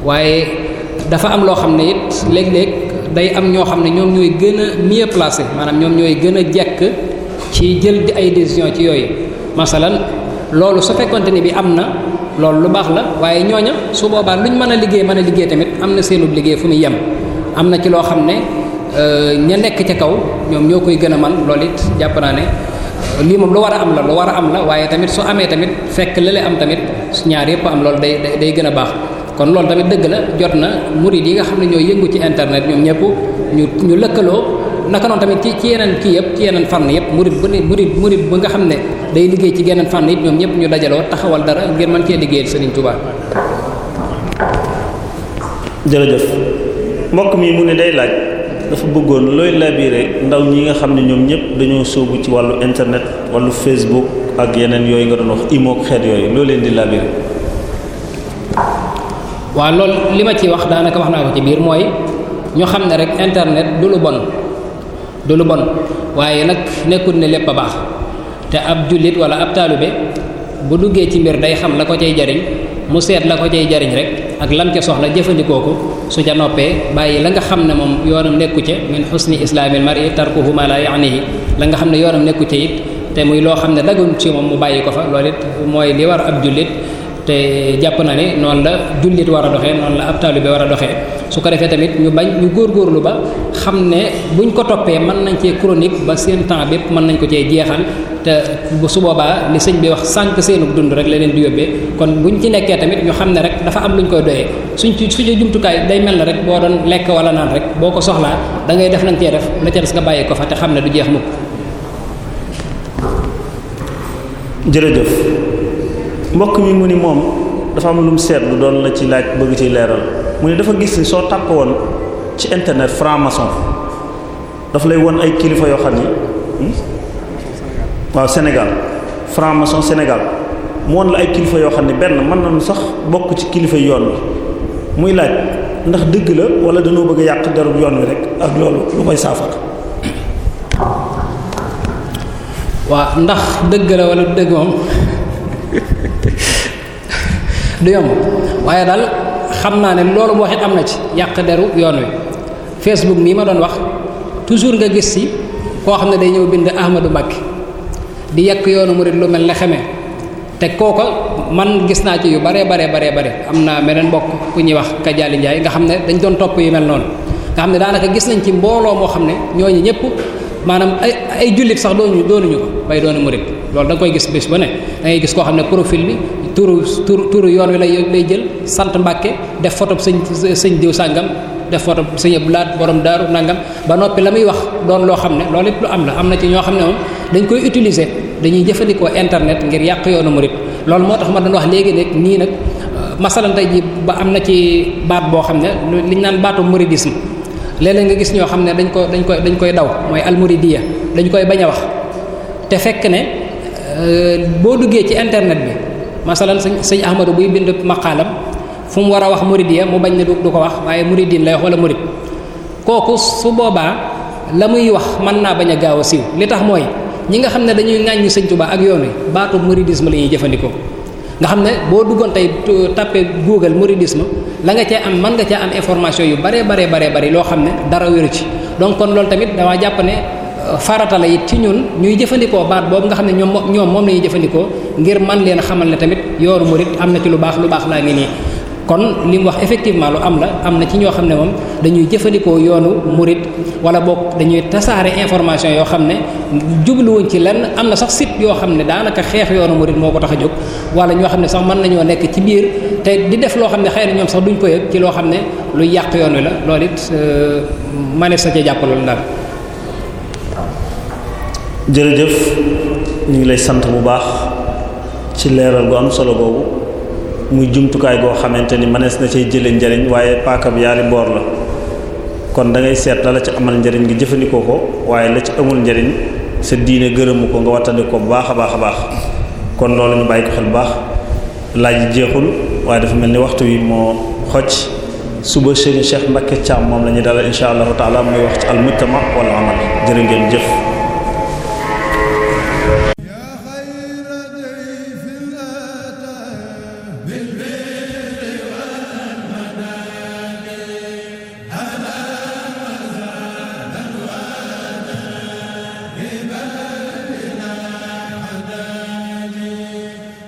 waaye dafa am loo xam ne it léeg-léeg day am ñoo xam ne ñoom ñooy gën a mieux maanaam ñoom ñooy gën a jekk ci jël ay décision ci yooyu masalan loolu su fekkonte ni bi am na loolu lu baax la waaye ñooña su boobaa luñ mën a liggéey mën a liggéey tamit am na seenub liggéey fu muy yem am na ci loo xam ne euh, ña nekk ca kaw ñoom ñoo koy gën a man loolu it jàpp naa ne lii moom lu war a am la lu war a am la waaye tamit su amee tamit fekk lële am tamit ñaar yëpp am loolu day day gën a baax kon loolu tamit dëgg la jot na murid yi nga xam ne ñoo yëngu ci internet ñoom ñëpp ñu ñu lëkkaloo naka noonu tamit ci ci yeneen kii yëpp ci yeneen fànn yëpp murid bu ne murid murid bu nga xam ne day liggéey ci geneen fànn it ñoom ñëpp ñu dajaloo taxawal dara ngir mën cee liggéeyal Sëriñ Tuubaa jërëjëf mbokk mi mu ne day laaj dafa bëggoon looy labiré ndaw ñi nga xam ne ñoom ñëpp dañoo sóobu ci wàllu internet wàllu Facebook ak yeneen yooyu nga doon wax imoog xeet yooyu loo leen di labiré. waaw loolu li ma ci wax daanaka wax naa ko ci biir mooy ñu xam ne rek internet du lu bon du lu bon waaye nag nekkul ne lépp a baax te ab jullit wala ab taalibe bu duggee ci mbir day xam la ko cay jariñ mu seet la ko cay jariñ rek. ak lam ca soxla jëfandikoo ko su ca noppee bàyyi la nga xam ne moom yoonam nekku ca min xusni islaamil mari tarkuhu ma la yaanihi la nga xam ne yoonam nekku ca te muy loo xam ne dagul ci moom mu bàyyi ko fa loolu mooy li war ab jullit te jàpp na ne noonu la jullit war a doxee noonu la ab taalibe war a doxee su ko defee tamit ñu bañ ñu góor góorgóorlu ba xam ne buñ ko toppee mën nañ cee chronique ba seen temps bépp mën nañ ko cee jeexal te su boobaa li sëñ bi wax sànq seenu dund rek leneen di yóbbee kon buñ ci nekkee tamit ñu xam ne rek dafa am luñ koy doyee suñ ci suñu jumtukaay day mel ne rek boo doon lekk wala naan rek boo ko soxlaa da ngay def nañ cee def la ca des nga bàyyi ko fa te xam ne du jeex mukk jërëjëf mbokk mi mu ni moom dafa am lu mu seetlu doon la ci laaj bëgg ci leeral mu ne dafa gis ni soo tàpp woon ci internet franc-maçon daf lay won ay kilifa yoo xam ni hmm? waaw Sénégal franc-maçon Sénégal mu la ay kilifa yoo xam ne benn mën nañu sax bokk ci kilifa yoon wi muy laaj ndax dëgg la wala dañoo bëgg yàq derub yoon wi rek ak loolu lu koy saafara. waaw ndax dëgg la wala dëgg [laughs] du yomb waaye daal. xam naa ne loolu mu wax am na ci yàq deru yoon wi Facebook mii ma doon wax toujours nga gis si koo xam ne day ñëw bind Ahmadou Mbacké di yàq yoonu murid lu mel ne xemee te kooko man gis naa ci yu bare bare bare bare am naa meneen mbokk ku ñuy wax Kadiali Ndiaye nga xam ne dañ doon topp yu mel noonu nga xam ne daanaka gis nañ ci mbooloo moo xam ne ñooñu ñëpp maanaam ay ay jullit sax doonuñu doonuñu ko bay doonu murid loolu da nga koy gis bés ba ne da gis koo xam ne profil bi turu turu turu yoon wi lay lay jël sant mbàkke def photo sëñ sëñ diw sàngam def foto photo sëñ blaat borom daaru nangam ba noppi la muy wax doon loo xam ne loolu lépp lu am la am na ci ñoo xam ne moom dañ koy utiliser dañuy jëfandikoo internet ngir yàq yoonu murit loolu moo tax ma danga wax léegi nag nii nag masalan tey ji ba am na ci baat boo xam ne liñ naan baatu muridisme léeg-léeg nga gis ñoo xam ne dañ ko dañ koy dañ koy daw mooy almuridiya dañ koy bañ a wax Euh, boo duggee ci internet bi masalan sëñ sëñ Ahmadu buy bind maqaalam fu mu war a wax muridiya mu bañ ne du ko wax waaye muridin lay wax wala murid kooku su boobaa la muy wax mën naa bañ a gaaw a siiw li tax mooy ñi nga xam ne dañuy ŋàññi sëñ Tuubaa ak yoon wi baatu muridisme la ñuy jëfandikoo nga xam ne boo duggoon tey tàppe Google muridisme la nga cee am man nga cee am information yu baree baree baree bari loo xam ne dara wéru ci donc kon loolu tamit faratala la it ci ñun ñuy jëfandikoo baat boobu nga xam ne ñoom ñoom moom la ñuy jëfandikoo ngir man leen xamal ne tamit yoonu murit am na ci lu baax lu baax laa ngi kon li mu wax effectivement lu am la am na ci ñoo xam ne moom dañuy jëfandikoo yoonu murit wala bokk dañuy tasaare information yoo xam ne jubluwuñ ci lenn am na sax site yoo xam ne daanaka xeex yoonu murit moo ko tax a jóg wala ñoo xam ne sax mën nañoo nekk ci biir te di def loo xam ne xëy na ñoom sax duñ ko yëg ci loo xam ne lu yàq yoon wi la loolu it euh, manees sa ca jàppaloon dara jërëjëf ñu ngi lay sant bu baax ci leeral gu am solo boobu muy jumtukaay goo xamante ni mënees na cay jëlee njariñ waaye paaka bi yaari boor la kon da ngay seet la la ci amal njariñ gi jëfandikoo ko waaye la ci amul njariñ sa diine gërëmu ko nga wattandi ko bu baax a baax a baax kon loolu ñu bàyyi ko xel bu baax laaj jeexul waaye dafa mel ni waxtu wi moo xoj suba Serigne Cheikh Mbacke Thiam moom la ñuy dalal incha allahu taala muy wax ci almujtama wala amal ngeen jëf.